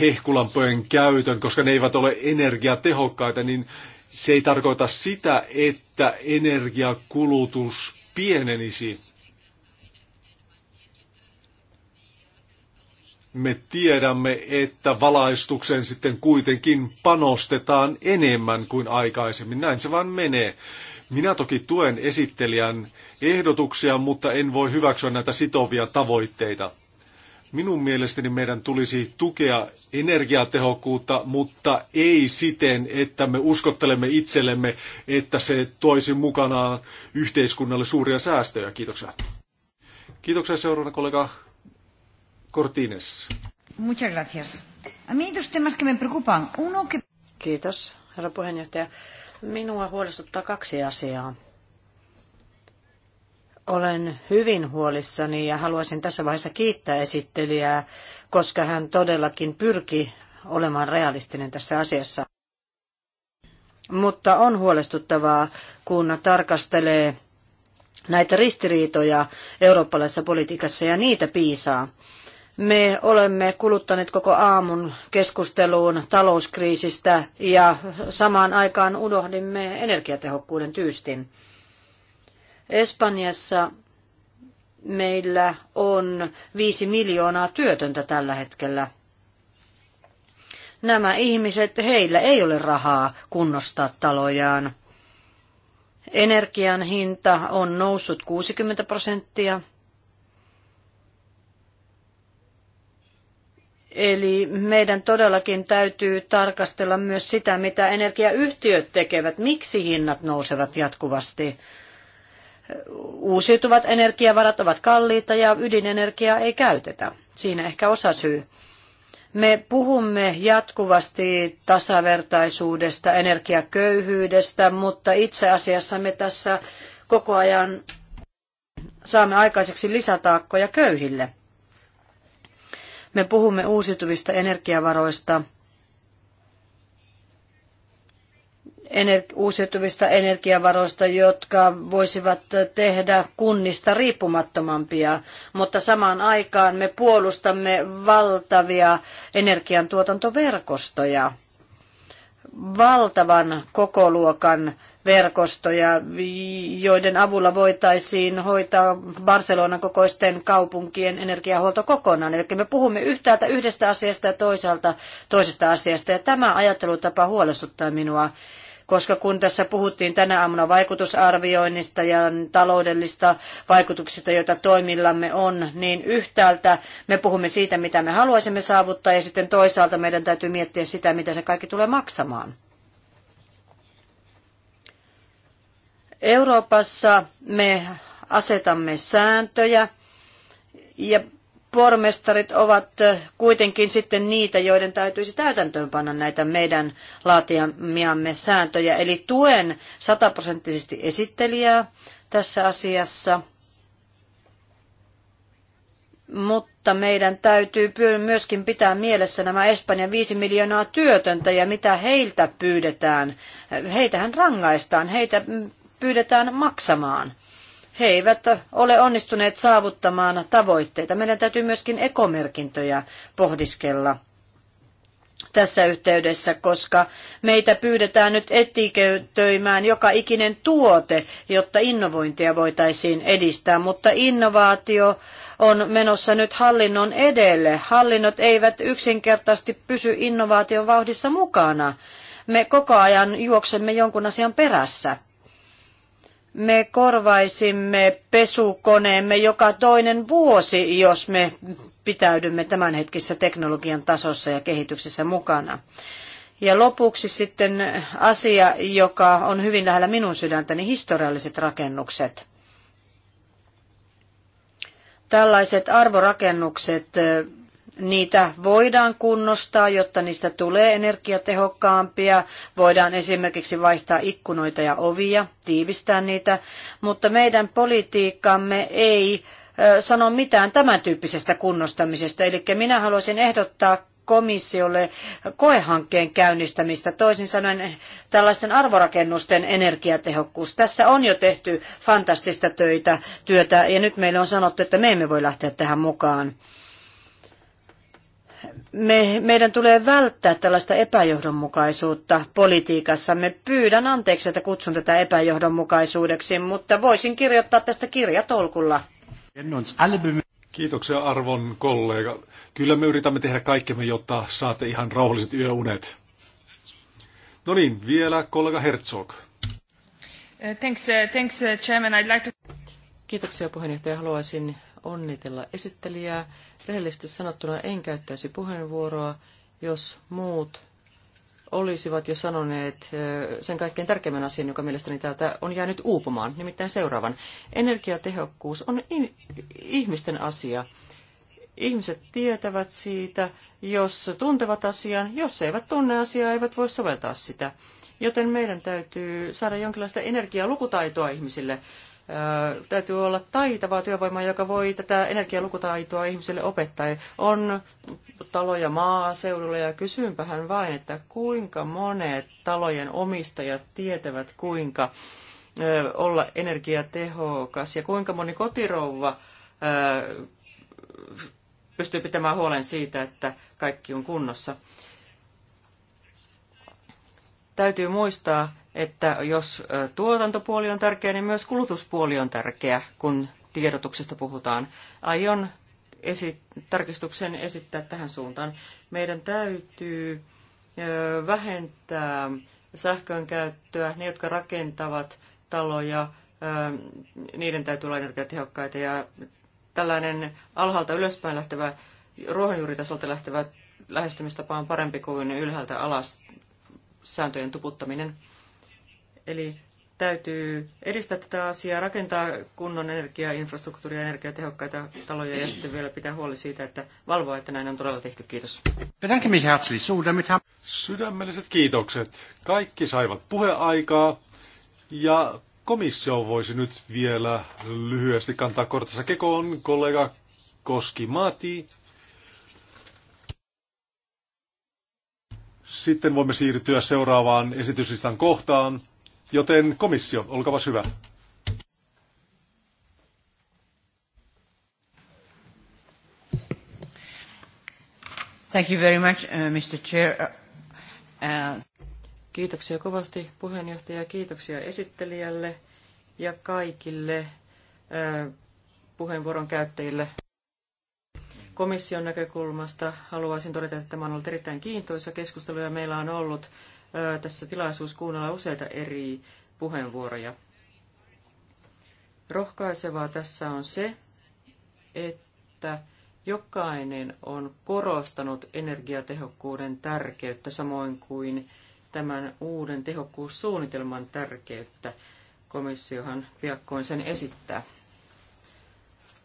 hehkulampojen käytön, koska ne eivät ole energiatehokkaita, niin se ei tarkoita sitä, että energiakulutus pienenisi. me tiedämme, että valaistukseen sitten kuitenkin panostetaan enemmän kuin aikaisemmin. Näin se vaan menee. Minä toki tuen esittelijän ehdotuksia, mutta en voi hyväksyä näitä sitovia tavoitteita. Minun mielestäni meidän tulisi tukea energiatehokkuutta, mutta ei siten, että me uskottelemme itsellemme, että se toisi mukanaan yhteiskunnalle suuria säästöjä. Kiitoksia. Kiitoksia seuraavana kollega Cortines. Muchas gracias. A mí dos temas que me preocupan. Uno que... Kiitos, herra puheenjohtaja. Minua huolestuttaa kaksi asiaa. Olen hyvin huolissani ja haluaisin tässä vaiheessa kiittää esittelijää, koska hän todellakin pyrki olemaan realistinen tässä asiassa. Mutta on huolestuttavaa, kun tarkastelee näitä ristiriitoja eurooppalaisessa politiikassa ja niitä piisaa. Me olemme kuluttaneet koko aamun keskusteluun talouskriisistä ja samaan aikaan unohdimme energiatehokkuuden tyystin. Espanjassa meillä on viisi miljoonaa työtöntä tällä hetkellä. Nämä ihmiset, heillä ei ole rahaa kunnostaa talojaan. Energian hinta on noussut 60 prosenttia – Eli meidän todellakin täytyy tarkastella myös sitä, mitä energiayhtiöt tekevät, miksi hinnat nousevat jatkuvasti. Uusiutuvat energiavarat ovat kalliita ja ydinenergiaa ei käytetä. Siinä ehkä osa syy. Me puhumme jatkuvasti tasavertaisuudesta, energiaköyhyydestä, mutta itse asiassa me tässä koko ajan saamme aikaiseksi lisätaakkoja köyhille. Me puhumme uusiutuvista energiavaroista, ener- uusiutuvista energiavaroista, jotka voisivat tehdä kunnista riippumattomampia, mutta samaan aikaan me puolustamme valtavia energiantuotantoverkostoja, valtavan kokoluokan verkostoja, joiden avulla voitaisiin hoitaa Barcelonan kokoisten kaupunkien energiahuolto kokonaan. Eli me puhumme yhtäältä yhdestä asiasta ja toisaalta toisesta asiasta. Ja tämä ajattelutapa huolestuttaa minua, koska kun tässä puhuttiin tänä aamuna vaikutusarvioinnista ja taloudellista vaikutuksista, joita toimillamme on, niin yhtäältä me puhumme siitä, mitä me haluaisimme saavuttaa, ja sitten toisaalta meidän täytyy miettiä sitä, mitä se kaikki tulee maksamaan. Euroopassa me asetamme sääntöjä ja pormestarit ovat kuitenkin sitten niitä, joiden täytyisi täytäntöönpanna näitä meidän laatiamiamme sääntöjä. Eli tuen sataprosenttisesti esittelijää tässä asiassa, mutta meidän täytyy myöskin pitää mielessä nämä Espanjan viisi miljoonaa työtöntä ja mitä heiltä pyydetään. Heitähän rangaistaan, heitä pyydetään maksamaan. He eivät ole onnistuneet saavuttamaan tavoitteita. Meidän täytyy myöskin ekomerkintöjä pohdiskella tässä yhteydessä, koska meitä pyydetään nyt etiketöimään joka ikinen tuote, jotta innovointia voitaisiin edistää, mutta innovaatio on menossa nyt hallinnon edelle. Hallinnot eivät yksinkertaisesti pysy innovaation vauhdissa mukana. Me koko ajan juoksemme jonkun asian perässä me korvaisimme pesukoneemme joka toinen vuosi, jos me pitäydymme tämänhetkisessä teknologian tasossa ja kehityksessä mukana. Ja lopuksi sitten asia, joka on hyvin lähellä minun sydäntäni, historialliset rakennukset. Tällaiset arvorakennukset Niitä voidaan kunnostaa, jotta niistä tulee energiatehokkaampia. Voidaan esimerkiksi vaihtaa ikkunoita ja ovia, tiivistää niitä, mutta meidän politiikkamme ei sano mitään tämän tyyppisestä kunnostamisesta. Eli minä haluaisin ehdottaa komissiolle koehankkeen käynnistämistä, toisin sanoen tällaisten arvorakennusten energiatehokkuus. Tässä on jo tehty fantastista töitä, työtä ja nyt meille on sanottu, että me emme voi lähteä tähän mukaan me, meidän tulee välttää tällaista epäjohdonmukaisuutta politiikassamme. Pyydän anteeksi, että kutsun tätä epäjohdonmukaisuudeksi, mutta voisin kirjoittaa tästä kirjatolkulla. Kiitoksia arvon kollega. Kyllä me yritämme tehdä kaikkemme, jotta saatte ihan rauhalliset yöunet. No niin, vielä kollega Herzog. Uh, thanks, uh, thanks, uh, chairman. I'd like to... Kiitoksia puheenjohtaja. Haluaisin onnitella esittelijää Rehellisesti sanottuna en käyttäisi puheenvuoroa, jos muut olisivat jo sanoneet sen kaikkein tärkeimmän asian, joka mielestäni täältä on jäänyt uupumaan, nimittäin seuraavan. Energiatehokkuus on ihmisten asia. Ihmiset tietävät siitä, jos tuntevat asian, jos eivät tunne asiaa, eivät voi soveltaa sitä. Joten meidän täytyy saada jonkinlaista energialukutaitoa ihmisille täytyy olla taitavaa työvoimaa, joka voi tätä energialukutaitoa ihmiselle opettaa. On taloja maaseudulla ja kysynpähän vain, että kuinka monet talojen omistajat tietävät, kuinka olla energiatehokas ja kuinka moni kotirouva pystyy pitämään huolen siitä, että kaikki on kunnossa. Täytyy muistaa, että jos tuotantopuoli on tärkeä, niin myös kulutuspuoli on tärkeä, kun tiedotuksesta puhutaan. Aion esi- tarkistuksen esittää tähän suuntaan. Meidän täytyy vähentää sähkön käyttöä. Ne, jotka rakentavat taloja, niiden täytyy olla energiatehokkaita ja tällainen alhaalta ylöspäin lähtevä, ruohonjuuritasolta lähtevä lähestymistapa on parempi kuin ylhäältä alas sääntöjen tuputtaminen. Eli täytyy edistää tätä asiaa, rakentaa kunnon energiainfrastruktuuria, energiatehokkaita taloja ja sitten vielä pitää huoli siitä, että valvoa, että näin on todella tehty. Kiitos. Sydämelliset kiitokset. Kaikki saivat puheaikaa ja komissio voisi nyt vielä lyhyesti kantaa kortissa kekoon kollega Koski Mati. Sitten voimme siirtyä seuraavaan esityslistan kohtaan. Joten komissio, olkaa hyvä. Thank you very much, uh, Mr. Chair. Uh, uh, kiitoksia kovasti puheenjohtaja, kiitoksia esittelijälle ja kaikille puheenvuoron käyttäjille. Komission näkökulmasta haluaisin todeta, että tämä on ollut erittäin kiintoisa keskustelu ja meillä on ollut tässä tilaisuus kuunnella useita eri puheenvuoroja. Rohkaisevaa tässä on se, että jokainen on korostanut energiatehokkuuden tärkeyttä samoin kuin tämän uuden tehokkuussuunnitelman tärkeyttä. Komissiohan piakkoin sen esittää.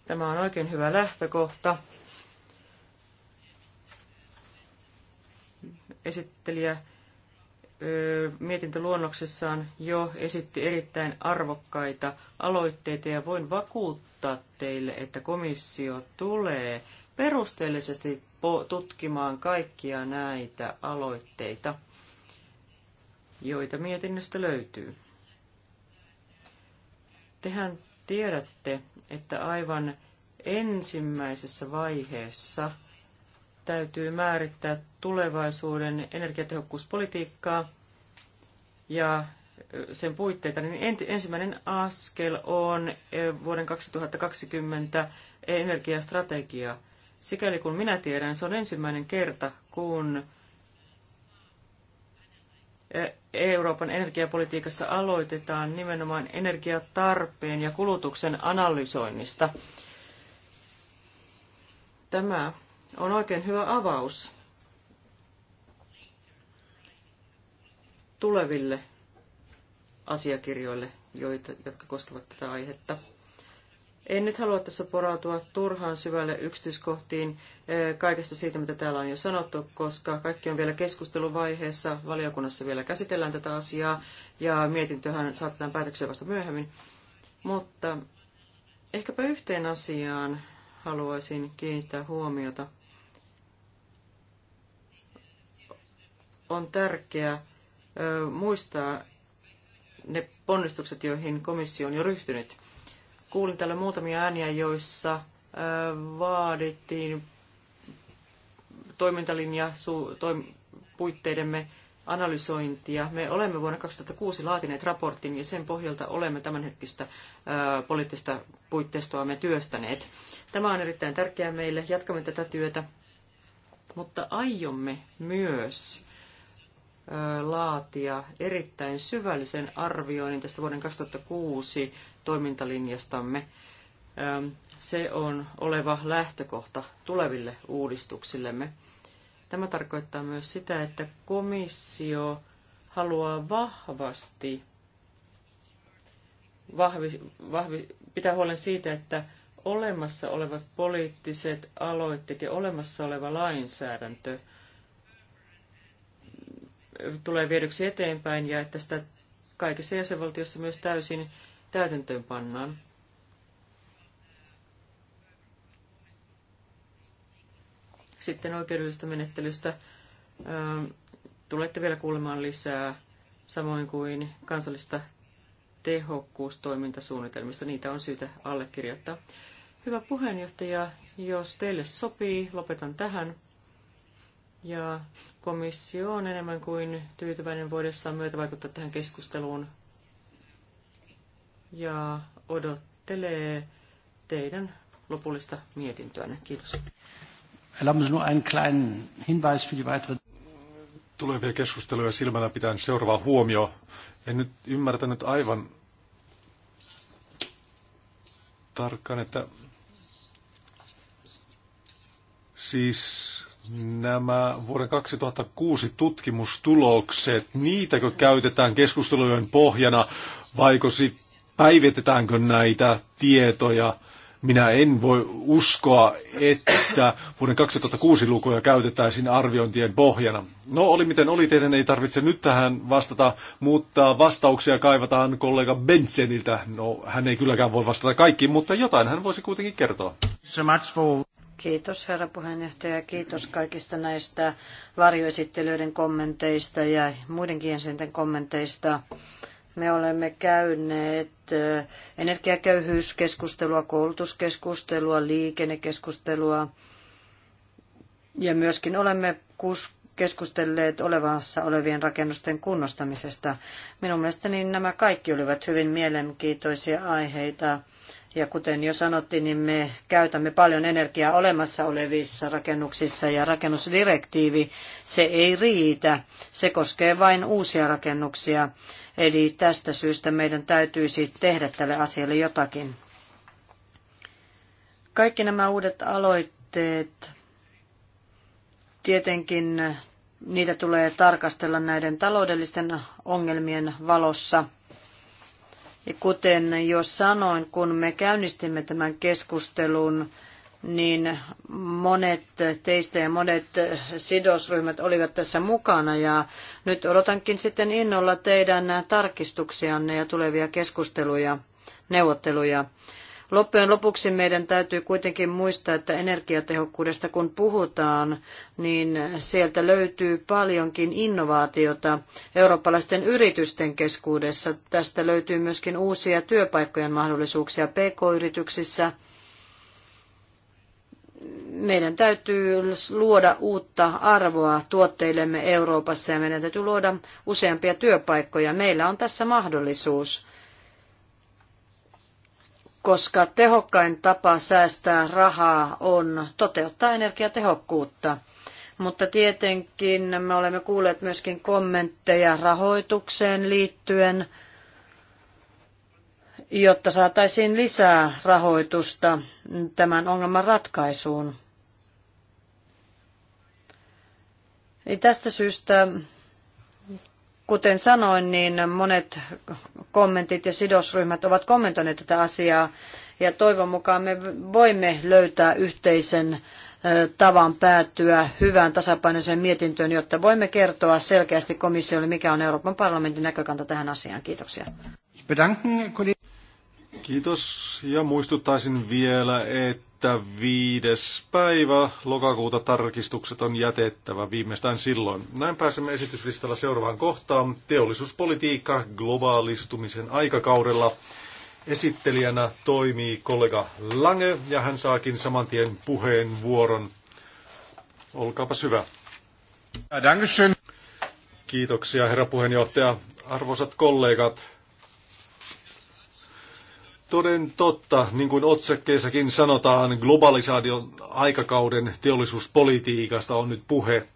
Tämä on oikein hyvä lähtökohta. Esittelijä mietintöluonnoksessaan jo esitti erittäin arvokkaita aloitteita ja voin vakuuttaa teille, että komissio tulee perusteellisesti tutkimaan kaikkia näitä aloitteita, joita mietinnöstä löytyy. Tehän tiedätte, että aivan ensimmäisessä vaiheessa – täytyy määrittää tulevaisuuden energiatehokkuuspolitiikkaa ja sen puitteita, niin ensimmäinen askel on e, vuoden 2020 energiastrategia. Sikäli kun minä tiedän, se on ensimmäinen kerta, kun e, Euroopan energiapolitiikassa aloitetaan nimenomaan energiatarpeen ja kulutuksen analysoinnista. Tämä on oikein hyvä avaus tuleville asiakirjoille, joita, jotka koskevat tätä aihetta. En nyt halua tässä porautua turhaan syvälle yksityiskohtiin kaikesta siitä, mitä täällä on jo sanottu, koska kaikki on vielä keskusteluvaiheessa. Valiokunnassa vielä käsitellään tätä asiaa ja mietintöhän saatetaan päätökseen vasta myöhemmin. Mutta ehkäpä yhteen asiaan haluaisin kiinnittää huomiota. On tärkeää muistaa ne ponnistukset, joihin komissio on jo ryhtynyt. Kuulin täällä muutamia ääniä, joissa vaadittiin toimintalinja puitteidemme analysointia. Me olemme vuonna 2006 laatineet raportin ja sen pohjalta olemme tämänhetkistä poliittista puitteistoa me työstäneet. Tämä on erittäin tärkeää meille. Jatkamme tätä työtä, mutta aiomme myös laatia erittäin syvällisen arvioinnin tästä vuoden 2006 toimintalinjastamme. Se on oleva lähtökohta tuleville uudistuksillemme. Tämä tarkoittaa myös sitä, että komissio haluaa vahvasti vahvi, vahvi, pitää huolen siitä, että olemassa olevat poliittiset aloitteet ja olemassa oleva lainsäädäntö tulee viedyksi eteenpäin ja että sitä kaikissa jäsenvaltiossa myös täysin täytäntöön pannaan. Sitten oikeudellisesta menettelystä ähm, tulette vielä kuulemaan lisää, samoin kuin kansallista tehokkuustoimintasuunnitelmista. Niitä on syytä allekirjoittaa. Hyvä puheenjohtaja, jos teille sopii, lopetan tähän. Ja komissio on enemmän kuin tyytyväinen voidessaan myötä vaikuttaa tähän keskusteluun ja odottelee teidän lopullista mietintöänne. Kiitos. Erlauben Sie nur einen kleinen Hinweis für die Tulevia keskusteluja silmällä pitäen seuraava huomio. En nyt ymmärtänyt aivan tarkkaan, että siis nämä vuoden 2006 tutkimustulokset, niitäkö käytetään keskustelujen pohjana, vaiko päivitetäänkö näitä tietoja minä en voi uskoa, että vuoden 2006 lukuja käytettäisiin arviointien pohjana. No oli miten oli, teidän ei tarvitse nyt tähän vastata, mutta vastauksia kaivataan kollega Benseniltä. No hän ei kylläkään voi vastata kaikkiin, mutta jotain hän voisi kuitenkin kertoa. So Kiitos herra puheenjohtaja, kiitos kaikista näistä varjoesittelyiden kommenteista ja muidenkin sen kommenteista. Me olemme käyneet energiaköyhyyskeskustelua, koulutuskeskustelua, liikennekeskustelua ja myöskin olemme keskustelleet olevassa olevien rakennusten kunnostamisesta. Minun mielestäni nämä kaikki olivat hyvin mielenkiintoisia aiheita. Ja kuten jo sanottiin, niin me käytämme paljon energiaa olemassa olevissa rakennuksissa ja rakennusdirektiivi, se ei riitä. Se koskee vain uusia rakennuksia. Eli tästä syystä meidän täytyisi tehdä tälle asialle jotakin. Kaikki nämä uudet aloitteet, tietenkin niitä tulee tarkastella näiden taloudellisten ongelmien valossa – ja kuten jo sanoin, kun me käynnistimme tämän keskustelun, niin monet teistä ja monet sidosryhmät olivat tässä mukana ja nyt odotankin sitten innolla teidän tarkistuksianne ja tulevia keskusteluja, neuvotteluja. Loppujen lopuksi meidän täytyy kuitenkin muistaa, että energiatehokkuudesta kun puhutaan, niin sieltä löytyy paljonkin innovaatiota eurooppalaisten yritysten keskuudessa. Tästä löytyy myöskin uusia työpaikkojen mahdollisuuksia pk-yrityksissä meidän täytyy luoda uutta arvoa tuotteillemme Euroopassa ja meidän täytyy luoda useampia työpaikkoja. Meillä on tässä mahdollisuus koska tehokkain tapa säästää rahaa on toteuttaa energiatehokkuutta. Mutta tietenkin me olemme kuulleet myöskin kommentteja rahoitukseen liittyen, jotta saataisiin lisää rahoitusta tämän ongelman ratkaisuun. Eli tästä syystä Kuten sanoin, niin monet kommentit ja sidosryhmät ovat kommentoineet tätä asiaa ja toivon mukaan me voimme löytää yhteisen tavan päätyä hyvään tasapainoiseen mietintöön, jotta voimme kertoa selkeästi komissiolle, mikä on Euroopan parlamentin näkökanta tähän asiaan. Kiitoksia. Kiitos ja muistuttaisin vielä, että viides päivä lokakuuta tarkistukset on jätettävä viimeistään silloin. Näin pääsemme esityslistalla seuraavaan kohtaan. Teollisuuspolitiikka globaalistumisen aikakaudella. Esittelijänä toimii kollega Lange ja hän saakin saman tien puheenvuoron. Olkaapa hyvä. Kiitoksia herra puheenjohtaja. Arvoisat kollegat, Toden totta, niin kuin otsakkeessakin sanotaan, globalisaation aikakauden teollisuuspolitiikasta on nyt puhe.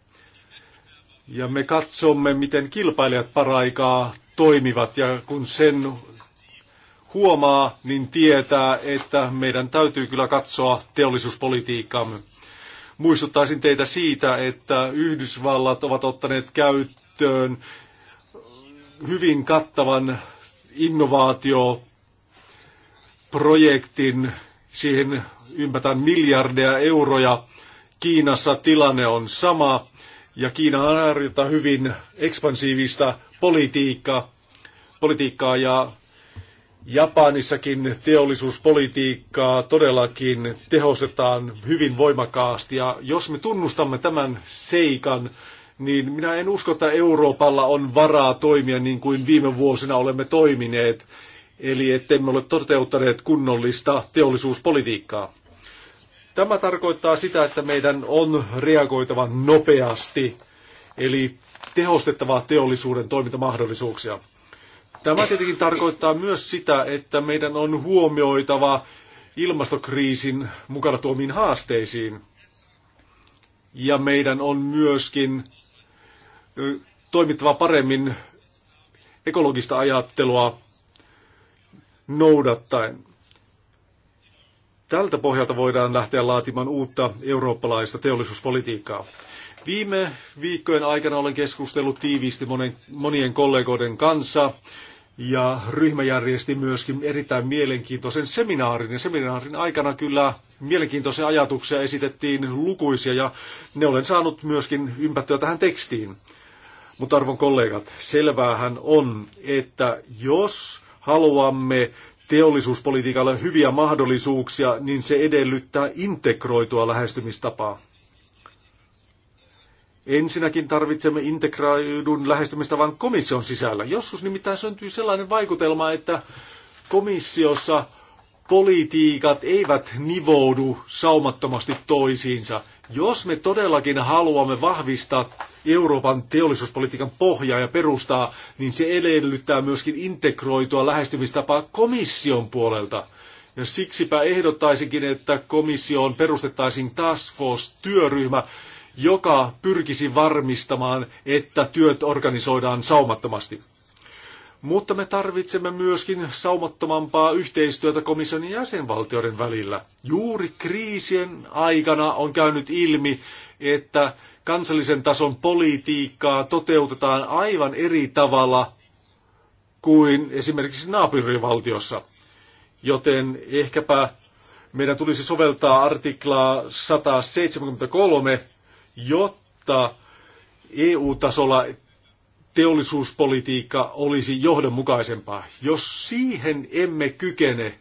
Ja me katsomme, miten kilpailijat paraikaa toimivat ja kun sen huomaa, niin tietää, että meidän täytyy kyllä katsoa teollisuuspolitiikkaamme. Muistuttaisin teitä siitä, että Yhdysvallat ovat ottaneet käyttöön hyvin kattavan innovaatio projektin, siihen ympätään miljardeja euroja. Kiinassa tilanne on sama ja Kiina harjoittaa hyvin ekspansiivista politiikka, politiikkaa ja Japanissakin teollisuuspolitiikkaa todellakin tehostetaan hyvin voimakkaasti ja jos me tunnustamme tämän seikan, niin minä en usko, että Euroopalla on varaa toimia niin kuin viime vuosina olemme toimineet eli ettemme ole toteuttaneet kunnollista teollisuuspolitiikkaa. Tämä tarkoittaa sitä, että meidän on reagoitava nopeasti, eli tehostettava teollisuuden toimintamahdollisuuksia. Tämä tietenkin tarkoittaa myös sitä, että meidän on huomioitava ilmastokriisin mukana tuomiin haasteisiin. Ja meidän on myöskin toimittava paremmin ekologista ajattelua noudattaen. Tältä pohjalta voidaan lähteä laatimaan uutta eurooppalaista teollisuuspolitiikkaa. Viime viikkojen aikana olen keskustellut tiiviisti monen, monien kollegoiden kanssa ja ryhmä järjesti myöskin erittäin mielenkiintoisen seminaarin. Ja seminaarin aikana kyllä mielenkiintoisia ajatuksia esitettiin lukuisia ja ne olen saanut myöskin ympättyä tähän tekstiin. Mutta arvon kollegat, selväähän on, että jos haluamme teollisuuspolitiikalle hyviä mahdollisuuksia, niin se edellyttää integroitua lähestymistapaa. Ensinnäkin tarvitsemme integroidun lähestymistavan komission sisällä. Joskus nimittäin syntyy sellainen vaikutelma, että komissiossa politiikat eivät nivoudu saumattomasti toisiinsa. Jos me todellakin haluamme vahvistaa Euroopan teollisuuspolitiikan pohjaa ja perustaa, niin se edellyttää myöskin integroitua lähestymistapaa komission puolelta. Ja siksipä ehdottaisinkin, että komissioon perustettaisiin task force-työryhmä, joka pyrkisi varmistamaan, että työt organisoidaan saumattomasti. Mutta me tarvitsemme myöskin saumattomampaa yhteistyötä komission ja jäsenvaltioiden välillä. Juuri kriisien aikana on käynyt ilmi, että kansallisen tason politiikkaa toteutetaan aivan eri tavalla kuin esimerkiksi naapurivaltiossa. Joten ehkäpä meidän tulisi soveltaa artiklaa 173, jotta EU-tasolla teollisuuspolitiikka olisi johdonmukaisempaa. Jos siihen emme kykene,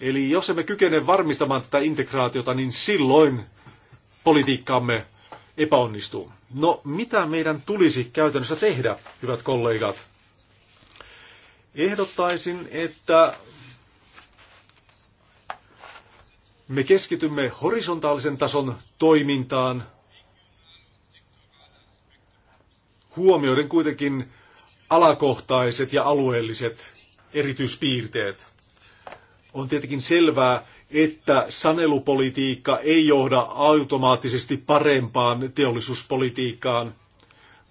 eli jos emme kykene varmistamaan tätä integraatiota, niin silloin politiikkaamme epäonnistuu. No, mitä meidän tulisi käytännössä tehdä, hyvät kollegat? Ehdottaisin, että me keskitymme horisontaalisen tason toimintaan – huomioiden kuitenkin alakohtaiset ja alueelliset erityispiirteet. On tietenkin selvää, että sanelupolitiikka ei johda automaattisesti parempaan teollisuuspolitiikkaan,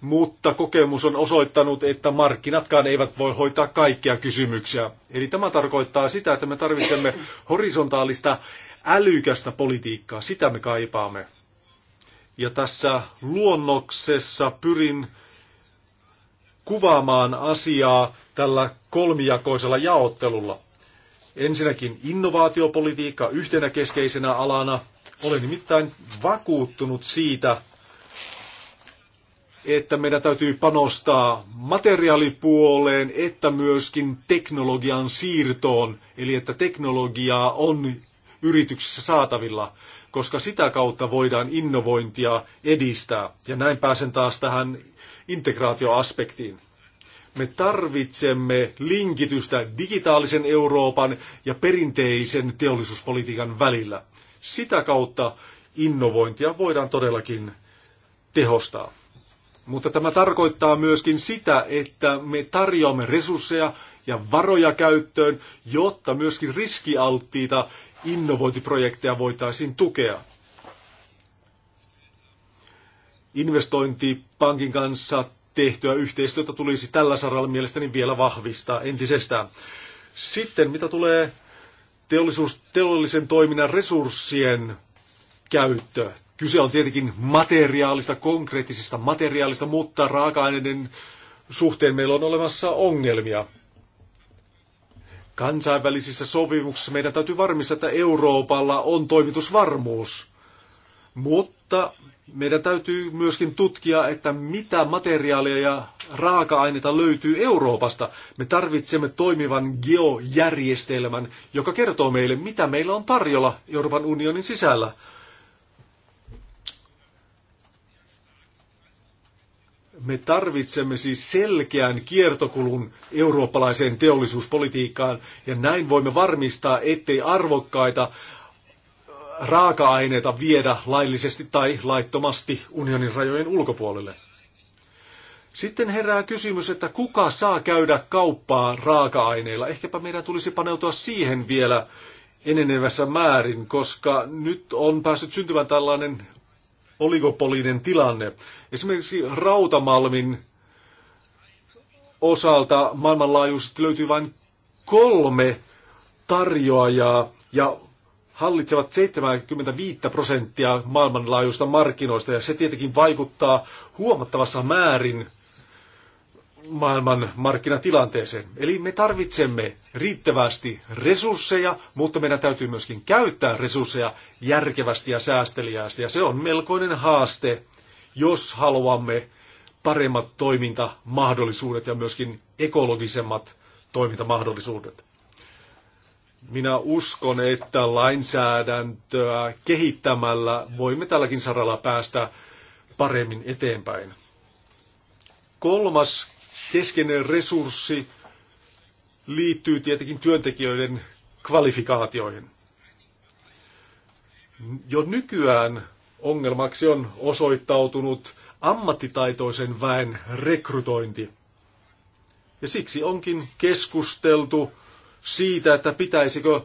mutta kokemus on osoittanut, että markkinatkaan eivät voi hoitaa kaikkia kysymyksiä. Eli tämä tarkoittaa sitä, että me tarvitsemme horisontaalista älykästä politiikkaa, sitä me kaipaamme. Ja tässä luonnoksessa pyrin kuvaamaan asiaa tällä kolmijakoisella jaottelulla. Ensinnäkin innovaatiopolitiikka yhtenä keskeisenä alana. Olen nimittäin vakuuttunut siitä, että meidän täytyy panostaa materiaalipuoleen, että myöskin teknologian siirtoon, eli että teknologiaa on yrityksissä saatavilla, koska sitä kautta voidaan innovointia edistää. Ja näin pääsen taas tähän integraatioaspektiin. Me tarvitsemme linkitystä digitaalisen Euroopan ja perinteisen teollisuuspolitiikan välillä. Sitä kautta innovointia voidaan todellakin tehostaa. Mutta tämä tarkoittaa myöskin sitä, että me tarjoamme resursseja ja varoja käyttöön, jotta myöskin riskialttiita innovointiprojekteja voitaisiin tukea investointipankin kanssa tehtyä yhteistyötä tulisi tällä saralla mielestäni vielä vahvistaa entisestään. Sitten mitä tulee teollisuus, teollisen toiminnan resurssien käyttö. Kyse on tietenkin materiaalista, konkreettisista materiaalista, mutta raaka-aineiden suhteen meillä on olemassa ongelmia. Kansainvälisissä sopimuksissa meidän täytyy varmistaa, että Euroopalla on toimitusvarmuus. Mutta meidän täytyy myöskin tutkia, että mitä materiaalia ja raaka-aineita löytyy Euroopasta. Me tarvitsemme toimivan geojärjestelmän, joka kertoo meille, mitä meillä on tarjolla Euroopan unionin sisällä. Me tarvitsemme siis selkeän kiertokulun eurooppalaiseen teollisuuspolitiikkaan, ja näin voimme varmistaa, ettei arvokkaita raaka-aineita viedä laillisesti tai laittomasti unionin rajojen ulkopuolelle. Sitten herää kysymys, että kuka saa käydä kauppaa raaka-aineilla. Ehkäpä meidän tulisi paneutua siihen vielä enenevässä määrin, koska nyt on päässyt syntymään tällainen oligopolinen tilanne. Esimerkiksi rautamalmin osalta maailmanlaajuisesti löytyy vain kolme tarjoajaa ja hallitsevat 75 prosenttia maailmanlaajuista markkinoista ja se tietenkin vaikuttaa huomattavassa määrin maailman markkinatilanteeseen. Eli me tarvitsemme riittävästi resursseja, mutta meidän täytyy myöskin käyttää resursseja järkevästi ja säästeliästi. Ja se on melkoinen haaste, jos haluamme paremmat toimintamahdollisuudet ja myöskin ekologisemmat toimintamahdollisuudet. Minä uskon, että lainsäädäntöä kehittämällä voimme tälläkin saralla päästä paremmin eteenpäin. Kolmas keskeinen resurssi liittyy tietenkin työntekijöiden kvalifikaatioihin. Jo nykyään ongelmaksi on osoittautunut ammattitaitoisen väen rekrytointi. Ja siksi onkin keskusteltu siitä, että pitäisikö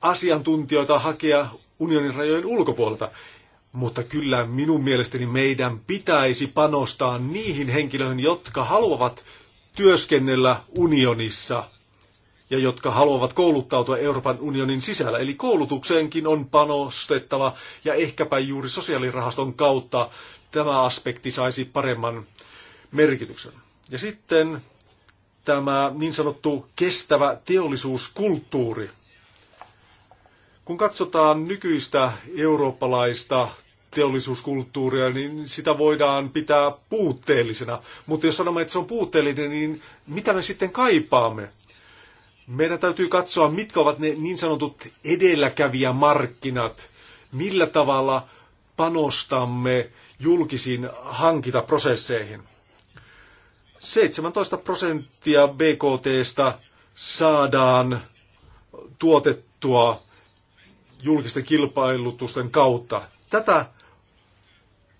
asiantuntijoita hakea unionin rajojen ulkopuolelta. Mutta kyllä minun mielestäni meidän pitäisi panostaa niihin henkilöihin, jotka haluavat työskennellä unionissa ja jotka haluavat kouluttautua Euroopan unionin sisällä. Eli koulutukseenkin on panostettava ja ehkäpä juuri sosiaalirahaston kautta tämä aspekti saisi paremman merkityksen. Ja sitten tämä niin sanottu kestävä teollisuuskulttuuri. Kun katsotaan nykyistä eurooppalaista teollisuuskulttuuria, niin sitä voidaan pitää puutteellisena. Mutta jos sanomme, että se on puutteellinen, niin mitä me sitten kaipaamme? Meidän täytyy katsoa, mitkä ovat ne niin sanotut markkinat, millä tavalla panostamme julkisiin hankintaprosesseihin. 17 prosenttia BKTstä saadaan tuotettua julkisten kilpailutusten kautta. Tätä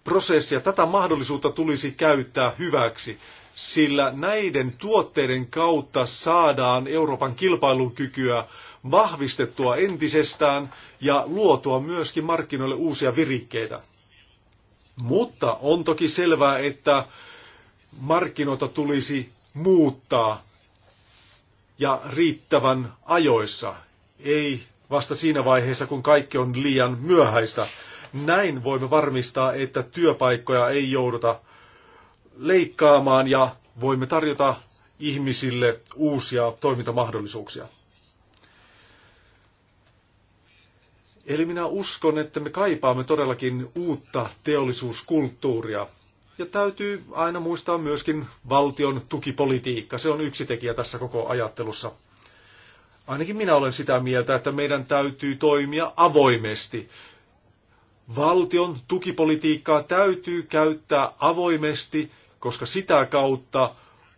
prosessia, tätä mahdollisuutta tulisi käyttää hyväksi, sillä näiden tuotteiden kautta saadaan Euroopan kilpailukykyä vahvistettua entisestään ja luotua myöskin markkinoille uusia virikkeitä. Mutta on toki selvää, että markkinoita tulisi muuttaa ja riittävän ajoissa, ei vasta siinä vaiheessa, kun kaikki on liian myöhäistä. Näin voimme varmistaa, että työpaikkoja ei jouduta leikkaamaan ja voimme tarjota ihmisille uusia toimintamahdollisuuksia. Eli minä uskon, että me kaipaamme todellakin uutta teollisuuskulttuuria. Ja täytyy aina muistaa myöskin valtion tukipolitiikka. Se on yksi tekijä tässä koko ajattelussa. Ainakin minä olen sitä mieltä, että meidän täytyy toimia avoimesti. Valtion tukipolitiikkaa täytyy käyttää avoimesti, koska sitä kautta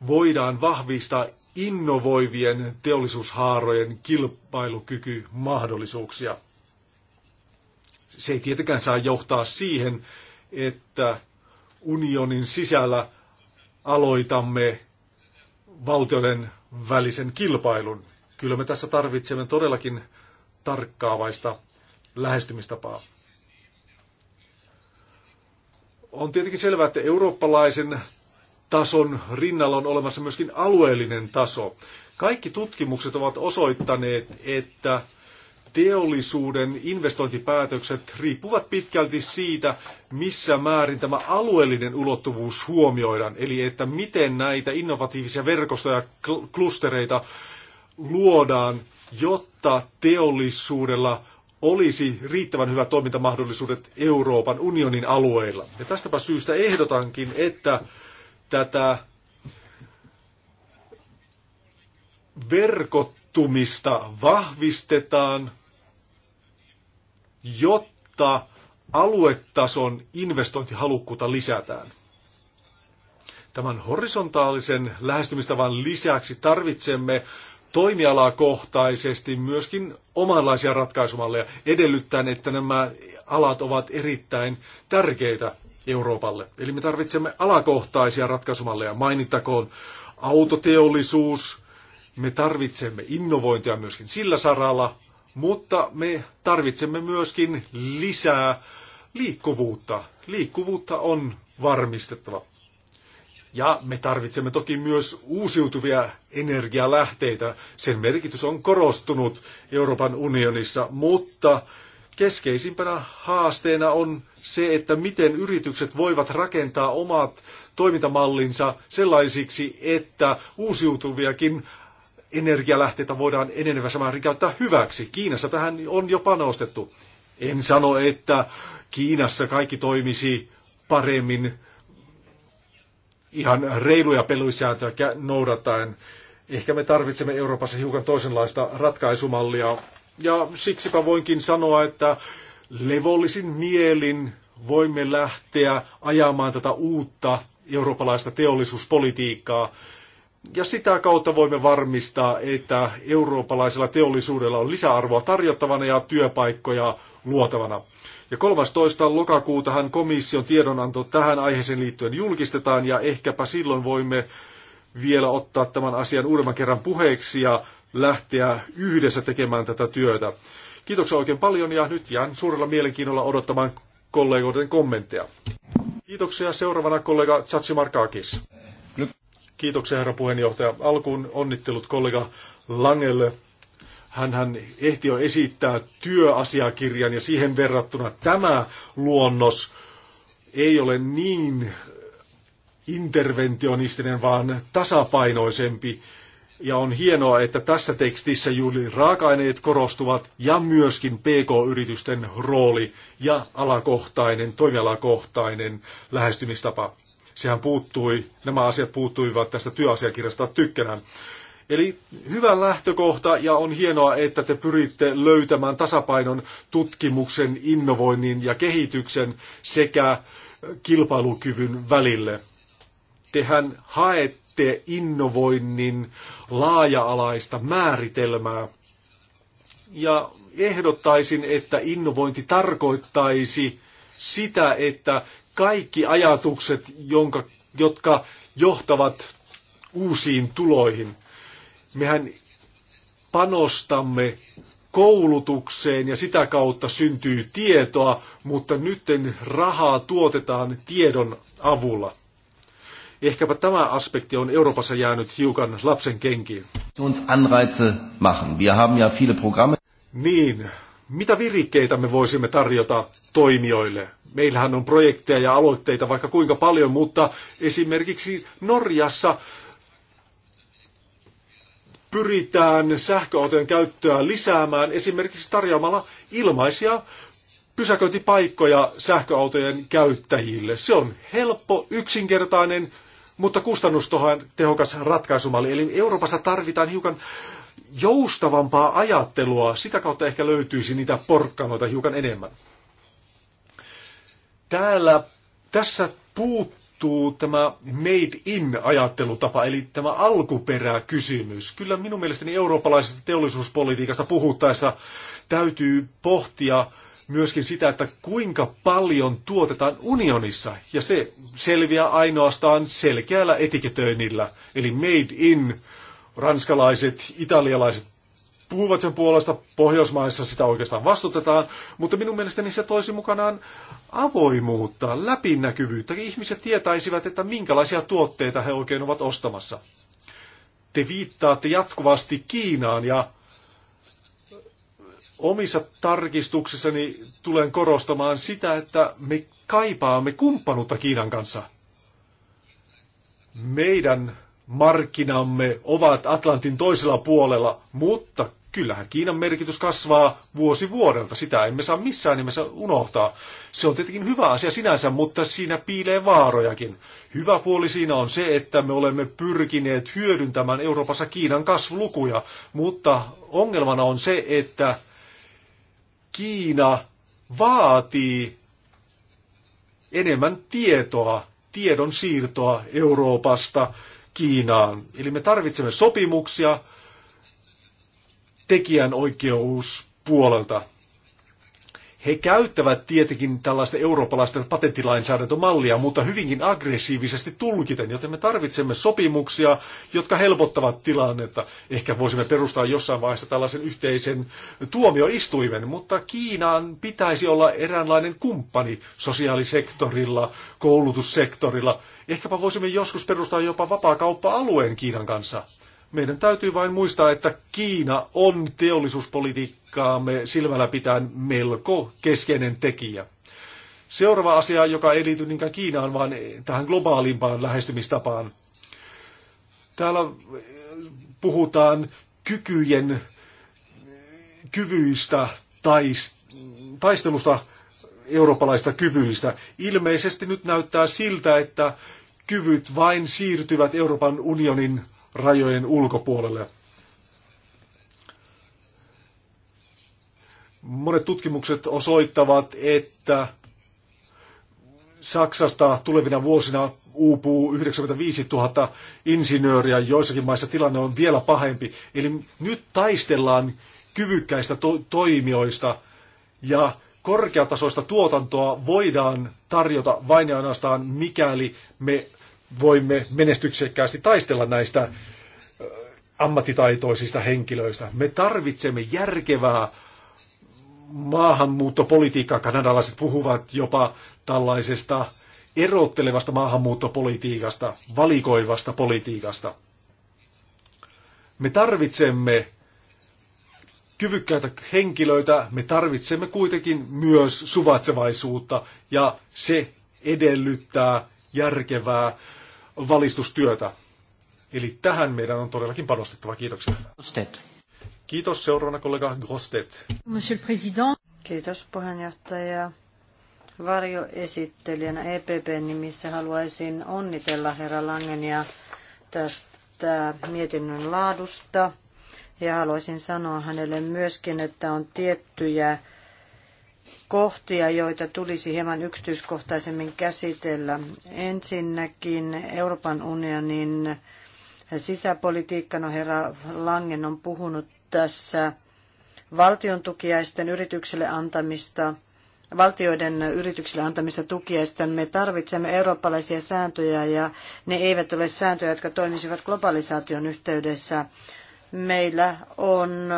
voidaan vahvistaa innovoivien teollisuushaarojen kilpailukykymahdollisuuksia. Se ei tietenkään saa johtaa siihen, että unionin sisällä aloitamme valtioiden välisen kilpailun. Kyllä me tässä tarvitsemme todellakin tarkkaavaista lähestymistapaa. On tietenkin selvää, että eurooppalaisen tason rinnalla on olemassa myöskin alueellinen taso. Kaikki tutkimukset ovat osoittaneet, että teollisuuden investointipäätökset riippuvat pitkälti siitä, missä määrin tämä alueellinen ulottuvuus huomioidaan, eli että miten näitä innovatiivisia verkostoja, klustereita luodaan, jotta teollisuudella olisi riittävän hyvät toimintamahdollisuudet Euroopan unionin alueilla. Ja tästäpä syystä ehdotankin, että tätä verkottumista vahvistetaan jotta aluetason investointihalukkuutta lisätään. Tämän horisontaalisen lähestymistavan lisäksi tarvitsemme toimialakohtaisesti myöskin omanlaisia ratkaisumalleja, edellyttäen, että nämä alat ovat erittäin tärkeitä Euroopalle. Eli me tarvitsemme alakohtaisia ratkaisumalleja. Mainittakoon autoteollisuus, me tarvitsemme innovointia myöskin sillä saralla, mutta me tarvitsemme myöskin lisää liikkuvuutta. Liikkuvuutta on varmistettava. Ja me tarvitsemme toki myös uusiutuvia energialähteitä. Sen merkitys on korostunut Euroopan unionissa, mutta keskeisimpänä haasteena on se, että miten yritykset voivat rakentaa omat toimintamallinsa sellaisiksi, että uusiutuviakin energialähteitä voidaan enenevässä määrin käyttää hyväksi. Kiinassa tähän on jo panostettu. En sano, että Kiinassa kaikki toimisi paremmin ihan reiluja pelisääntöjä noudattaen. Ehkä me tarvitsemme Euroopassa hiukan toisenlaista ratkaisumallia. Ja siksipä voinkin sanoa, että levollisin mielin voimme lähteä ajamaan tätä uutta eurooppalaista teollisuuspolitiikkaa, ja sitä kautta voimme varmistaa, että eurooppalaisella teollisuudella on lisäarvoa tarjottavana ja työpaikkoja luotavana. Ja 13. lokakuutahan komission tiedonanto tähän aiheeseen liittyen julkistetaan ja ehkäpä silloin voimme vielä ottaa tämän asian uudemman kerran puheeksi ja lähteä yhdessä tekemään tätä työtä. Kiitoksia oikein paljon ja nyt jään suurella mielenkiinnolla odottamaan kollegoiden kommentteja. Kiitoksia seuraavana kollega Tsatsimarkakis. Kiitoksia herra puheenjohtaja. Alkuun onnittelut kollega Langelle. hän ehti jo esittää työasiakirjan ja siihen verrattuna tämä luonnos ei ole niin interventionistinen, vaan tasapainoisempi. Ja on hienoa, että tässä tekstissä juuri raaka-aineet korostuvat ja myöskin PK-yritysten rooli ja alakohtainen, toimialakohtainen lähestymistapa. Sehän puuttui, nämä asiat puuttuivat tästä työasiakirjasta tykkänään. Eli hyvä lähtökohta ja on hienoa, että te pyritte löytämään tasapainon tutkimuksen, innovoinnin ja kehityksen sekä kilpailukyvyn välille. Tehän haette innovoinnin laaja-alaista määritelmää ja ehdottaisin, että innovointi tarkoittaisi sitä, että kaikki ajatukset, jonka, jotka johtavat uusiin tuloihin. Mehän panostamme koulutukseen ja sitä kautta syntyy tietoa, mutta nyt rahaa tuotetaan tiedon avulla. Ehkäpä tämä aspekti on Euroopassa jäänyt hiukan lapsen kenkiin. Niin, mitä virikkeitä me voisimme tarjota toimijoille? Meillähän on projekteja ja aloitteita vaikka kuinka paljon, mutta esimerkiksi Norjassa pyritään sähköautojen käyttöä lisäämään esimerkiksi tarjoamalla ilmaisia pysäköintipaikkoja sähköautojen käyttäjille. Se on helppo, yksinkertainen, mutta kustannustohan tehokas ratkaisumalli. Eli Euroopassa tarvitaan hiukan joustavampaa ajattelua, sitä kautta ehkä löytyisi niitä porkkanoita hiukan enemmän. Täällä, tässä puuttuu tämä made in ajattelutapa, eli tämä alkuperäkysymys. Kyllä minun mielestäni eurooppalaisesta teollisuuspolitiikasta puhuttaessa täytyy pohtia myöskin sitä, että kuinka paljon tuotetaan unionissa, ja se selviää ainoastaan selkeällä etiketöinnillä, eli made in ranskalaiset, italialaiset puhuvat sen puolesta, Pohjoismaissa sitä oikeastaan vastutetaan, mutta minun mielestäni se toisi mukanaan avoimuutta, läpinäkyvyyttä. Ihmiset tietäisivät, että minkälaisia tuotteita he oikein ovat ostamassa. Te viittaatte jatkuvasti Kiinaan ja omissa tarkistuksissani tulen korostamaan sitä, että me kaipaamme kumppanuutta Kiinan kanssa. Meidän markkinamme ovat Atlantin toisella puolella, mutta kyllähän Kiinan merkitys kasvaa vuosi vuodelta. Sitä emme saa missään nimessä unohtaa. Se on tietenkin hyvä asia sinänsä, mutta siinä piilee vaarojakin. Hyvä puoli siinä on se, että me olemme pyrkineet hyödyntämään Euroopassa Kiinan kasvulukuja, mutta ongelmana on se, että Kiina vaatii enemmän tietoa, tiedon siirtoa Euroopasta Kiinaan. Eli me tarvitsemme sopimuksia tekijänoikeuspuolelta. He käyttävät tietenkin tällaista eurooppalaista patenttilainsäädäntömallia, mutta hyvinkin aggressiivisesti tulkiten, joten me tarvitsemme sopimuksia, jotka helpottavat tilannetta. Ehkä voisimme perustaa jossain vaiheessa tällaisen yhteisen tuomioistuimen, mutta Kiinan pitäisi olla eräänlainen kumppani sosiaalisektorilla, koulutussektorilla. Ehkäpä voisimme joskus perustaa jopa vapaakauppa-alueen Kiinan kanssa. Meidän täytyy vain muistaa, että Kiina on teollisuuspolitiikkaamme silmällä pitäen melko keskeinen tekijä. Seuraava asia, joka ei liity niinkään Kiinaan, vaan tähän globaalimpaan lähestymistapaan. Täällä eh, puhutaan kykyjen, eh, kyvyistä, taistelusta eurooppalaista kyvyistä. Ilmeisesti nyt näyttää siltä, että kyvyt vain siirtyvät Euroopan unionin rajojen ulkopuolelle. Monet tutkimukset osoittavat, että Saksasta tulevina vuosina uupuu 95 000 insinööriä, joissakin maissa tilanne on vielä pahempi. Eli nyt taistellaan kyvykkäistä to- toimijoista ja korkeatasoista tuotantoa voidaan tarjota vain ja ainoastaan, mikäli me voimme menestyksekkäästi taistella näistä ammattitaitoisista henkilöistä. Me tarvitsemme järkevää maahanmuuttopolitiikkaa. Kanadalaiset puhuvat jopa tällaisesta erottelevasta maahanmuuttopolitiikasta, valikoivasta politiikasta. Me tarvitsemme kyvykkäitä henkilöitä, me tarvitsemme kuitenkin myös suvaitsevaisuutta ja se edellyttää järkevää valistustyötä. Eli tähän meidän on todellakin panostettava. Kiitoksia. Grostet. Kiitos seuraavana kollega Grostet. Monsieur le Président. Kiitos puheenjohtaja. Varjoesittelijänä epp nimissä haluaisin onnitella herra Langenia tästä mietinnön laadusta. Ja haluaisin sanoa hänelle myöskin, että on tiettyjä kohtia, joita tulisi hieman yksityiskohtaisemmin käsitellä. Ensinnäkin Euroopan unionin sisäpolitiikka, no herra Langen on puhunut tässä valtion tukiaisten yrityksille antamista valtioiden yrityksille antamista tukiaista. Me tarvitsemme eurooppalaisia sääntöjä ja ne eivät ole sääntöjä, jotka toimisivat globalisaation yhteydessä, meillä on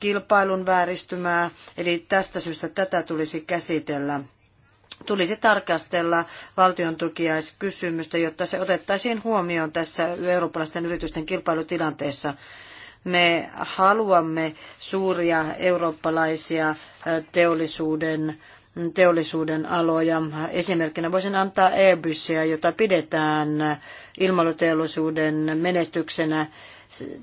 kilpailun vääristymää, eli tästä syystä tätä tulisi käsitellä. Tulisi tarkastella valtion tukiaiskysymystä, jotta se otettaisiin huomioon tässä eurooppalaisten yritysten kilpailutilanteessa. Me haluamme suuria eurooppalaisia teollisuuden teollisuuden aloja. Esimerkkinä voisin antaa Airbusia, jota pidetään ilmailuteollisuuden menestyksenä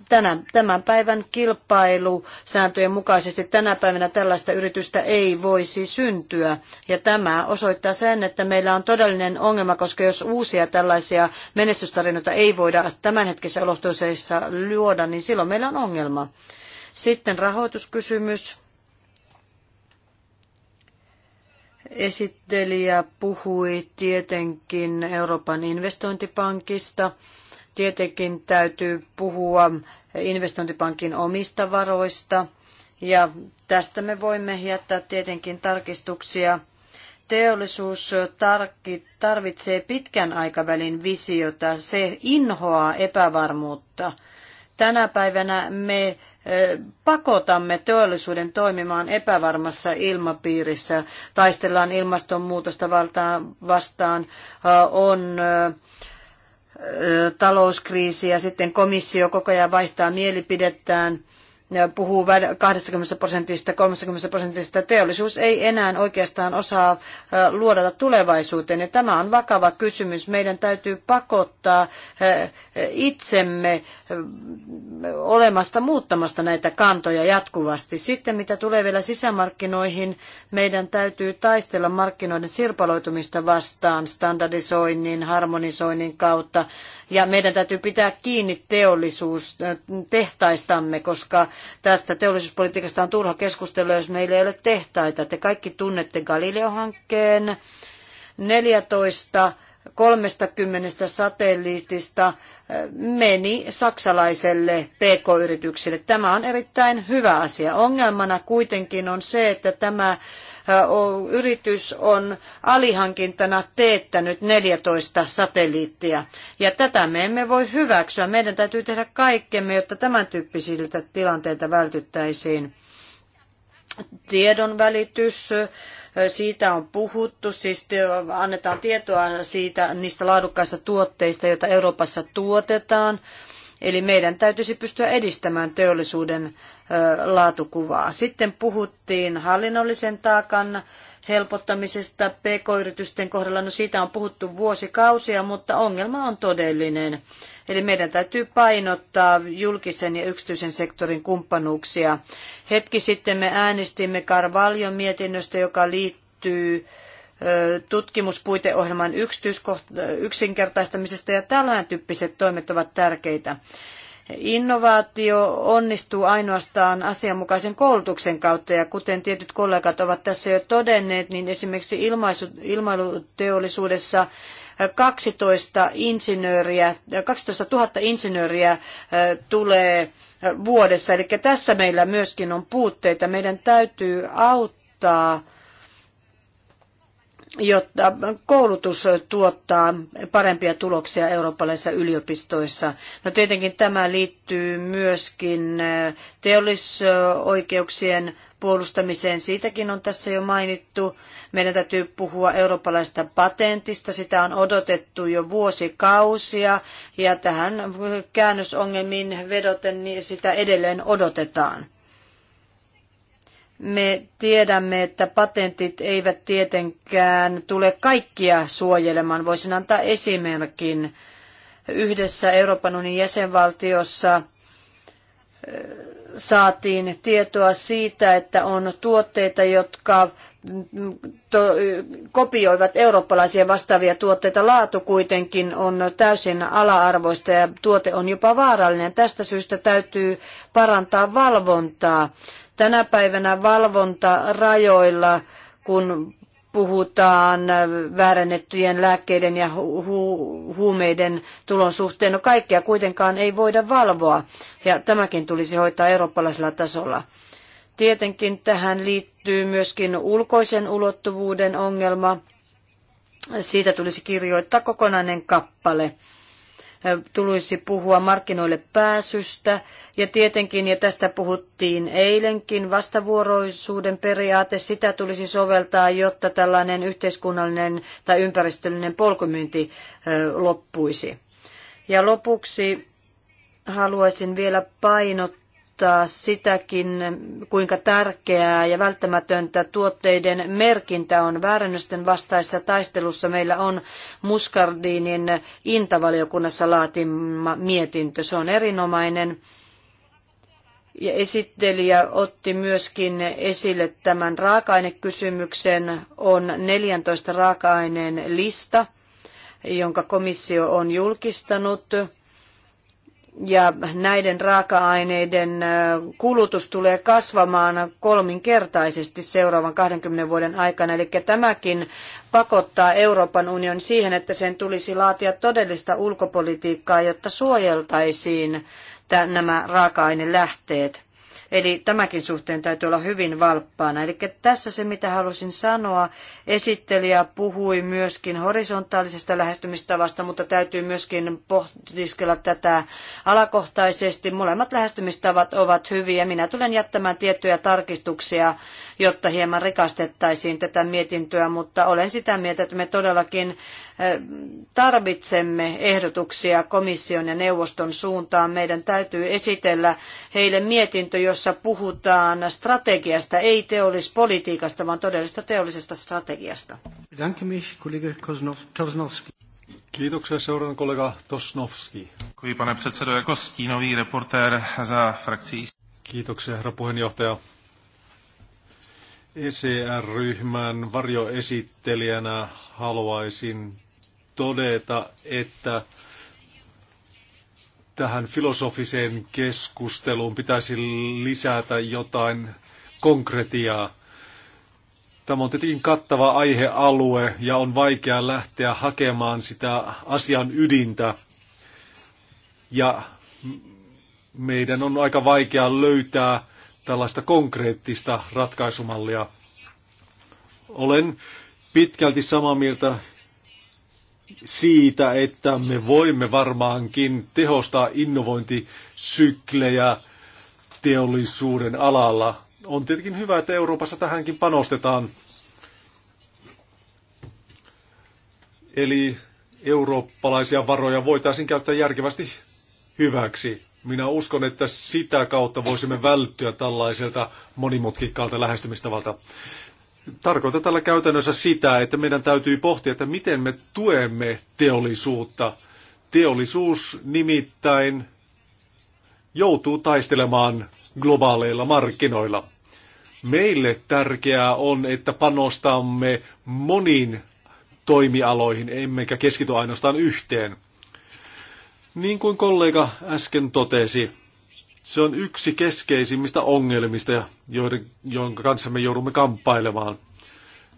Tänä, tämän päivän kilpailusääntöjen mukaisesti tänä päivänä tällaista yritystä ei voisi syntyä. Ja tämä osoittaa sen, että meillä on todellinen ongelma, koska jos uusia tällaisia menestystarinoita ei voida tämänhetkisissä olosuhteissa luoda, niin silloin meillä on ongelma. Sitten rahoituskysymys. Esittelijä puhui tietenkin Euroopan investointipankista. Tietenkin täytyy puhua investointipankin omista varoista ja tästä me voimme jättää tietenkin tarkistuksia. Teollisuus tarvitsee pitkän aikavälin visiota. Se inhoaa epävarmuutta. Tänä päivänä me pakotamme teollisuuden toimimaan epävarmassa ilmapiirissä. Taistellaan ilmastonmuutosta vastaan, on talouskriisi ja sitten komissio koko ajan vaihtaa mielipidettään – puhuu 20 prosentista, 30 prosentista. Teollisuus ei enää oikeastaan osaa luodata tulevaisuuteen. Ja tämä on vakava kysymys. Meidän täytyy pakottaa itsemme olemasta muuttamasta näitä kantoja jatkuvasti. Sitten mitä tulee vielä sisämarkkinoihin, meidän täytyy taistella markkinoiden sirpaloitumista vastaan standardisoinnin, harmonisoinnin kautta ja meidän täytyy pitää kiinni teollisuus tehtaistamme, koska tästä teollisuuspolitiikasta on turha keskustella, jos meillä ei ole tehtaita. Te kaikki tunnette Galileo-hankkeen 14 30 satelliitista äh, meni saksalaiselle pk-yritykselle. Tämä on erittäin hyvä asia. Ongelmana kuitenkin on se, että tämä äh, yritys on alihankintana teettänyt 14 satelliittia. Ja tätä me emme voi hyväksyä. Meidän täytyy tehdä kaikkemme, jotta tämän tyyppisiltä tilanteilta vältyttäisiin. Tiedon välitys, siitä on puhuttu, siis annetaan tietoa siitä niistä laadukkaista tuotteista, joita Euroopassa tuotetaan. Eli meidän täytyisi pystyä edistämään teollisuuden laatukuvaa. Sitten puhuttiin hallinnollisen taakan helpottamisesta pk-yritysten kohdalla. No siitä on puhuttu vuosikausia, mutta ongelma on todellinen. Eli meidän täytyy painottaa julkisen ja yksityisen sektorin kumppanuuksia. Hetki sitten me äänestimme Karvaljon mietinnöstä, joka liittyy tutkimuspuiteohjelman yksinkertaistamisesta ja tällainen tyyppiset toimet ovat tärkeitä. Innovaatio onnistuu ainoastaan asianmukaisen koulutuksen kautta ja kuten tietyt kollegat ovat tässä jo todenneet, niin esimerkiksi ilmailuteollisuudessa 12, insinööriä, 12 000 insinööriä äh, tulee äh, vuodessa. Eli tässä meillä myöskin on puutteita. Meidän täytyy auttaa jotta koulutus tuottaa parempia tuloksia eurooppalaisissa yliopistoissa. No tietenkin tämä liittyy myöskin äh, teollisoikeuksien puolustamiseen. Siitäkin on tässä jo mainittu. Meidän täytyy puhua eurooppalaisesta patentista. Sitä on odotettu jo vuosikausia ja tähän käännösongelmiin vedoten niin sitä edelleen odotetaan. Me tiedämme, että patentit eivät tietenkään tule kaikkia suojelemaan. Voisin antaa esimerkin. Yhdessä Euroopan unionin jäsenvaltiossa saatiin tietoa siitä, että on tuotteita, jotka to, kopioivat eurooppalaisia vastaavia tuotteita. Laatu kuitenkin on täysin ala-arvoista ja tuote on jopa vaarallinen. Tästä syystä täytyy parantaa valvontaa. Tänä päivänä valvonta rajoilla, kun puhutaan väärennettyjen lääkkeiden ja hu- huumeiden tulon suhteen. No kaikkea kuitenkaan ei voida valvoa, ja tämäkin tulisi hoitaa eurooppalaisella tasolla. Tietenkin tähän liittyy myöskin ulkoisen ulottuvuuden ongelma. Siitä tulisi kirjoittaa kokonainen kappale tulisi puhua markkinoille pääsystä ja tietenkin, ja tästä puhuttiin eilenkin, vastavuoroisuuden periaate, sitä tulisi soveltaa, jotta tällainen yhteiskunnallinen tai ympäristöllinen polkumyynti loppuisi. Ja lopuksi haluaisin vielä painottaa, korostaa sitäkin, kuinka tärkeää ja välttämätöntä tuotteiden merkintä on väärännösten vastaisessa taistelussa. Meillä on Muscardinin intavaliokunnassa laatima mietintö. Se on erinomainen. Ja esittelijä otti myöskin esille tämän raaka-ainekysymyksen. On 14 raaka-aineen lista, jonka komissio on julkistanut ja näiden raaka-aineiden kulutus tulee kasvamaan kolminkertaisesti seuraavan 20 vuoden aikana. Eli tämäkin pakottaa Euroopan unionin siihen, että sen tulisi laatia todellista ulkopolitiikkaa, jotta suojeltaisiin nämä raaka-ainelähteet. Eli tämänkin suhteen täytyy olla hyvin valppaana. Eli tässä se, mitä halusin sanoa. Esittelijä puhui myöskin horisontaalisesta lähestymistavasta, mutta täytyy myöskin pohtiskella tätä alakohtaisesti. Molemmat lähestymistavat ovat hyviä. Minä tulen jättämään tiettyjä tarkistuksia jotta hieman rikastettaisiin tätä mietintöä, mutta olen sitä mieltä, että me todellakin tarvitsemme ehdotuksia komission ja neuvoston suuntaan. Meidän täytyy esitellä heille mietintö, jossa puhutaan strategiasta, ei teollispolitiikasta, vaan todellista teollisesta strategiasta. Kiitoksia seuraavan kollega Tosnovski. Kiitoksia pane předsedo, jako stínový reportér za frakcí. Kiitoksia herra puheenjohtaja. ECR-ryhmän varjoesittelijänä haluaisin todeta, että tähän filosofiseen keskusteluun pitäisi lisätä jotain konkretiaa. Tämä on tietenkin kattava aihealue ja on vaikea lähteä hakemaan sitä asian ydintä. Ja meidän on aika vaikea löytää tällaista konkreettista ratkaisumallia. Olen pitkälti samaa mieltä siitä, että me voimme varmaankin tehostaa innovointisyklejä teollisuuden alalla. On tietenkin hyvä, että Euroopassa tähänkin panostetaan. Eli eurooppalaisia varoja voitaisiin käyttää järkevästi hyväksi. Minä uskon, että sitä kautta voisimme välttyä tällaiselta monimutkikkaalta lähestymistavalta. Tarkoitan tällä käytännössä sitä, että meidän täytyy pohtia, että miten me tuemme teollisuutta. Teollisuus nimittäin joutuu taistelemaan globaaleilla markkinoilla. Meille tärkeää on, että panostamme moniin toimialoihin, emmekä keskity ainoastaan yhteen. Niin kuin kollega äsken totesi, se on yksi keskeisimmistä ongelmista, joiden, jonka kanssa me joudumme kamppailemaan.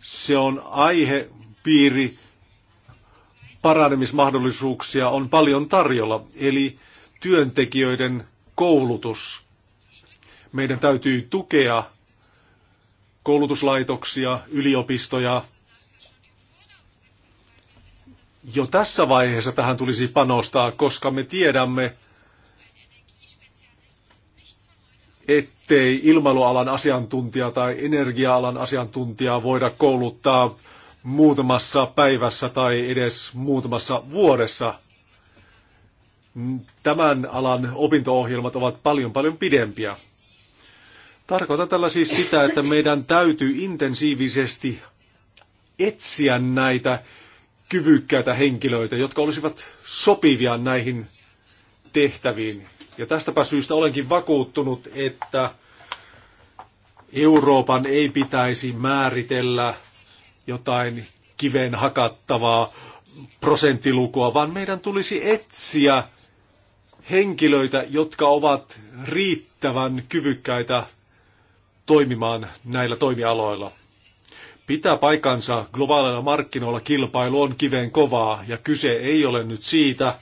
Se on aihepiiri, paranemismahdollisuuksia on paljon tarjolla, eli työntekijöiden koulutus. Meidän täytyy tukea koulutuslaitoksia, yliopistoja, jo tässä vaiheessa tähän tulisi panostaa, koska me tiedämme, ettei ilmailualan asiantuntija tai energiaalan asiantuntija asiantuntijaa voida kouluttaa muutamassa päivässä tai edes muutamassa vuodessa. Tämän alan opinto-ohjelmat ovat paljon paljon pidempiä. Tarkoitan tällä siis sitä, että meidän täytyy intensiivisesti etsiä näitä kyvykkäitä henkilöitä, jotka olisivat sopivia näihin tehtäviin. Ja tästäpä syystä olenkin vakuuttunut, että Euroopan ei pitäisi määritellä jotain kiveen hakattavaa prosenttilukua, vaan meidän tulisi etsiä henkilöitä, jotka ovat riittävän kyvykkäitä toimimaan näillä toimialoilla. Pitää paikansa globaaleilla markkinoilla kilpailu on kiveen kovaa ja kyse ei ole nyt siitä,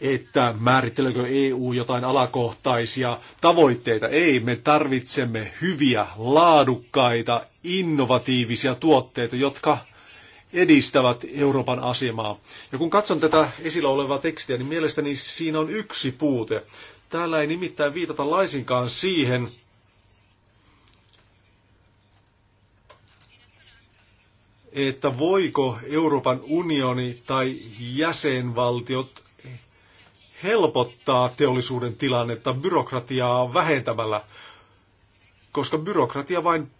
että määrittelykö EU jotain alakohtaisia tavoitteita. Ei, me tarvitsemme hyviä, laadukkaita, innovatiivisia tuotteita, jotka edistävät Euroopan asemaa. Ja kun katson tätä esillä olevaa tekstiä, niin mielestäni siinä on yksi puute. Täällä ei nimittäin viitata laisinkaan siihen, että voiko Euroopan unioni tai jäsenvaltiot helpottaa teollisuuden tilannetta byrokratiaa vähentämällä, koska byrokratia vain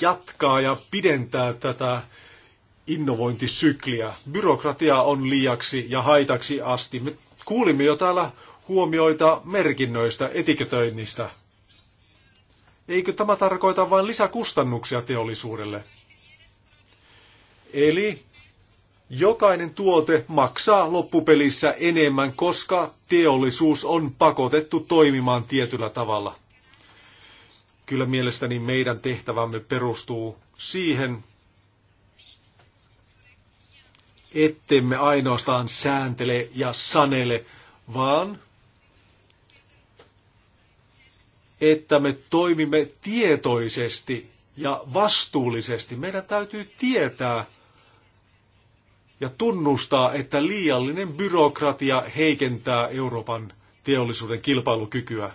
jatkaa ja pidentää tätä innovointisykliä. Byrokratia on liiaksi ja haitaksi asti. Me kuulimme jo täällä huomioita merkinnöistä, etiketöinnistä. Eikö tämä tarkoita vain lisäkustannuksia teollisuudelle? Eli jokainen tuote maksaa loppupelissä enemmän, koska teollisuus on pakotettu toimimaan tietyllä tavalla. Kyllä mielestäni meidän tehtävämme perustuu siihen, ettemme ainoastaan sääntele ja sanele, vaan että me toimimme tietoisesti ja vastuullisesti. Meidän täytyy tietää, ja tunnustaa, että liiallinen byrokratia heikentää Euroopan teollisuuden kilpailukykyä.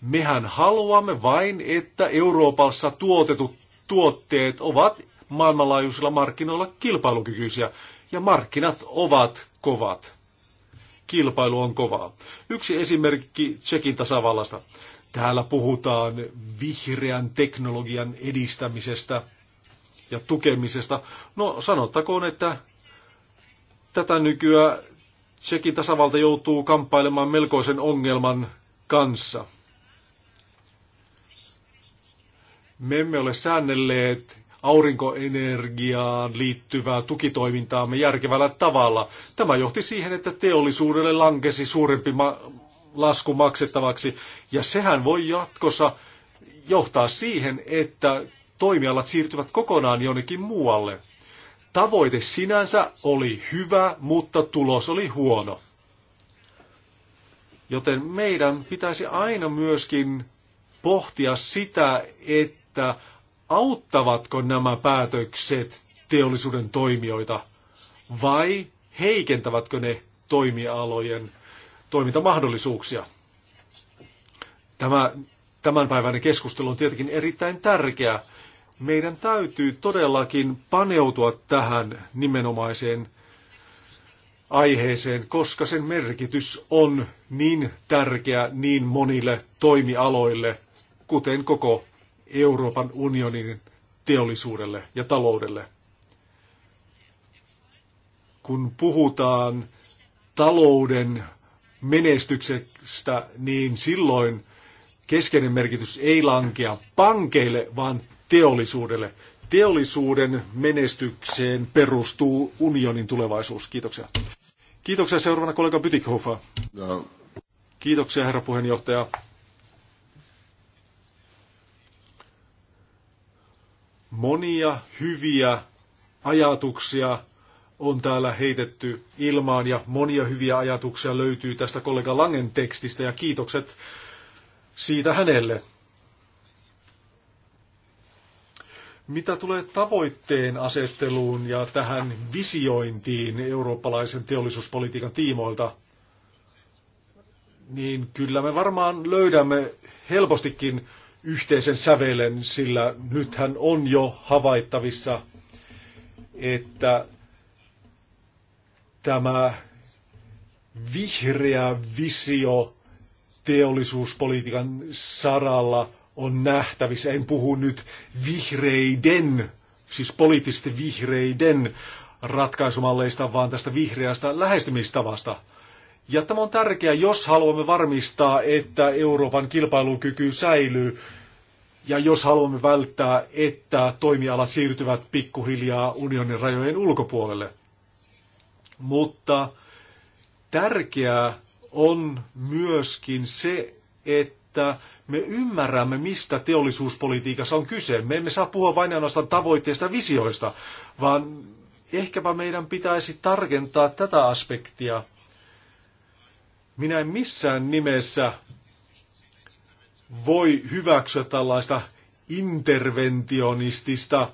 Mehän haluamme vain, että Euroopassa tuotetut tuotteet ovat maailmanlaajuisilla markkinoilla kilpailukykyisiä, ja markkinat ovat kovat. Kilpailu on kovaa. Yksi esimerkki Tsekin tasavallasta. Täällä puhutaan vihreän teknologian edistämisestä ja tukemisesta. No sanottakoon, että Tätä nykyä Tsekin tasavalta joutuu kamppailemaan melkoisen ongelman kanssa. Me emme ole säännelleet aurinkoenergiaan liittyvää tukitoimintaamme järkevällä tavalla. Tämä johti siihen, että teollisuudelle lankesi suurempi ma- lasku maksettavaksi, ja sehän voi jatkossa johtaa siihen, että toimialat siirtyvät kokonaan jonnekin muualle. Tavoite sinänsä oli hyvä, mutta tulos oli huono. Joten meidän pitäisi aina myöskin pohtia sitä, että auttavatko nämä päätökset teollisuuden toimijoita vai heikentävätkö ne toimialojen toimintamahdollisuuksia. Tämä tämänpäiväinen keskustelu on tietenkin erittäin tärkeä meidän täytyy todellakin paneutua tähän nimenomaiseen aiheeseen, koska sen merkitys on niin tärkeä niin monille toimialoille, kuten koko Euroopan unionin teollisuudelle ja taloudelle. Kun puhutaan talouden menestyksestä, niin silloin keskeinen merkitys ei lankea pankeille, vaan teollisuudelle. Teollisuuden menestykseen perustuu unionin tulevaisuus. Kiitoksia. Kiitoksia seuraavana kollega Bytikhofa. No. Kiitoksia herra puheenjohtaja. Monia hyviä ajatuksia on täällä heitetty ilmaan ja monia hyviä ajatuksia löytyy tästä kollega Langen tekstistä ja kiitokset siitä hänelle. Mitä tulee tavoitteen asetteluun ja tähän visiointiin eurooppalaisen teollisuuspolitiikan tiimoilta, niin kyllä me varmaan löydämme helpostikin yhteisen sävelen, sillä nythän on jo havaittavissa, että tämä vihreä visio teollisuuspolitiikan saralla – on nähtävissä. En puhu nyt vihreiden, siis poliittisesti vihreiden ratkaisumalleista, vaan tästä vihreästä lähestymistavasta. Ja tämä on tärkeää, jos haluamme varmistaa, että Euroopan kilpailukyky säilyy ja jos haluamme välttää, että toimialat siirtyvät pikkuhiljaa unionin rajojen ulkopuolelle. Mutta tärkeää on myöskin se, että me ymmärrämme, mistä teollisuuspolitiikassa on kyse. Me emme saa puhua vain ainoastaan tavoitteista visioista, vaan ehkäpä meidän pitäisi tarkentaa tätä aspektia. Minä en missään nimessä voi hyväksyä tällaista interventionistista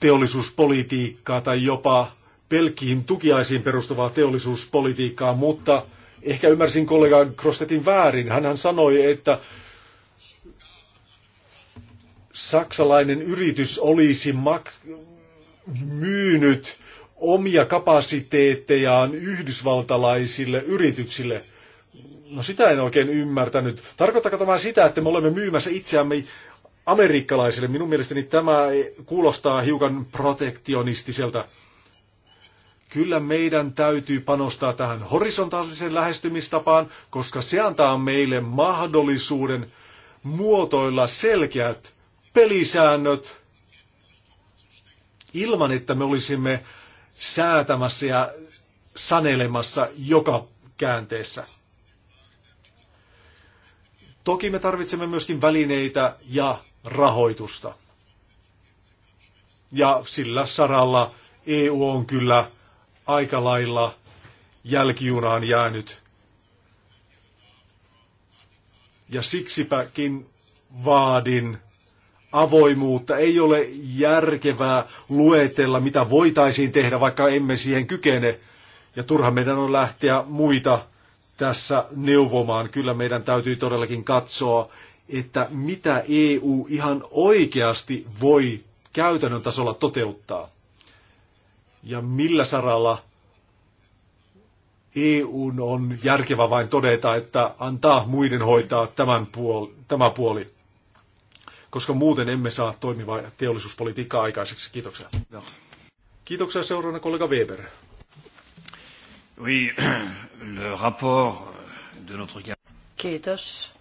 teollisuuspolitiikkaa tai jopa pelkkiin tukiaisiin perustuvaa teollisuuspolitiikkaa, mutta – Ehkä ymmärsin kollega Krostetin väärin. Hän sanoi, että saksalainen yritys olisi mak- myynyt omia kapasiteettejaan yhdysvaltalaisille yrityksille. No sitä en oikein ymmärtänyt. Tarkoittako tämä sitä, että me olemme myymässä itseämme amerikkalaisille? Minun mielestäni tämä kuulostaa hiukan protektionistiselta. Kyllä meidän täytyy panostaa tähän horisontaaliseen lähestymistapaan, koska se antaa meille mahdollisuuden muotoilla selkeät pelisäännöt ilman, että me olisimme säätämässä ja sanelemassa joka käänteessä. Toki me tarvitsemme myöskin välineitä ja rahoitusta. Ja sillä saralla EU on kyllä aika lailla jälkijunaan jäänyt. Ja siksipäkin vaadin avoimuutta. Ei ole järkevää luetella, mitä voitaisiin tehdä, vaikka emme siihen kykene. Ja turha meidän on lähteä muita tässä neuvomaan. Kyllä meidän täytyy todellakin katsoa, että mitä EU ihan oikeasti voi käytännön tasolla toteuttaa ja millä saralla EU on järkevä vain todeta, että antaa muiden hoitaa tämän puoli, tämä puoli, koska muuten emme saa toimivaa teollisuuspolitiikkaa aikaiseksi. Kiitoksia. No. Kiitoksia seuraavana kollega Weber. Oui, le rapport de notre... Kiitos.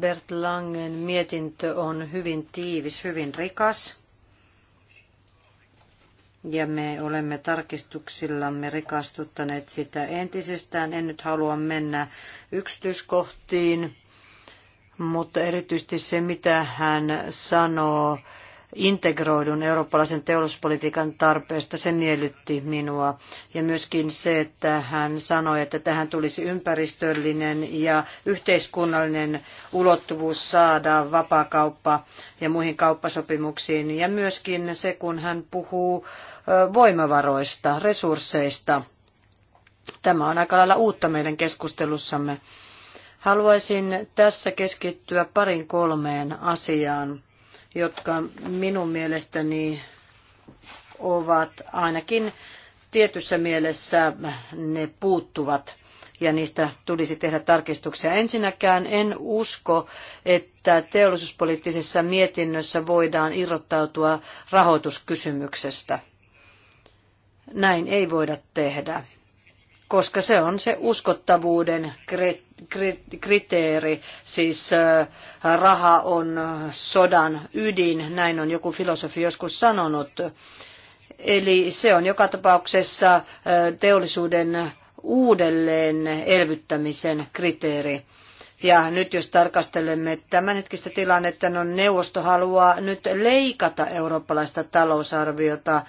Bert Langen mietintö on hyvin tiivis, hyvin rikas ja me olemme tarkistuksillamme rikastuttaneet sitä entisestään. En nyt halua mennä yksityiskohtiin, mutta erityisesti se, mitä hän sanoo integroidun eurooppalaisen teollisuuspolitiikan tarpeesta, se miellytti minua. Ja myöskin se, että hän sanoi, että tähän tulisi ympäristöllinen ja yhteiskunnallinen ulottuvuus saada vapaakauppa ja muihin kauppasopimuksiin. Ja myöskin se, kun hän puhuu äh, voimavaroista, resursseista. Tämä on aika lailla uutta meidän keskustelussamme. Haluaisin tässä keskittyä parin kolmeen asiaan, jotka minun mielestäni ovat ainakin tietyssä mielessä ne puuttuvat ja niistä tulisi tehdä tarkistuksia. Ensinnäkään en usko, että teollisuuspoliittisessa mietinnössä voidaan irrottautua rahoituskysymyksestä. Näin ei voida tehdä, koska se on se uskottavuuden kriteeri, siis raha on sodan ydin, näin on joku filosofi joskus sanonut. Eli se on joka tapauksessa teollisuuden uudelleen elvyttämisen kriteeri. Ja nyt jos tarkastelemme tämänhetkistä tilannetta, no neuvosto haluaa nyt leikata eurooppalaista talousarviota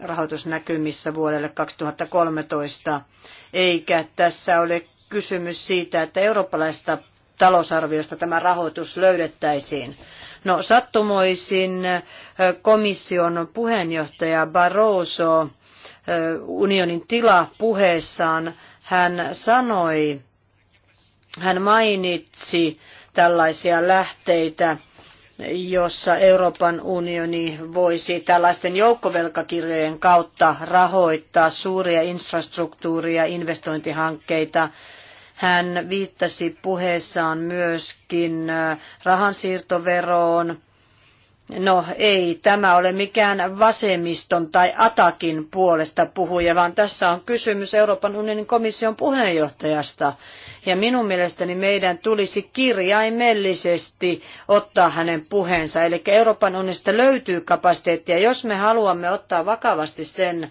rahoitusnäkymissä vuodelle 2013, eikä tässä ole kysymys siitä, että eurooppalaista talousarviosta tämä rahoitus löydettäisiin. No sattumoisin komission puheenjohtaja Barroso unionin tila puheessaan hän sanoi, hän mainitsi tällaisia lähteitä, jossa Euroopan unioni voisi tällaisten joukkovelkakirjojen kautta rahoittaa suuria infrastruktuuria, investointihankkeita. Hän viittasi puheessaan myöskin äh, rahansiirtoveroon, No ei, tämä ole mikään vasemmiston tai Atakin puolesta puhuja, vaan tässä on kysymys Euroopan unionin komission puheenjohtajasta. Ja minun mielestäni meidän tulisi kirjaimellisesti ottaa hänen puheensa. Eli Euroopan unionista löytyy kapasiteettia, jos me haluamme ottaa vakavasti sen,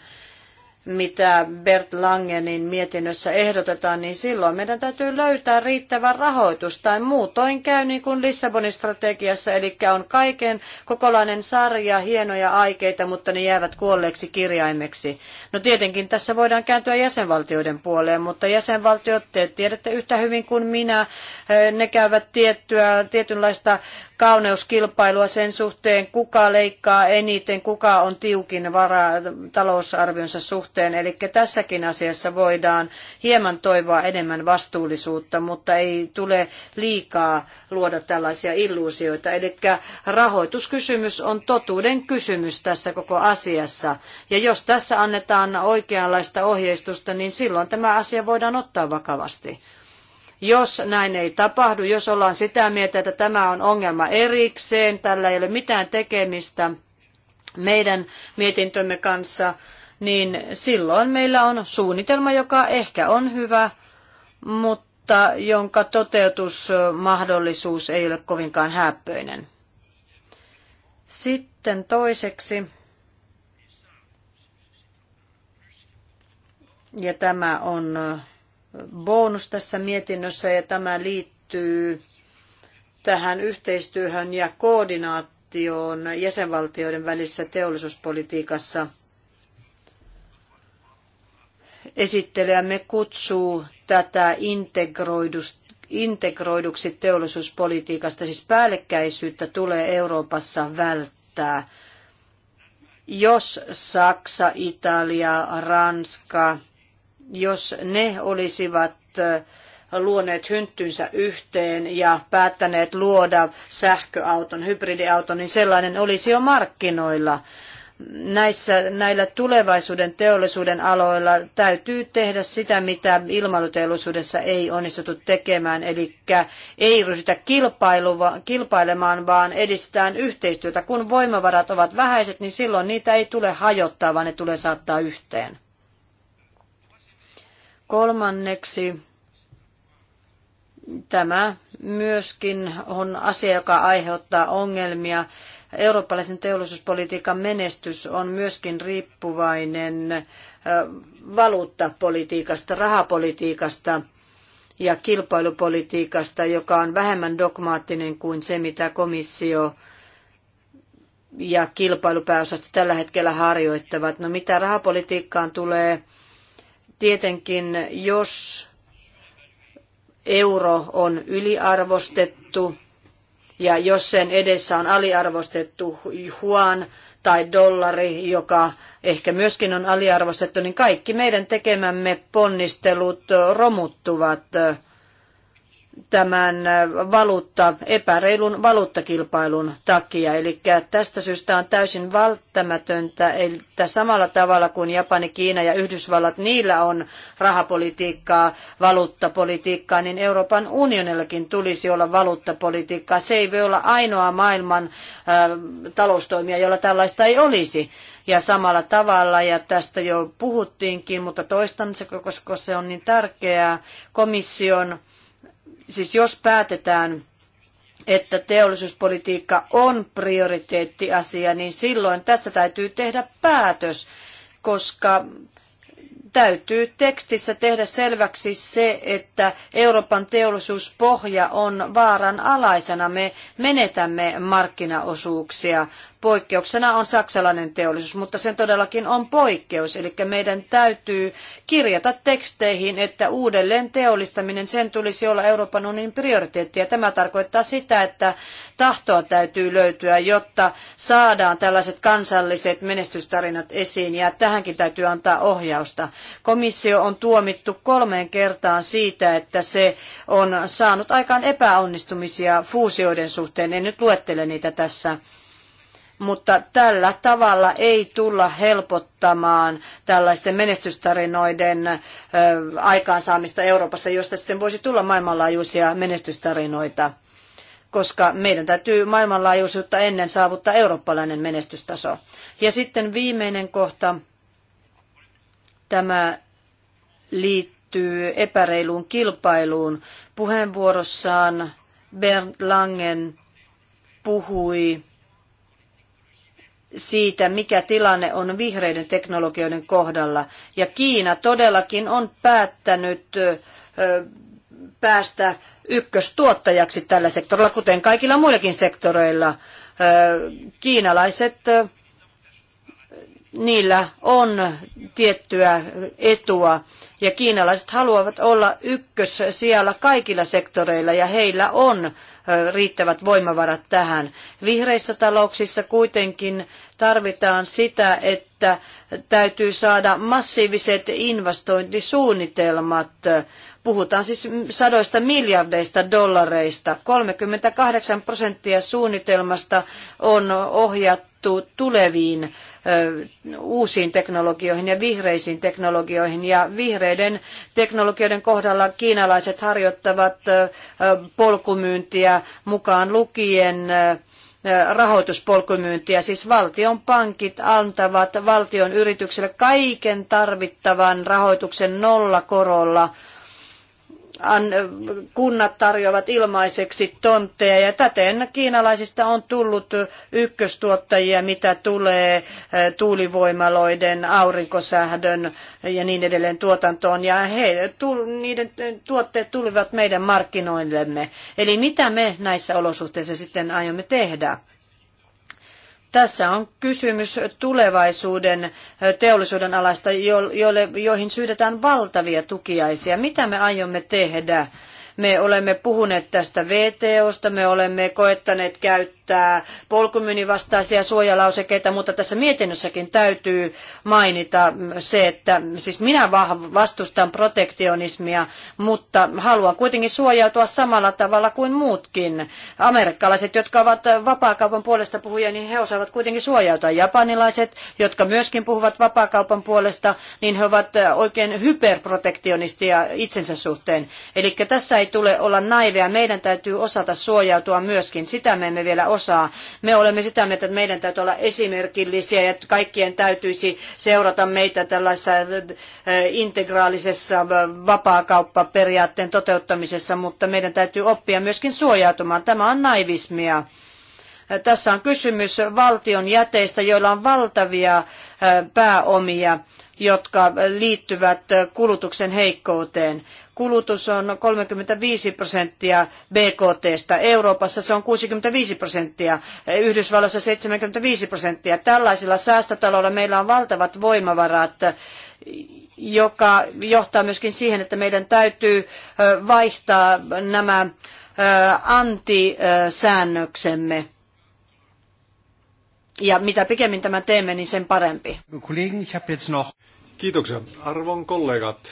mitä Bert Langenin mietinnössä ehdotetaan, niin silloin meidän täytyy löytää riittävä rahoitus tai muutoin käy niin kuin Lissabonin strategiassa, eli on kaiken kokolainen sarja hienoja aikeita, mutta ne jäävät kuolleeksi kirjaimeksi. No tietenkin tässä voidaan kääntyä jäsenvaltioiden puoleen, mutta jäsenvaltiot, te tiedätte yhtä hyvin kuin minä, eh, ne käyvät tiettyä, tietynlaista kauneuskilpailua sen suhteen, kuka leikkaa eniten, kuka on tiukin vara talousarvionsa suhteen suhteen. Eli tässäkin asiassa voidaan hieman toivoa enemmän vastuullisuutta, mutta ei tule liikaa luoda tällaisia illuusioita. Eli rahoituskysymys on totuuden kysymys tässä koko asiassa. Ja jos tässä annetaan oikeanlaista ohjeistusta, niin silloin tämä asia voidaan ottaa vakavasti. Jos näin ei tapahdu, jos ollaan sitä mieltä, että tämä on ongelma erikseen, tällä ei ole mitään tekemistä meidän mietintömme kanssa, niin silloin meillä on suunnitelma, joka ehkä on hyvä, mutta jonka toteutusmahdollisuus ei ole kovinkaan häppöinen. Sitten toiseksi, ja tämä on bonus tässä mietinnössä, ja tämä liittyy tähän yhteistyöhön ja koordinaatioon jäsenvaltioiden välissä teollisuuspolitiikassa – esittelijämme kutsuu tätä integroiduksi teollisuuspolitiikasta, siis päällekkäisyyttä tulee Euroopassa välttää. Jos Saksa, Italia, Ranska, jos ne olisivat luoneet hynttynsä yhteen ja päättäneet luoda sähköauton, hybridiauton, niin sellainen olisi jo markkinoilla näissä, näillä tulevaisuuden teollisuuden aloilla täytyy tehdä sitä, mitä ilmailuteollisuudessa ei onnistuttu tekemään. Eli ei ryhdytä kilpailemaan, vaan edistetään yhteistyötä. Kun voimavarat ovat vähäiset, niin silloin niitä ei tule hajottaa, vaan ne tulee saattaa yhteen. Kolmanneksi tämä myöskin on asia, joka aiheuttaa ongelmia eurooppalaisen teollisuuspolitiikan menestys on myöskin riippuvainen valuuttapolitiikasta, rahapolitiikasta ja kilpailupolitiikasta, joka on vähemmän dogmaattinen kuin se, mitä komissio ja kilpailupääosasto tällä hetkellä harjoittavat. No mitä rahapolitiikkaan tulee, tietenkin jos euro on yliarvostettu, ja jos sen edessä on aliarvostettu juan tai dollari, joka ehkä myöskin on aliarvostettu, niin kaikki meidän tekemämme ponnistelut romuttuvat tämän äh, valuutta, epäreilun valuuttakilpailun takia. Eli tästä syystä on täysin välttämätöntä, että samalla tavalla kuin Japani, Kiina ja Yhdysvallat, niillä on rahapolitiikkaa, valuuttapolitiikkaa, niin Euroopan unionillakin tulisi olla valuuttapolitiikkaa. Se ei voi olla ainoa maailman ä, äh, taloustoimija, jolla tällaista ei olisi ja samalla tavalla, ja tästä jo puhuttiinkin, mutta toistan se, koska se on niin tärkeää, komission siis jos päätetään, että teollisuuspolitiikka on prioriteettiasia, niin silloin tässä täytyy tehdä päätös, koska täytyy tekstissä tehdä selväksi se, että Euroopan teollisuuspohja on vaaran alaisena. Me menetämme markkinaosuuksia Poikkeuksena on saksalainen teollisuus, mutta sen todellakin on poikkeus. Eli meidän täytyy kirjata teksteihin, että uudelleen teollistaminen, sen tulisi olla Euroopan unionin prioriteetti. Ja tämä tarkoittaa sitä, että tahtoa täytyy löytyä, jotta saadaan tällaiset kansalliset menestystarinat esiin. Ja tähänkin täytyy antaa ohjausta. Komissio on tuomittu kolmeen kertaan siitä, että se on saanut aikaan epäonnistumisia fuusioiden suhteen. En nyt luettele niitä tässä mutta tällä tavalla ei tulla helpottamaan tällaisten menestystarinoiden aikaansaamista Euroopassa, josta sitten voisi tulla maailmanlaajuisia menestystarinoita, koska meidän täytyy maailmanlaajuisuutta ennen saavuttaa eurooppalainen menestystaso. Ja sitten viimeinen kohta, tämä liittyy epäreiluun kilpailuun. Puheenvuorossaan Bernd Langen puhui siitä, mikä tilanne on vihreiden teknologioiden kohdalla. Ja Kiina todellakin on päättänyt päästä ykköstuottajaksi tällä sektorilla, kuten kaikilla muillakin sektoreilla. Kiinalaiset, niillä on tiettyä etua ja kiinalaiset haluavat olla ykkös siellä kaikilla sektoreilla ja heillä on riittävät voimavarat tähän. Vihreissä talouksissa kuitenkin tarvitaan sitä, että täytyy saada massiiviset investointisuunnitelmat. Puhutaan siis sadoista miljardeista dollareista. 38 prosenttia suunnitelmasta on ohjattu tuleviin uusiin teknologioihin ja vihreisiin teknologioihin. Ja vihreiden teknologioiden kohdalla kiinalaiset harjoittavat polkumyyntiä mukaan lukien rahoituspolkumyyntiä. Siis valtion pankit antavat valtion yritykselle kaiken tarvittavan rahoituksen nollakorolla korolla kunnat tarjoavat ilmaiseksi tontteja ja täten kiinalaisista on tullut ykköstuottajia, mitä tulee eh, tuulivoimaloiden, aurinkosähdön ja niin edelleen tuotantoon ja he, tu, niiden tuotteet tulivat meidän markkinoillemme. Eli mitä me näissä olosuhteissa sitten aiomme tehdä? Tässä on kysymys tulevaisuuden teollisuuden alasta, joihin syydetään valtavia tukiaisia. Mitä me aiomme tehdä? Me olemme puhuneet tästä VTOsta, me olemme koettaneet käyttää käyttää polkumyynnin vastaisia suojalausekkeita, mutta tässä mietinnössäkin täytyy mainita se, että siis minä vastustan protektionismia, mutta haluan kuitenkin suojautua samalla tavalla kuin muutkin. Amerikkalaiset, jotka ovat vapaakaupan puolesta puhujia, niin he osaavat kuitenkin suojautua. Japanilaiset, jotka myöskin puhuvat vapaakaupan puolesta, niin he ovat oikein hyperprotektionistia itsensä suhteen. Eli tässä ei tule olla naivea. Meidän täytyy osata suojautua myöskin. Sitä me emme vielä osaa. Me olemme sitä mieltä, että meidän täytyy olla esimerkillisiä ja kaikkien täytyisi seurata meitä tällaisessa äh, integraalisessa äh, vapaakauppaperiaatteen toteuttamisessa, mutta meidän täytyy oppia myöskin suojautumaan. Tämä on naivismia. Tässä on kysymys valtion jäteistä, joilla on valtavia pääomia, jotka liittyvät kulutuksen heikkouteen. Kulutus on 35 prosenttia BKTstä, Euroopassa se on 65 prosenttia, Yhdysvalloissa 75 prosenttia. Tällaisilla säästötaloilla meillä on valtavat voimavarat, joka johtaa myöskin siihen, että meidän täytyy vaihtaa nämä antisäännöksemme. Ja mitä pikemmin tämä teemme, niin sen parempi. Kiitoksia. Arvon kollegat,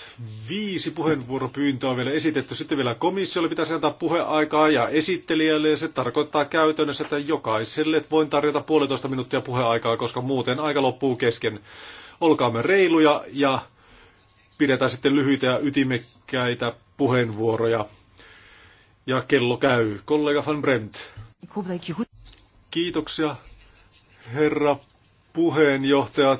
viisi puheenvuoropyyntöä on vielä esitetty. Sitten vielä komissiolle pitäisi antaa puheaikaa ja esittelijälle. Ja se tarkoittaa käytännössä, että jokaiselle voin tarjota puolitoista minuuttia puheaikaa, koska muuten aika loppuu kesken. Olkaamme reiluja ja pidetään sitten lyhyitä ja ytimekkäitä puheenvuoroja. Ja kello käy. Kollega Van Bremt. Kiitoksia herra puheenjohtaja.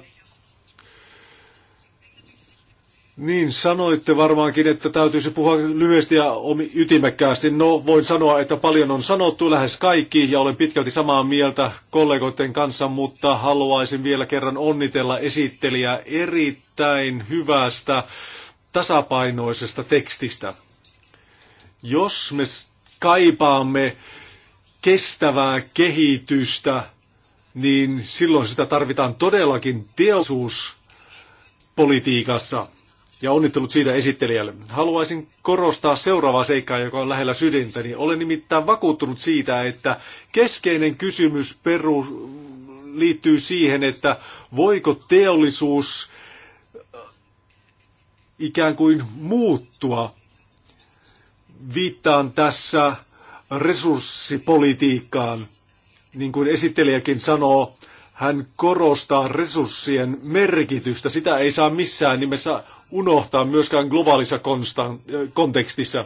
Niin, sanoitte varmaankin, että täytyisi puhua lyhyesti ja ytimekkäästi. No, voin sanoa, että paljon on sanottu, lähes kaikki, ja olen pitkälti samaa mieltä kollegoiden kanssa, mutta haluaisin vielä kerran onnitella esittelijää erittäin hyvästä tasapainoisesta tekstistä. Jos me kaipaamme kestävää kehitystä, niin silloin sitä tarvitaan todellakin teollisuuspolitiikassa. Ja onnittelut siitä esittelijälle. Haluaisin korostaa seuraavaa seikkaa, joka on lähellä sydäntäni. Niin olen nimittäin vakuuttunut siitä, että keskeinen kysymys peru liittyy siihen, että voiko teollisuus äh, ikään kuin muuttua. Viittaan tässä resurssipolitiikkaan – niin kuin esittelijäkin sanoo, hän korostaa resurssien merkitystä. Sitä ei saa missään nimessä unohtaa myöskään globaalissa eh, kontekstissa.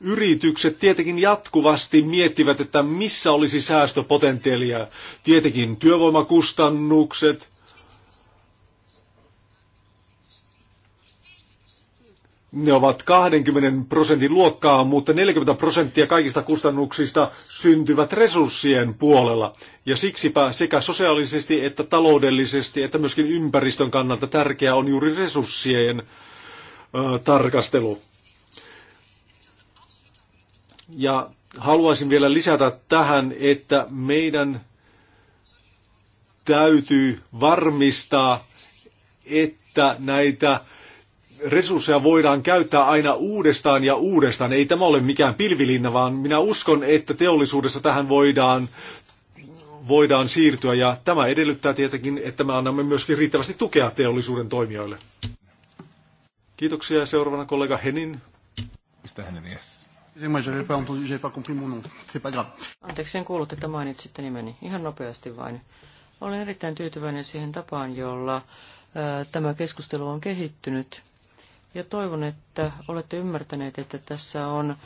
Yritykset tietenkin jatkuvasti miettivät, että missä olisi säästöpotentiaalia. Tietenkin työvoimakustannukset, ne ovat 20 prosentin luokkaa, mutta 40 prosenttia kaikista kustannuksista syntyvät resurssien puolella. Ja siksipä sekä sosiaalisesti että taloudellisesti että myöskin ympäristön kannalta tärkeää on juuri resurssien ö, tarkastelu. Ja haluaisin vielä lisätä tähän, että meidän täytyy varmistaa, että näitä resursseja voidaan käyttää aina uudestaan ja uudestaan. Ei tämä ole mikään pilvilinna, vaan minä uskon, että teollisuudessa tähän voidaan, voidaan siirtyä. Ja tämä edellyttää tietenkin, että me annamme myöskin riittävästi tukea teollisuuden toimijoille. Kiitoksia. Seuraavana kollega Henin. Mistä Henin, yes. Anteeksi, en kuullut, että mainitsitte nimeni. Ihan nopeasti vain. Olen erittäin tyytyväinen siihen tapaan, jolla tämä keskustelu on kehittynyt. Ja toivon, että olette ymmärtäneet, että tässä on,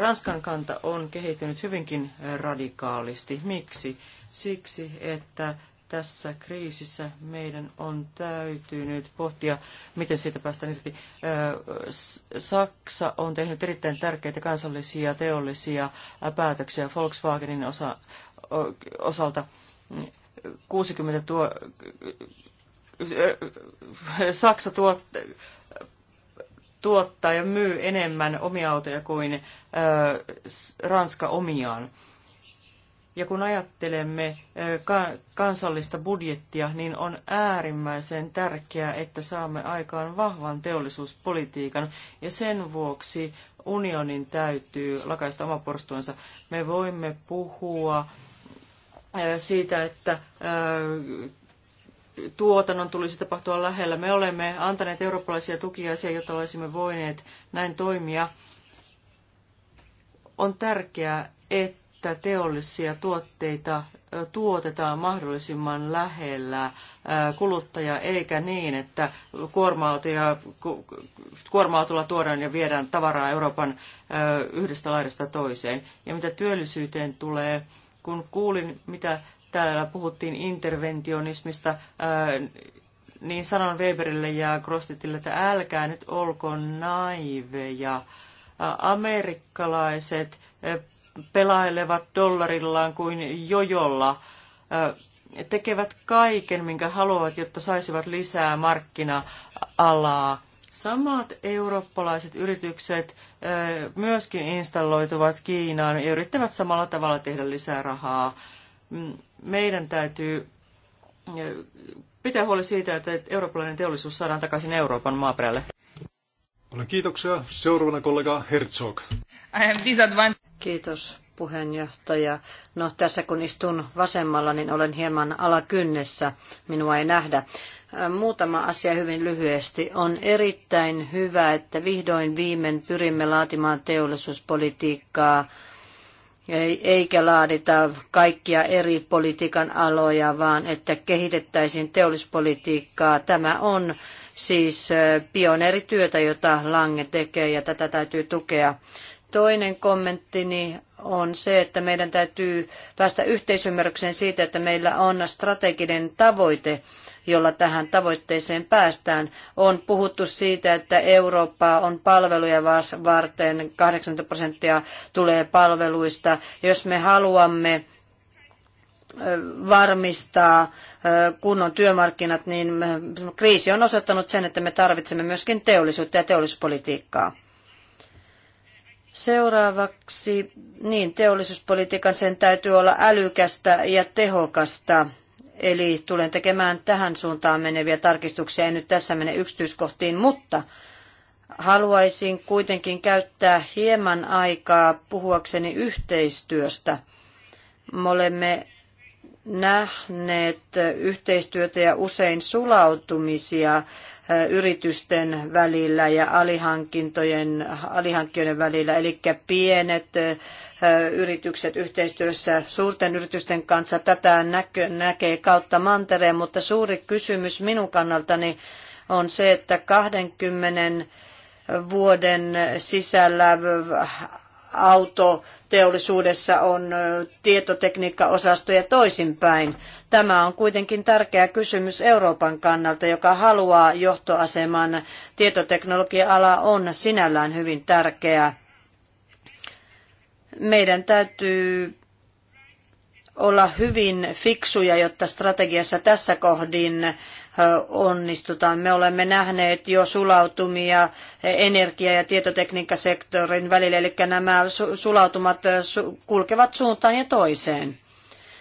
Ranskan kanta on kehittynyt hyvinkin radikaalisti. Miksi? Siksi, että tässä kriisissä meidän on täytynyt pohtia, miten siitä päästään irti. Saksa on tehnyt erittäin tärkeitä kansallisia teollisia päätöksiä Volkswagenin osa, osalta. 60 tuo, Saksa tuo tuottaa ja myy enemmän omia autoja kuin Ranska omiaan. Ja kun ajattelemme kansallista budjettia, niin on äärimmäisen tärkeää, että saamme aikaan vahvan teollisuuspolitiikan. Ja sen vuoksi unionin täytyy lakaista oma porstuansa. Me voimme puhua siitä, että tuotannon tulisi tapahtua lähellä. Me olemme antaneet eurooppalaisia tukiaisia, jotta olisimme voineet näin toimia. On tärkeää, että teollisia tuotteita tuotetaan mahdollisimman lähellä kuluttaja, eikä niin, että kuorma kuorma-autolla tuodaan ja viedään tavaraa Euroopan yhdestä laidasta toiseen. Ja mitä työllisyyteen tulee, kun kuulin, mitä Täällä puhuttiin interventionismista, niin sanon Weberille ja Krostitille, että älkää nyt olko naiveja. Amerikkalaiset pelailevat dollarillaan kuin jojolla, tekevät kaiken, minkä haluavat, jotta saisivat lisää markkina-alaa. Samat eurooppalaiset yritykset myöskin installoituvat Kiinaan ja yrittävät samalla tavalla tehdä lisää rahaa meidän täytyy pitää huoli siitä, että eurooppalainen teollisuus saadaan takaisin Euroopan maaperälle. Paljon kiitoksia. Seuraavana kollega Herzog. Kiitos puheenjohtaja. No tässä kun istun vasemmalla, niin olen hieman alakynnessä. Minua ei nähdä. Muutama asia hyvin lyhyesti. On erittäin hyvä, että vihdoin viimein pyrimme laatimaan teollisuuspolitiikkaa, eikä laadita kaikkia eri politiikan aloja, vaan että kehitettäisiin teollispolitiikkaa. Tämä on siis pioneerityötä, jota Lange tekee ja tätä täytyy tukea. Toinen kommenttini on se, että meidän täytyy päästä yhteisymmärrykseen siitä, että meillä on strateginen tavoite, jolla tähän tavoitteeseen päästään. On puhuttu siitä, että Eurooppa on palveluja varten, 80 prosenttia tulee palveluista. Jos me haluamme varmistaa kunnon työmarkkinat, niin kriisi on osoittanut sen, että me tarvitsemme myöskin teollisuutta ja teollisuuspolitiikkaa. Seuraavaksi, niin teollisuuspolitiikan sen täytyy olla älykästä ja tehokasta. Eli tulen tekemään tähän suuntaan meneviä tarkistuksia. En nyt tässä mene yksityiskohtiin, mutta haluaisin kuitenkin käyttää hieman aikaa puhuakseni yhteistyöstä. Me olemme nähneet yhteistyötä ja usein sulautumisia äh, yritysten välillä ja alihankintojen, alihankkijoiden välillä, eli pienet äh, yritykset yhteistyössä suurten yritysten kanssa. Tätä näkee kautta mantereen, mutta suuri kysymys minun kannaltani on se, että 20 vuoden sisällä äh, auto teollisuudessa on tietotekniikkaosasto ja toisinpäin. Tämä on kuitenkin tärkeä kysymys Euroopan kannalta, joka haluaa johtoaseman. Tietoteknologia-ala on sinällään hyvin tärkeä. Meidän täytyy olla hyvin fiksuja, jotta strategiassa tässä kohdin onnistutaan. Me olemme nähneet jo sulautumia energia- ja tietotekniikkasektorin välillä, eli nämä sulautumat kulkevat suuntaan ja toiseen.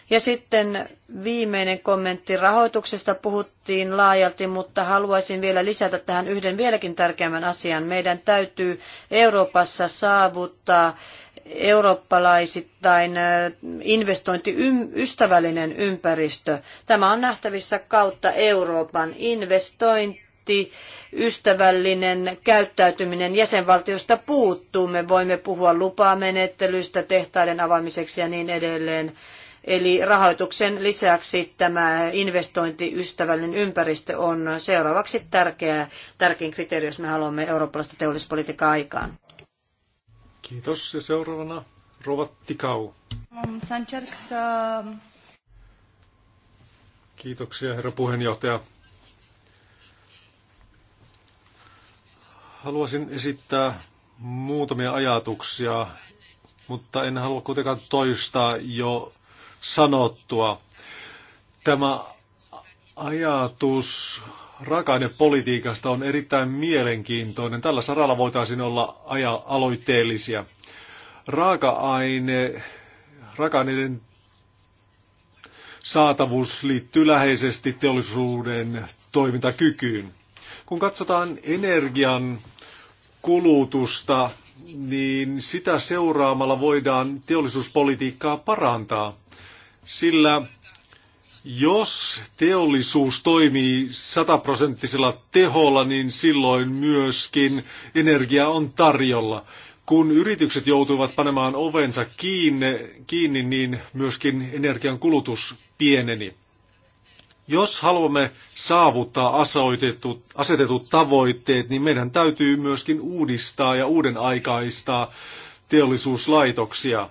Ja sitten viimeinen kommentti rahoituksesta puhuttiin laajalti, mutta haluaisin vielä lisätä tähän yhden vieläkin tärkeämmän asian. Meidän täytyy Euroopassa saavuttaa eurooppalaisittain investointiystävällinen ympäristö. Tämä on nähtävissä kautta Euroopan investointi ystävällinen käyttäytyminen jäsenvaltiosta puuttuu. Me voimme puhua lupamenettelystä, tehtaiden avaamiseksi ja niin edelleen. Eli rahoituksen lisäksi tämä investointiystävällinen ympäristö on seuraavaksi tärkeä, tärkein kriteeri, jos me haluamme eurooppalaista teollisuuspolitiikkaa aikaan. Kiitos. Ja seuraavana Rovatti Kau. Kiitoksia, herra puheenjohtaja. Haluaisin esittää muutamia ajatuksia, mutta en halua kuitenkaan toistaa jo sanottua. Tämä ajatus raaka-ainepolitiikasta on erittäin mielenkiintoinen. Tällä saralla voitaisiin olla aja aloitteellisia. Raaka-aine, raaka-aineiden saatavuus liittyy läheisesti teollisuuden toimintakykyyn. Kun katsotaan energian kulutusta, niin sitä seuraamalla voidaan teollisuuspolitiikkaa parantaa, sillä jos teollisuus toimii sataprosenttisella teholla, niin silloin myöskin energia on tarjolla. Kun yritykset joutuivat panemaan ovensa kiinni, kiinni niin myöskin energian kulutus pieneni. Jos haluamme saavuttaa asetetut tavoitteet, niin meidän täytyy myöskin uudistaa ja uuden aikaistaa teollisuuslaitoksia.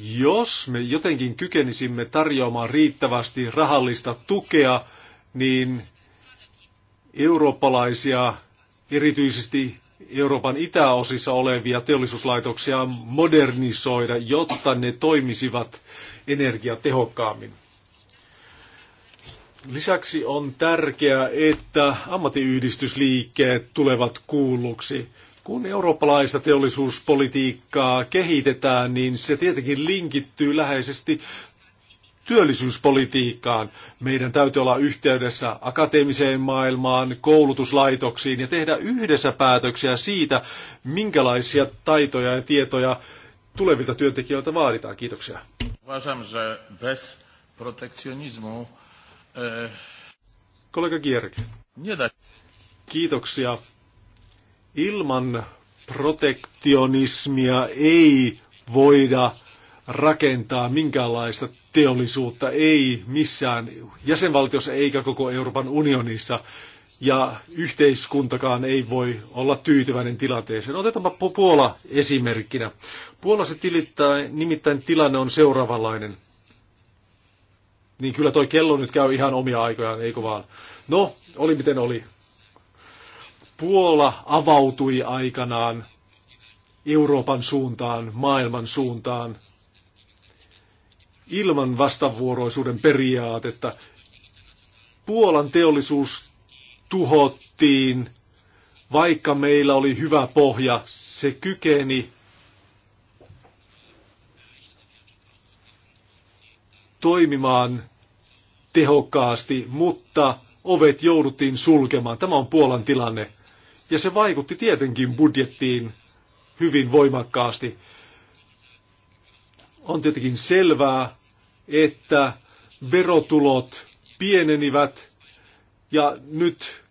Jos me jotenkin kykenisimme tarjoamaan riittävästi rahallista tukea, niin eurooppalaisia, erityisesti Euroopan itäosissa olevia teollisuuslaitoksia modernisoida, jotta ne toimisivat energiatehokkaammin. Lisäksi on tärkeää, että ammattiyhdistysliikkeet tulevat kuulluksi. Kun eurooppalaista teollisuuspolitiikkaa kehitetään, niin se tietenkin linkittyy läheisesti työllisyyspolitiikkaan. Meidän täytyy olla yhteydessä akateemiseen maailmaan, koulutuslaitoksiin ja tehdä yhdessä päätöksiä siitä, minkälaisia taitoja ja tietoja tulevilta työntekijöiltä vaaditaan. Kiitoksia. Uważam, że bez protekcjonizmu... E, Kollega Kierke. Kiitoksia. Ilman protektionismia ei voida rakentaa minkäänlaista teollisuutta, ei missään jäsenvaltiossa eikä koko Euroopan unionissa. Ja yhteiskuntakaan ei voi olla tyytyväinen tilanteeseen. Otetaanpa Puola esimerkkinä. Puolassa tilittää, nimittäin tilanne on seuraavanlainen. Niin kyllä toi kello nyt käy ihan omia aikojaan, eikö vaan? No, oli miten oli. Puola avautui aikanaan Euroopan suuntaan, maailman suuntaan, ilman vastavuoroisuuden periaatetta. Puolan teollisuus tuhottiin, vaikka meillä oli hyvä pohja, se kykeni toimimaan tehokkaasti, mutta ovet jouduttiin sulkemaan. Tämä on Puolan tilanne. Ja se vaikutti tietenkin budjettiin hyvin voimakkaasti. On tietenkin selvää, että verotulot pienenivät ja nyt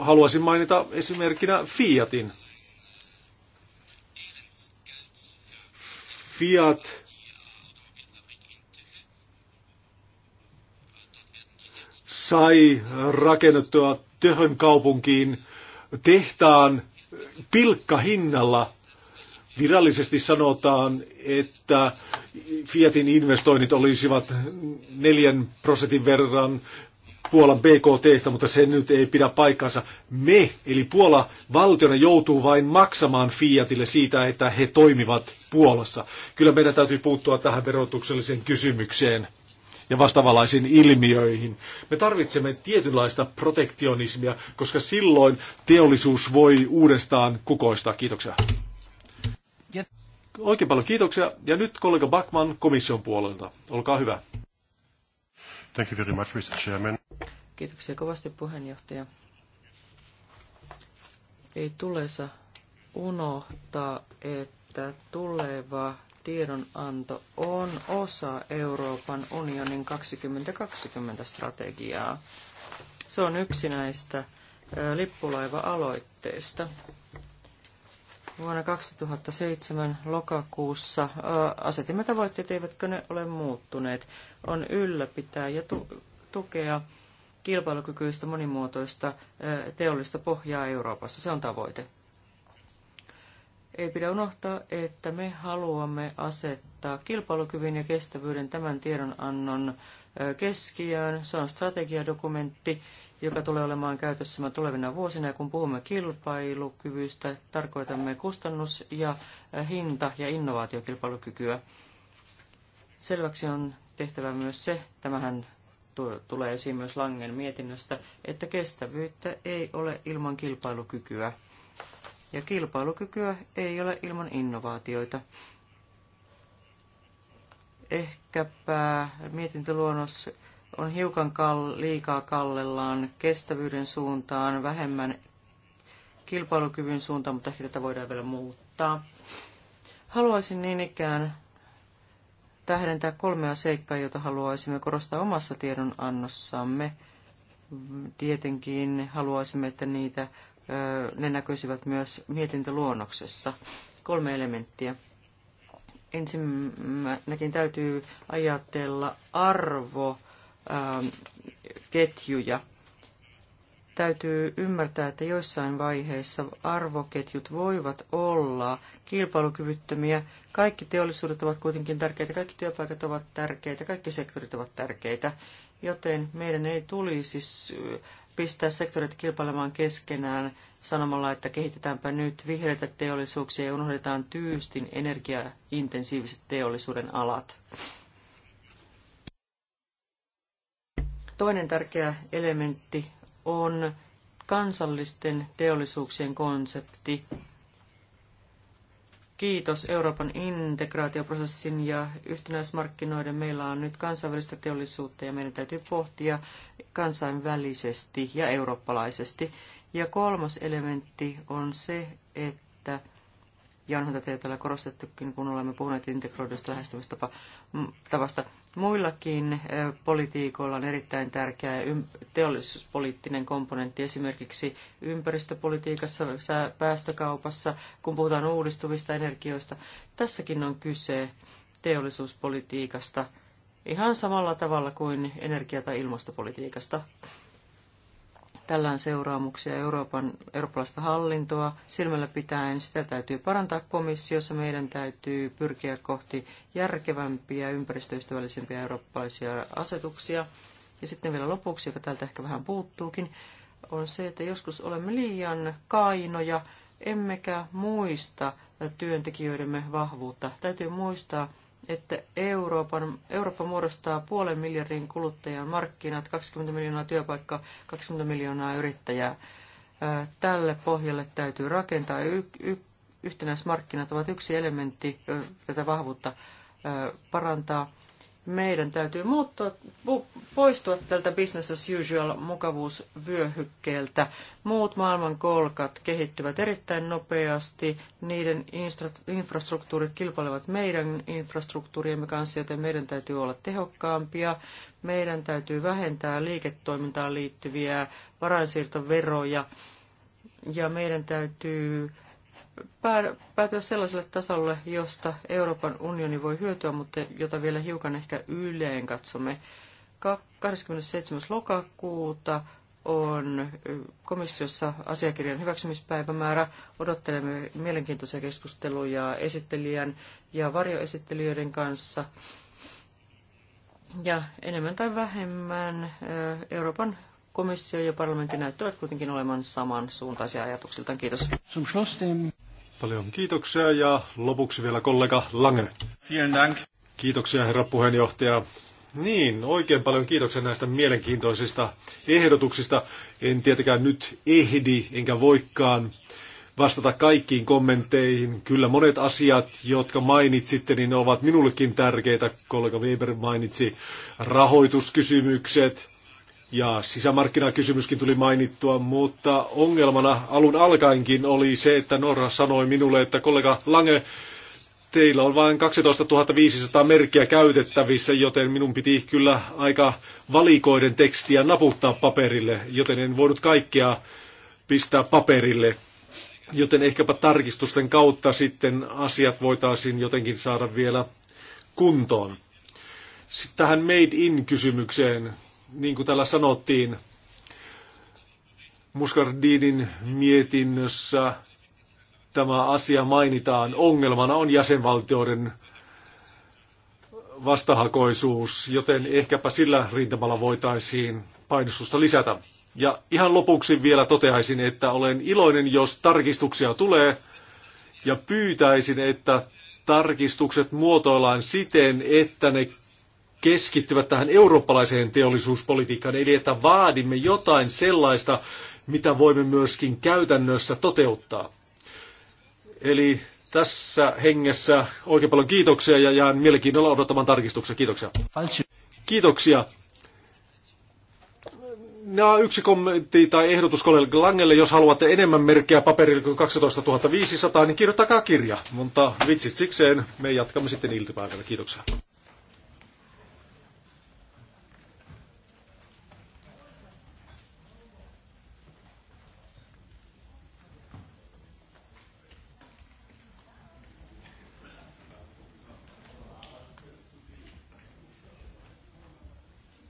haluaisin mainita esimerkkinä Fiatin. Fiat sai rakennettua Töhön kaupunkiin tehtaan pilkkahinnalla. Virallisesti sanotaan, että Fiatin investoinnit olisivat neljän prosentin verran Puolan BKTstä, mutta se nyt ei pidä paikkaansa. Me, eli Puola valtiona, joutuu vain maksamaan Fiatille siitä, että he toimivat Puolassa. Kyllä meidän täytyy puuttua tähän verotukselliseen kysymykseen ja vastavalaisiin ilmiöihin. Me tarvitsemme tietynlaista protektionismia, koska silloin teollisuus voi uudestaan kukoistaa. Kiitoksia. Oikein paljon kiitoksia. Ja nyt kollega Backman komission puolelta. Olkaa hyvä. Thank you very much, Mr. Chairman. Kiitoksia kovasti puheenjohtaja. Ei tuleensa unohtaa, että tuleva tiedonanto on osa Euroopan unionin 2020-strategiaa. Se on yksi näistä lippulaiva-aloitteista. Vuonna 2007 lokakuussa asetimme tavoitteet, eivätkö ne ole muuttuneet. On ylläpitää ja tukea kilpailukykyistä monimuotoista teollista pohjaa Euroopassa. Se on tavoite. Ei pidä unohtaa, että me haluamme asettaa kilpailukyvyn ja kestävyyden tämän tiedonannon keskiöön. Se on strategiadokumentti, joka tulee olemaan käytössä tulevina vuosina. Ja kun puhumme kilpailukyvystä, tarkoitamme kustannus- ja hinta- ja innovaatiokilpailukykyä. Selväksi on tehtävä myös se, tämähän tulee esiin myös Langen mietinnöstä, että kestävyyttä ei ole ilman kilpailukykyä ja kilpailukykyä ei ole ilman innovaatioita. Ehkäpä mietintöluonnos on hiukan kal- liikaa kallellaan kestävyyden suuntaan, vähemmän kilpailukyvyn suuntaan, mutta ehkä tätä voidaan vielä muuttaa. Haluaisin niin ikään tähdentää kolmea seikkaa, joita haluaisimme korostaa omassa tiedonannossamme. Tietenkin haluaisimme, että niitä ne näkyisivät myös mietintöluonnoksessa. Kolme elementtiä. Ensinnäkin mm, täytyy ajatella arvoketjuja. Täytyy ymmärtää, että joissain vaiheissa arvoketjut voivat olla kilpailukyvyttömiä. Kaikki teollisuudet ovat kuitenkin tärkeitä, kaikki työpaikat ovat tärkeitä, kaikki sektorit ovat tärkeitä joten meidän ei tulisi pistää sektorit kilpailemaan keskenään sanomalla, että kehitetäänpä nyt vihreitä teollisuuksia ja unohdetaan tyystin energiaintensiiviset teollisuuden alat. Toinen tärkeä elementti on kansallisten teollisuuksien konsepti. Kiitos Euroopan integraatioprosessin ja yhtenäismarkkinoiden. Meillä on nyt kansainvälistä teollisuutta ja meidän täytyy pohtia kansainvälisesti ja eurooppalaisesti. Ja kolmas elementti on se, että, ja onhan tätä jo täällä korostettukin, kun olemme puhuneet integroidusta lähestymistavasta, Muillakin eh, politiikoilla on erittäin tärkeä teollisuuspoliittinen komponentti, esimerkiksi ympäristöpolitiikassa, päästökaupassa, kun puhutaan uudistuvista energioista. Tässäkin on kyse teollisuuspolitiikasta ihan samalla tavalla kuin energia- tai ilmastopolitiikasta. Tällä on seuraamuksia Euroopan, eurooppalaista hallintoa. Silmällä pitäen sitä täytyy parantaa komissiossa. Meidän täytyy pyrkiä kohti järkevämpiä, ympäristöystävällisempiä eurooppalaisia asetuksia. Ja sitten vielä lopuksi, joka täältä ehkä vähän puuttuukin, on se, että joskus olemme liian kainoja, emmekä muista työntekijöidemme vahvuutta. Täytyy muistaa, että Euroopan, Eurooppa muodostaa puolen miljardin kuluttajan markkinat, 20 miljoonaa työpaikkaa, 20 miljoonaa yrittäjää. Tälle pohjalle täytyy rakentaa. Y- y- yhtenäismarkkinat ovat yksi elementti tätä vahvuutta parantaa meidän täytyy muuttua, poistua tältä business as usual mukavuusvyöhykkeeltä. Muut maailman kolkat kehittyvät erittäin nopeasti, niiden infrastruktuurit kilpailevat meidän infrastruktuuriemme kanssa, joten meidän täytyy olla tehokkaampia. Meidän täytyy vähentää liiketoimintaan liittyviä varainsiirtoveroja ja meidän täytyy päätyä sellaiselle tasolle, josta Euroopan unioni voi hyötyä, mutta jota vielä hiukan ehkä yleen katsomme. 27. lokakuuta on komissiossa asiakirjan hyväksymispäivämäärä. Odottelemme mielenkiintoisia keskusteluja esittelijän ja varjoesittelijöiden kanssa. Ja enemmän tai vähemmän Euroopan komissio ja parlamentti näyttävät kuitenkin olevan samansuuntaisia ajatuksiltaan. Kiitos. Paljon kiitoksia ja lopuksi vielä kollega Lange. Vielen Dank. Kiitoksia herra puheenjohtaja. Niin, oikein paljon kiitoksia näistä mielenkiintoisista ehdotuksista. En tietenkään nyt ehdi, enkä voikaan vastata kaikkiin kommentteihin. Kyllä monet asiat, jotka mainitsitte, niin ovat minullekin tärkeitä. Kollega Weber mainitsi rahoituskysymykset, ja sisämarkkinakysymyskin tuli mainittua, mutta ongelmana alun alkaenkin oli se, että Norra sanoi minulle, että kollega Lange, teillä on vain 12 500 merkkiä käytettävissä, joten minun piti kyllä aika valikoiden tekstiä naputtaa paperille, joten en voinut kaikkea pistää paperille. Joten ehkäpä tarkistusten kautta sitten asiat voitaisiin jotenkin saada vielä kuntoon. Sitten tähän made in-kysymykseen niin kuin täällä sanottiin, Muscardinin mietinnössä tämä asia mainitaan. Ongelmana on jäsenvaltioiden vastahakoisuus, joten ehkäpä sillä rintamalla voitaisiin painostusta lisätä. Ja ihan lopuksi vielä toteaisin, että olen iloinen, jos tarkistuksia tulee, ja pyytäisin, että tarkistukset muotoillaan siten, että ne keskittyvät tähän eurooppalaiseen teollisuuspolitiikkaan, eli että vaadimme jotain sellaista, mitä voimme myöskin käytännössä toteuttaa. Eli tässä hengessä oikein paljon kiitoksia ja jään mielenkiinnolla odottamaan tarkistuksia. Kiitoksia. Kiitoksia. No, yksi kommentti tai ehdotus kollega Langelle, jos haluatte enemmän merkkejä paperille kuin 12 500, niin kirjoittakaa kirja. Mutta vitsit sikseen, me jatkamme sitten iltapäivällä. Kiitoksia.